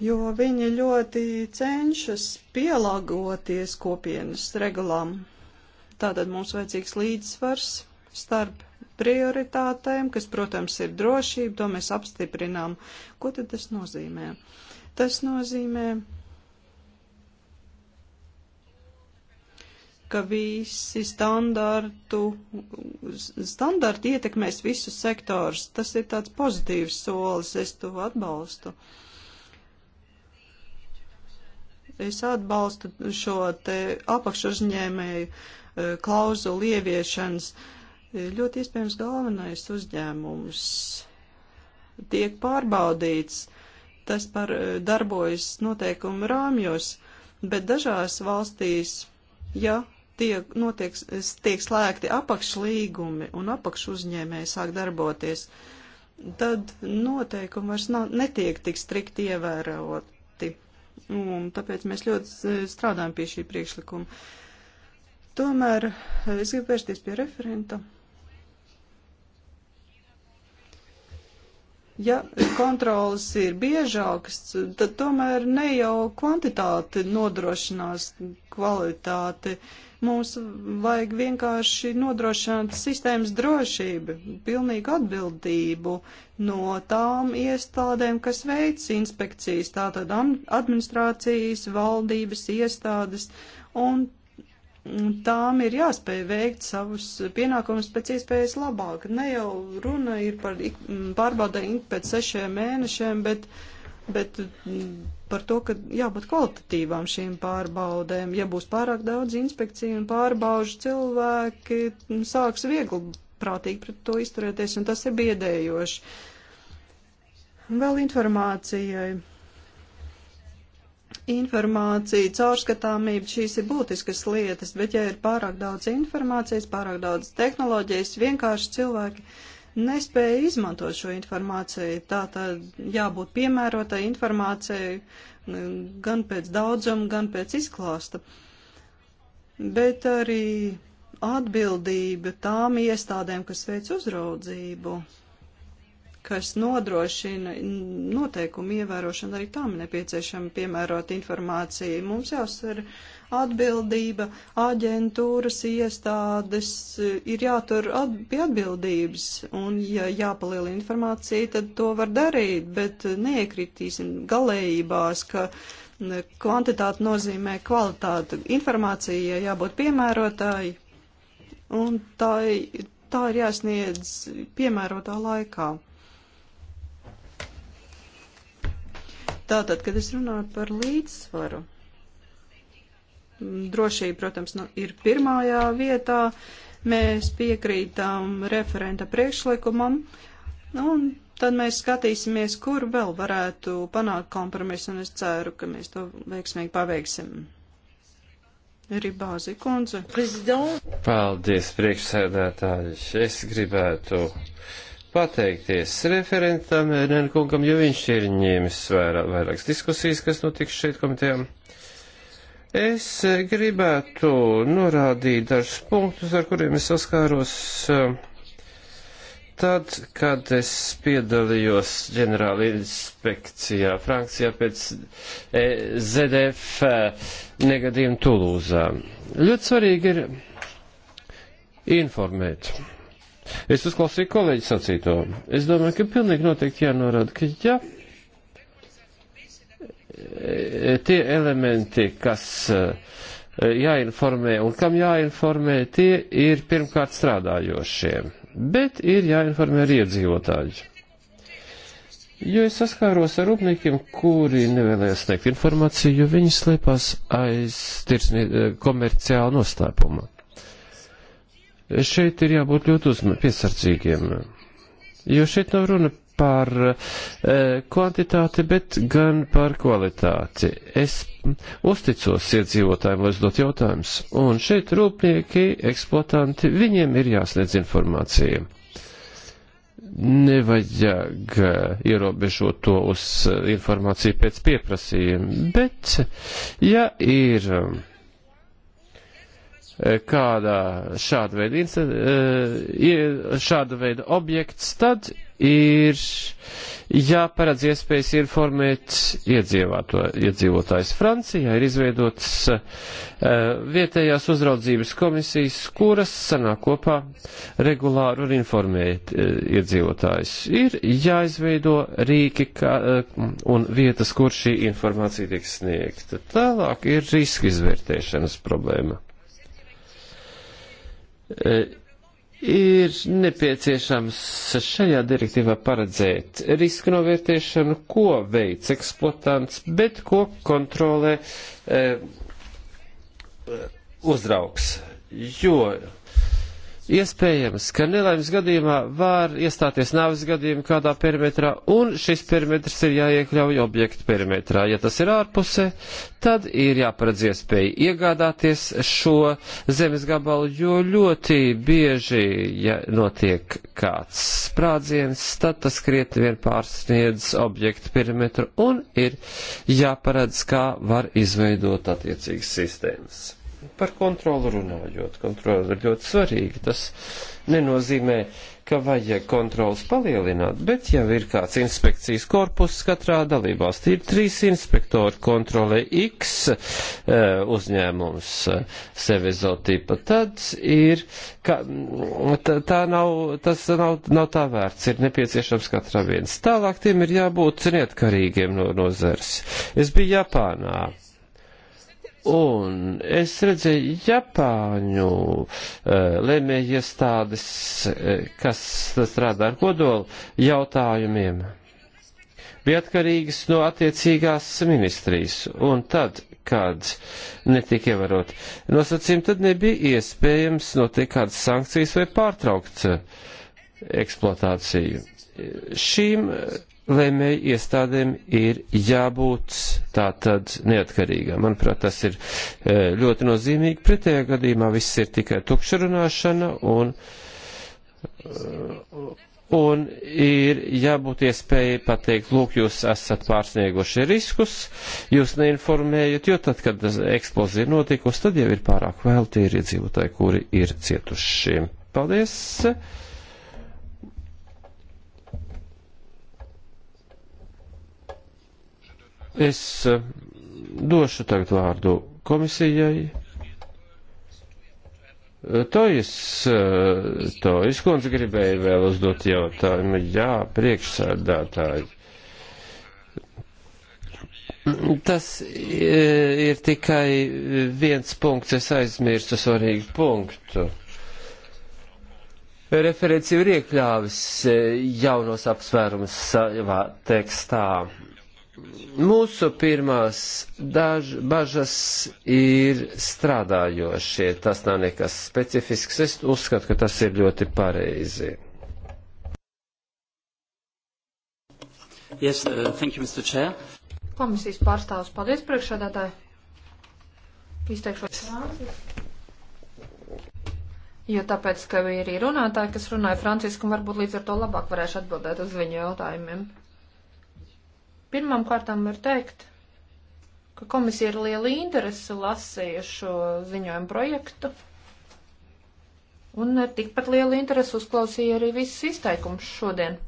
jo viņi ļoti cenšas pielāgoties kopienas regulām. Tātad mums vajadzīgs līdzsvars starp prioritātēm, kas, protams, ir drošība, to mēs apstiprinām. Ko tad tas nozīmē? Tas nozīmē, ka visi standartu, standarti ietekmēs visus sektors. Tas ir tāds pozitīvs solis, es to atbalstu. Es atbalstu šo te apakšuzņēmēju e, klauzulu ieviešanas. E, ļoti iespējams galvenais uzņēmums tiek pārbaudīts, tas par e, darbojas noteikumu rāmjos, bet dažās valstīs, ja tiek, notiek, tiek slēgti apakšlīgumi un apakšuzņēmēji sāk darboties, tad noteikumi vairs nav, netiek tik strikti ievēroti. Un tāpēc mēs ļoti strādājam pie šī priekšlikuma. Tomēr es gribu vērsties pie referenta. ja kontrolas ir biežākas, tad tomēr ne jau kvantitāte nodrošinās kvalitāti. Uh, Mums vajag vienkārši nodrošināt sistēmas drošību, pilnīgu atbildību no tām iestādēm, kas veic inspekcijas, tātad administrācijas, valdības iestādes, un tām ir jāspēj veikt savus pienākumus pēc iespējas labāk. Ne jau runa ir par pārbaudēm pēc sešiem mēnešiem, bet, bet par to, ka jābūt kvalitatīvām šīm pārbaudēm. Ja būs pārāk daudz inspekciju un pārbaužu, cilvēki nu, sāks viegli prātīgi pret to izturēties, un tas ir biedējoši. Vēl informācijai. Informācija, caurskatāmība, šīs ir būtiskas lietas, bet ja ir pārāk daudz informācijas, pārāk daudz tehnoloģijas, vienkārši cilvēki nespēja izmantot šo informāciju. Tā tad jābūt piemērotai informācijai mm, gan pēc daudzuma, gan pēc izklāsta. Bet arī atbildība tām iestādēm, kas veic uzraudzību, kas nodrošina noteikumu ievērošanu, arī tām nepieciešama piemērota informācija. Mums jāsver atbildība, aģentūras iestādes eh, ir jātur at pie atbildības, un ja jāpaliela informācija, tad to var darīt, bet eh, neiekritīsim galējībās, ka kvantitāte nozīmē kvalitāti. Informācija jābūt piemērotāji, un tā, tā ir jāsniedz piemērotā laikā. Tātad, kad es runāju par līdzsvaru. Drošība, protams, nu, ir pirmajā vietā. Mēs piekrītam referenta priekšlikumam, nu, un tad mēs skatīsimies, kur vēl varētu panākt kompromisu, un es ceru, ka mēs to veiksmīgi paveiksim. Ribāzi kundze. Prezident. Paldies, priekšsēdētāji. Es gribētu pateikties referentam Nēnkungam, jo viņš ir ņēmis vairā, vairākas diskusijas, kas notiks šeit komitejām. Es gribētu norādīt dažus punktus, ar kuriem es saskāros eh, tad, kad es piedalījos ģenerāla inspekcijā Francijā pēc eh, ZDF eh, negadījuma Tulūzā. Ļoti svarīgi ir informēt. Es uzklausīju kolēģi sacīto. Es domāju, ka pilnīgi noteikti jānorāda, ka ja. Jā tie elementi, kas eh, jāinformē un kam jāinformē, tie ir pirmkārt strādājošiem, bet ir jāinformē arī iedzīvotāji. Jo es saskāros ar rūpniekiem, kuri nevēlējās sniegt informāciju, jo viņi slēpās aiz tirsni, eh, komerciāla noslēpuma. Šeit ir jābūt ļoti uzman, piesardzīgiem, jo šeit nav runa par e, kvantitāti, bet gan par kvalitāti. Es uzticos iedzīvotājiem, lai uzdot jautājumus, un šeit rūpnieki, eksploatanti, viņiem ir jāsniedz informācija. Nevajag eh, ierobežot to uz eh, informāciju pēc pieprasījuma, bet ja ir Eh, kādā šāda veida, eh, šāda veida objekts, tad ir jāparedz iespējas informēt iedzīvotājs. Francijā ir izveidotas eh, vietējās uzraudzības komisijas, kuras sanāk kopā regulāri un informēt iedzīvotājs. Ir jāizveido rīki kā, un vietas, kur šī informācija tiek sniegta. Tālāk ir riska izvērtēšanas problēma E, ir nepieciešams šajā direktīvā paredzēt risku novērtēšanu, ko veids eksploatants, bet ko kontrolē e, e uzraugs. Jo Iespējams, ka nelaimes gadījumā var iestāties nāves gadījumi kādā perimetrā, un šis perimetrs ir jāiekļauj objekta perimetrā. Ja tas ir ārpusē, tad ir jāparedz iespēja iegādāties šo zemes gabalu, jo ļoti bieži, ja notiek kāds sprādziens, tad tas krietni vien pārsniedz objekta perimetru, un ir jāparedz, kā var izveidot attiecīgas sistēmas. Par kontroli runājot, kontroli ir ļoti svarīga. Tas nenozīmē, ka vajag kontrolas palielināt, bet jau ir kāds inspekcijas korpus katrā dalībvalstī. Ir trīs inspektori kontrolē X eh, uzņēmums eh, sevi zotīpa. Tad ir, ka, mm, tā nav, tas nav, nav tā vērts, ir nepieciešams katrā viens. Tālāk tiem ir jābūt neatkarīgiem no nozares. Es biju Japānā. Un es redzēju Japāņu uh, lēmējiestādes, eh, kas strādā ar kodolu jautājumiem, bija atkarīgas no attiecīgās ministrijas. Un tad, kad netika ievarot nosacījumi, tad nebija iespējams noteikt kādas sankcijas vai pārtraukt eh, eksploatāciju. Šīm uh, lēmēju iestādēm ir jābūt tātad neatkarīgām. Manuprāt, tas ir e, ļoti nozīmīgi. Pretējā gadījumā viss ir tikai tukšrunāšana un, e, un ir jābūt iespēja pateikt, lūk, jūs esat pārsnieguši riskus, jūs neinformējat, jo tad, kad eksplozija ir notikusi, tad jau ir pārāk vēl tie ir iedzīvotāji, kuri ir cietuši. Paldies! Es eh, došu tagad vārdu komisijai. Eh, Tojas, eh, Tojas kundze gribēja vēl uzdot jautājumu. Jā, priekšsēdētāji. Tas ir tikai viens punkts, es aizmirstu svarīgu punktu. Referents jau ir iekļāvis jaunos apsvērumus savā tekstā mūsu pirmās daž, bažas ir strādājošie. Tas nav nekas specifisks. Es uzskatu, ka tas ir ļoti pareizi. Yes, uh, thank you, Mr. Chair. Komisijas pārstāvs, paldies priekšādātāji. Izteikšos Jo tāpēc, ka ir runātāji, kas runāja franciski, un varbūt līdz ar to labāk varēšu atbildēt uz viņu jautājumiem. Pirmām kārtām var teikt, ka komisija ir liela interese lasīja šo ziņojumu projektu. Un ar tikpat lielu interesi uzklausīja arī visus izteikumus šodien.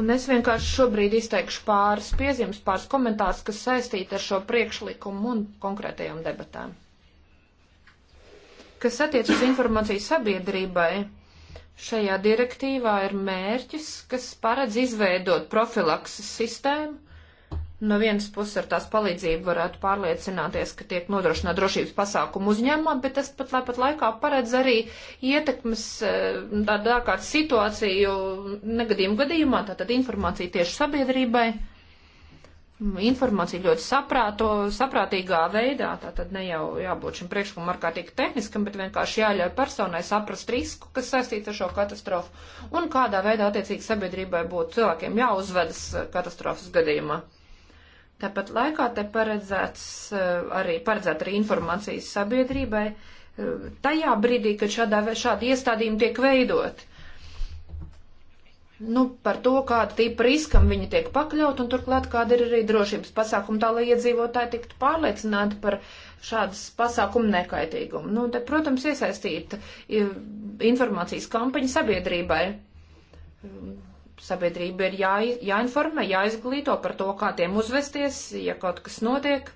Un es vienkārši šobrīd izteikšu pāris piezīmes, pāris komentārus, kas saistīti ar šo priekšlikumu un konkrētajām debatēm. Kas attiec uz informāciju sabiedrībai, Šajā direktīvā ir mērķis, kas paredz izveidot profilakses sistēmu. No vienas puses ar tās palīdzību varētu pārliecināties, ka tiek nodrošināta drošības pasākuma uzņēmumā, bet tas pat tāpat laikā paredz arī ietekmes eh, tādā kā situāciju negadījumu gadījumā, tātad informācija tieši sabiedrībai. Uh, informāciju ļoti saprāto, saprātīgā veidā, tātad ne jau jābūt šim priekšlikumam ārkārtīgi tehniskam, bet vienkārši jāļauj personai saprast risku, kas saistīts ar šo katastrofu, un kādā veidā attiecīgi sabiedrībai būtu cilvēkiem jāuzvedas eh, katastrofas gadījumā. Tāpat laikā te paredzēts eh, arī, paredzēt arī informācijas sabiedrībai eh, tajā brīdī, kad šādā, šādi iestādījumi tiek veidoti nu, par to, kāda tipa riskam viņi tiek pakļaut, un turklāt kāda ir arī drošības pasākuma tā, lai iedzīvotāji tiktu pārliecināti par šādas pasākumu nekaitīgumu. Nu, te, protams, iesaistīta informācijas kampaņa sabiedrībai. Sabiedrība ir jā, jāinformē, jāizglīto par to, kā tiem uzvesties, ja kaut kas notiek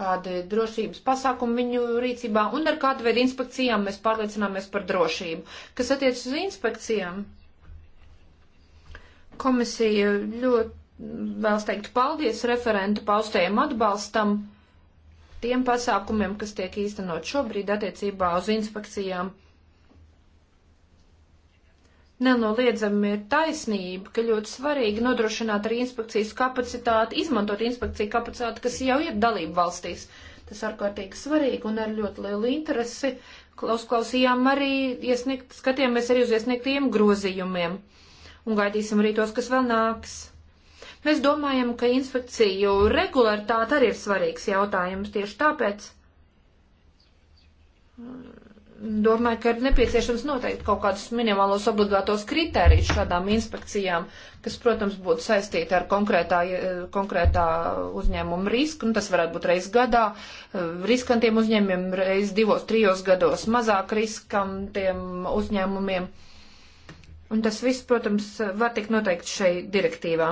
kādi drošības pasākumi viņu rīcībā, un ar kādu veidu inspekcijām mēs pārliecināmies par drošību. Kas attiec uz inspekcijām, Komisija ļoti vēlas teikt paldies referentu paustajiem atbalstam tiem pasākumiem, kas tiek īstenot šobrīd attiecībā uz inspekcijām. Nenoliedzami ir taisnība, ka ļoti svarīgi nodrošināt arī inspekcijas kapacitāti, izmantot inspekciju kapacitāti, kas jau ir dalību valstīs. Tas ārkārtīgi svarīgi un ar ļoti lielu interesi klausījām arī iesniegt, skatījāmies arī uz iesniegtiem grozījumiem un gaidīsim arī tos, kas vēl nāks. Mēs domājam, ka inspekciju regularitāte arī ir svarīgs jautājums tieši tāpēc. Mm, domāju, ka ir nepieciešams noteikti kaut kādus minimālos obligātos kritērijus šādām inspekcijām, kas, protams, būtu saistīti ar konkrētā, konkrētā uzņēmuma risku. Nu, tas varētu būt reiz gadā, riskantiem uzņēmumiem, reiz divos, trijos gados mazāk riskantiem uzņēmumiem. Uh, Un tas viss, protams, var tikt noteikts šai direktīvā.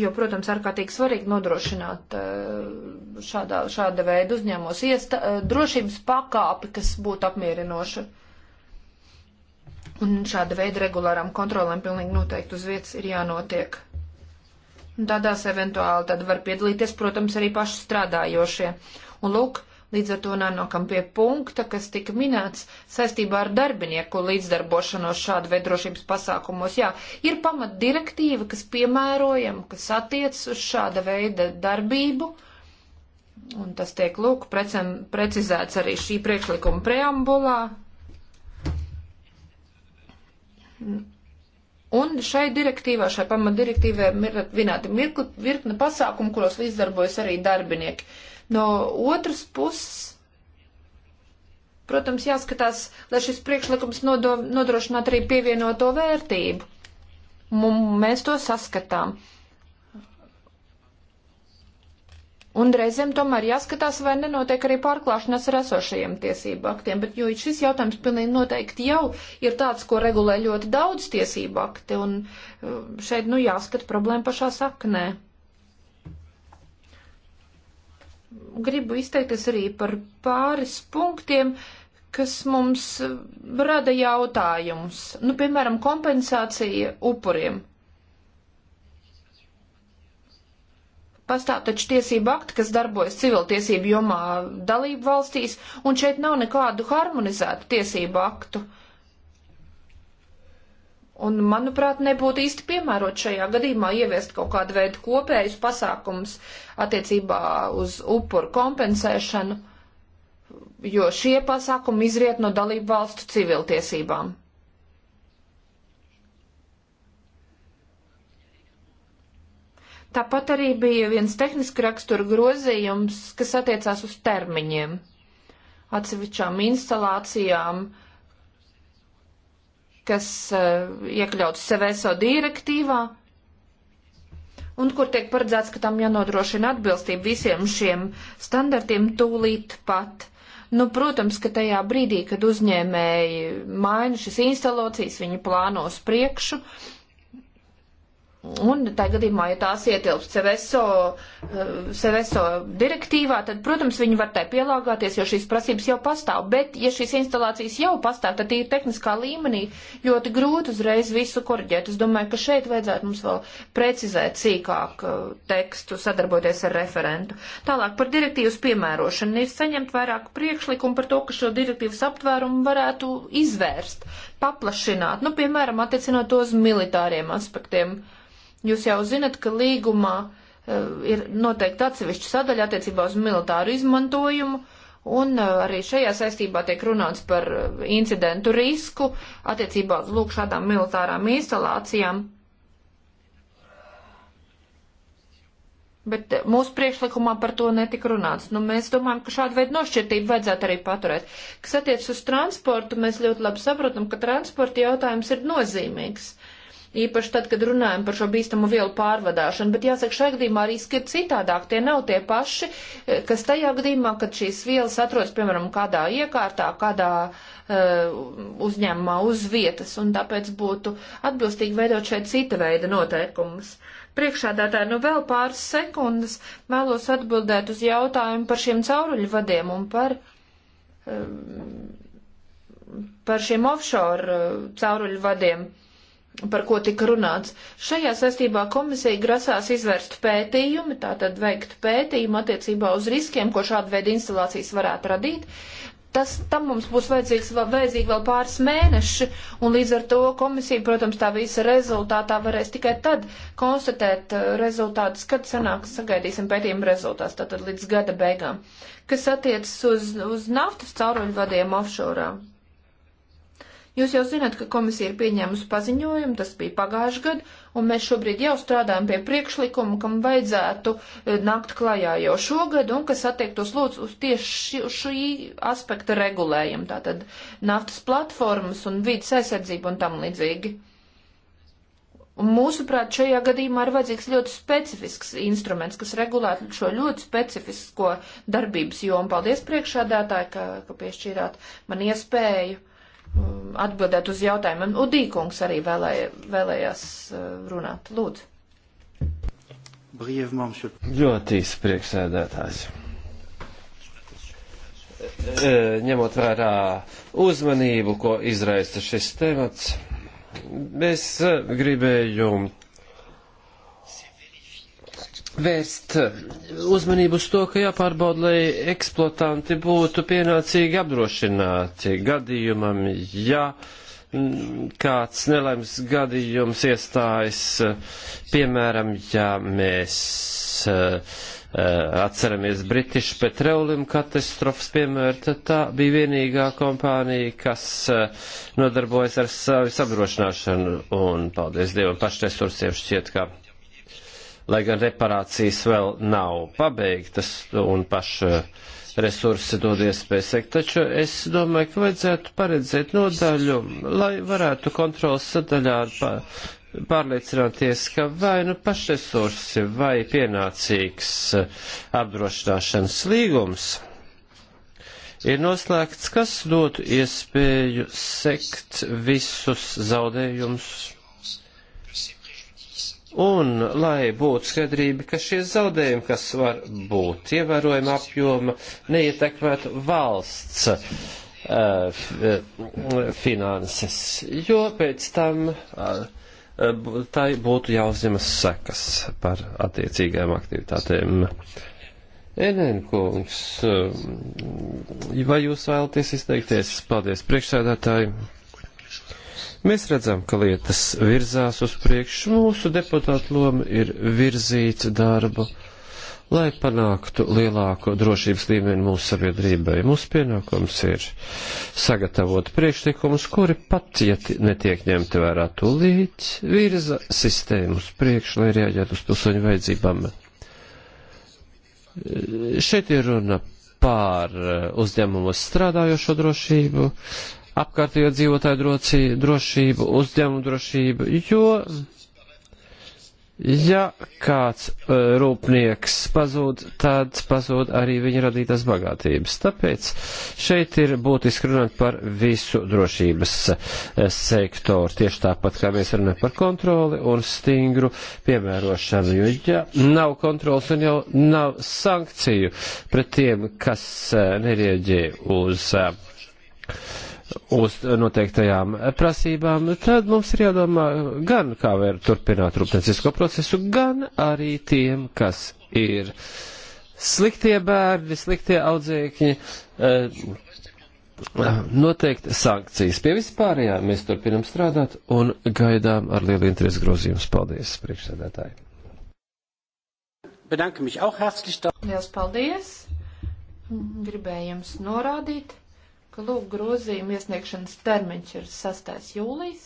Jo, protams, ārkārtīgi svarīgi nodrošināt eh, šādā, šāda veida uzņēmos iesta, eh, drošības pakāpi, kas būtu apmierinoša. Un šāda veida regulārām kontrolēm pilnīgi noteikti uz vietas ir jānotiek. Un tādās eventuāli tad var piedalīties, protams, arī paši strādājošie. Un lūk, Līdz ar to nonākam pie punkta, kas tika minēts saistībā ar darbinieku līdzdarbošanos šādu veidu drošības pasākumos. Jā, ir pamat direktīva, kas piemērojama, kas attiec uz šāda veida darbību. Un tas tiek lūk precem, precizēts arī šī priekšlikuma preambulā. Un šai direktīvā, šai pamatdirektīvai ir minēti virkne pasākumu, kuros līdzdarbojas arī darbinieki. Uh, No otras puses, protams, jāskatās, lai šis priekšlikums nodo, nodrošinātu arī pievienoto vērtību. M mēs to saskatām. Un reizēm tomēr jāskatās, vai nenotiek arī pārklāšanās ar esošajiem tiesību aktiem, bet jo šis jautājums pilnīgi noteikti jau ir tāds, ko regulē ļoti daudz tiesību akti, un eh, šeit, nu, jāskat problēma pašā saknē. gribu izteikties arī par pāris punktiem, kas mums rada jautājumus. Nu, piemēram, kompensācija upuriem. Pastāv taču tiesību akti, kas darbojas civiltiesību jomā dalību valstīs, un šeit nav nekādu harmonizētu tiesību aktu. Uh, Un, manuprāt, nebūtu īsti piemērot šajā gadījumā ieviest kaut kādu veidu kopējus pasākums attiecībā uz upuru kompensēšanu, jo šie pasākumi izriet no dalību valstu civiltiesībām. Tāpat arī bija viens tehniski rakstura grozījums, kas attiecās uz termiņiem, atsevišķām instalācijām, uh, kas eh, iekļauts SVSO direktīvā un kur tiek paredzēts, ka tam jānodrošina atbilstība visiem šiem standartiem tūlīt pat. Nu, protams, ka tajā brīdī, kad uzņēmēji maina šīs instalācijas, viņi plāno uz priekšu, uh, Un tā gadījumā, ja tās ietilpst Seveso, eh, Seveso direktīvā, tad, protams, viņi var tai pielāgāties, jo šīs prasības jau pastāv. Bet, ja šīs instalācijas jau pastāv, tad ir tehniskā līmenī ļoti grūti uzreiz visu korģēt. Es domāju, ka šeit vajadzētu mums vēl precizēt sīkāk eh, tekstu, sadarboties ar referentu. Tālāk par direktīvas piemērošanu. Ir saņemt vairāk priekšlikumu par to, ka šo direktīvas aptvērumu varētu izvērst, paplašināt, nu, piemēram, attiecinot to uz militāriem aspektiem. Uh, Jūs jau zinat, ka līgumā eh, ir noteikti atsevišķa sadaļa attiecībā uz militāru izmantojumu, un eh, arī šajā saistībā tiek runāts par eh, incidentu risku attiecībā uz lūk šādām militārām instalācijām. Bet mūsu priekšlikumā par to netika runāts. Nu, mēs domājam, ka šādu veidu nošķirtību vajadzētu arī paturēt. Kas attiecas uz transportu, mēs ļoti labi saprotam, ka transporta jautājums ir nozīmīgs īpaši tad, kad runājam par šo bīstamu vielu pārvadāšanu, bet jāsaka, šajā gadījumā riski ir citādāk. Tie nav tie paši, eh, kas tajā gadījumā, kad šīs vielas atrodas, piemēram, kādā iekārtā, kādā uh, uzņēmumā uz vietas, un tāpēc būtu atbilstīgi veidot šeit cita veida noteikumus. Priekšādātāji, nu vēl pāris sekundes vēlos atbildēt uz jautājumu par šiem cauruļu vadiem un par, um, par šiem offshore uh, cauruļu vadiem. Uh, par ko tika runāts. Šajā saistībā komisija grasās izvērst pētījumi, tātad veikt pētījumu attiecībā uz riskiem, ko šāda veida instalācijas varētu radīt. Tas, tam mums būs vajadzīgs, vajadzīgi vēl pāris mēneši, un līdz ar to komisija, protams, tā visa rezultātā varēs tikai tad konstatēt uh, rezultātus, kad sanāks sagaidīsim pētījumu rezultātus, tātad līdz gada beigām, kas attiecas uz, uz naftas cauruļvadiem offshore. -ā Jūs jau zināt, ka komisija ir pieņēmusi paziņojumu, tas bija pagājuši gadu, un mēs šobrīd jau strādājam pie priekšlikuma, kam vajadzētu eh, nākt klajā jau šogad, un kas attiektos lūdzu uz tieši šī aspekta regulējumu, tātad naftas platformas un vidas aizsardzību un tam līdzīgi. Un mūsuprāt, šajā gadījumā ir vajadzīgs ļoti specifisks instruments, kas regulētu šo ļoti specifisko darbības jomu. Paldies priekšādātāji, ka, ka piešķīrāt man iespēju atbildēt uz jautājumiem. Udīkungs arī vēlēja, vēlējās uh, runāt. Lūdzu. Ļoti īsi priekšsēdētājs. E, ņemot vērā uzmanību, ko izraisa šis temats, mēs e, gribējām vērst eh, uzmanību uz to, ka jāpārbauda, lai eksploatanti būtu pienācīgi apdrošināti gadījumam, ja mm, kāds nelaimes gadījums iestājas, eh, piemēram, ja mēs eh, atceramies British Petroleum katastrofas piemēru, tad tā bija vienīgā kompānija, kas nodarbojas ar savu apdrošināšanu, un paldies Dievam, pašresursiem šķiet, ka lai gan reparācijas vēl nav pabeigtas un paša resursi dod iespēju sekt, taču es domāju, ka vajadzētu paredzēt nodaļu, lai varētu kontrolas sadaļā pārliecināties, ka vai nu pašresursi vai pienācīgs apdrošināšanas līgums ir noslēgts, kas dotu iespēju sekt visus zaudējumus Un, lai būtu skaidrība, ka šie zaudējumi, kas var būt ievērojama apjoma, neietekmētu valsts uh, finanses, jo pēc tam uh, tai būtu jāuzņemas sekas par attiecīgajām aktivitātēm. Enenkungs, eh, vai jūs vēlaties izteikties? Paldies priekšsēdētāji! Mēs redzam, ka lietas virzās uz priekšu. Mūsu deputātu loma ir virzīt darbu, lai panāktu lielāko drošības līmeni mūsu sabiedrībai. Mūsu pienākums ir sagatavot priekšlikumus, kuri pat, ja netiek ņemti vērā tūlīt, virza sistēmu uz priekšu, lai rēģētu uz pilsoņu vajadzībām. Šeit ir runa pār uh, uzņēmumus strādājošo drošību, apkārtējo dzīvotāju droci, drošību, uzņēmumu drošību, jo, ja kāds e, rūpnieks pazūd, tad pazūd arī viņa radītās bagātības. Tāpēc šeit ir būtiski runāt par visu drošības e, sektoru, tieši tāpat kā mēs runājam par kontroli un stingru piemērošanu, jo, ja nav kontrols un jau nav sankciju pret tiem, kas e, nerieģē uz uz noteiktajām prasībām, tad mums ir jādomā gan kā var turpināt rūpniecisko procesu, gan arī tiem, kas ir sliktie bērni, sliktie audzēkņi, eh, noteikti sankcijas. Pie vispārējā mēs turpinam strādāt un gaidām ar lielu interesi grozījumus. Paldies, priekšsēdētāji! Bedanke mich auch herzlich. Liels paldies! Gribēju jums norādīt ka lūk grozījuma iesniegšanas termiņš ir 6. jūlijas.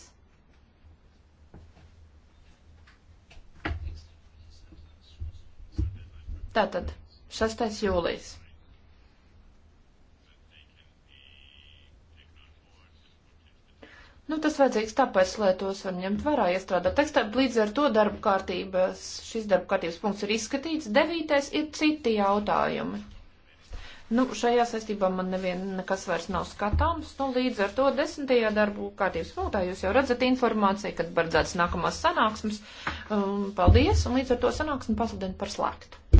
Tātad 6. jūlijas. Nu, tas vajadzīgs tāpēc, lai tos var ņemt vērā, iestrādāt tekstā. Līdz ar to darba kārtības, šis darba kārtības punkts ir izskatīts. Devītais ir citi jautājumi. Nu, šajā saistībā man nevien nekas vairs nav skatāms, nu, līdz ar to desmitajā darbu kārtības punktā jūs jau redzat informāciju, kad paredzēts nākamās sanāksmes. Um, paldies, un līdz ar to sanāksmi pasludinu par slēgtu.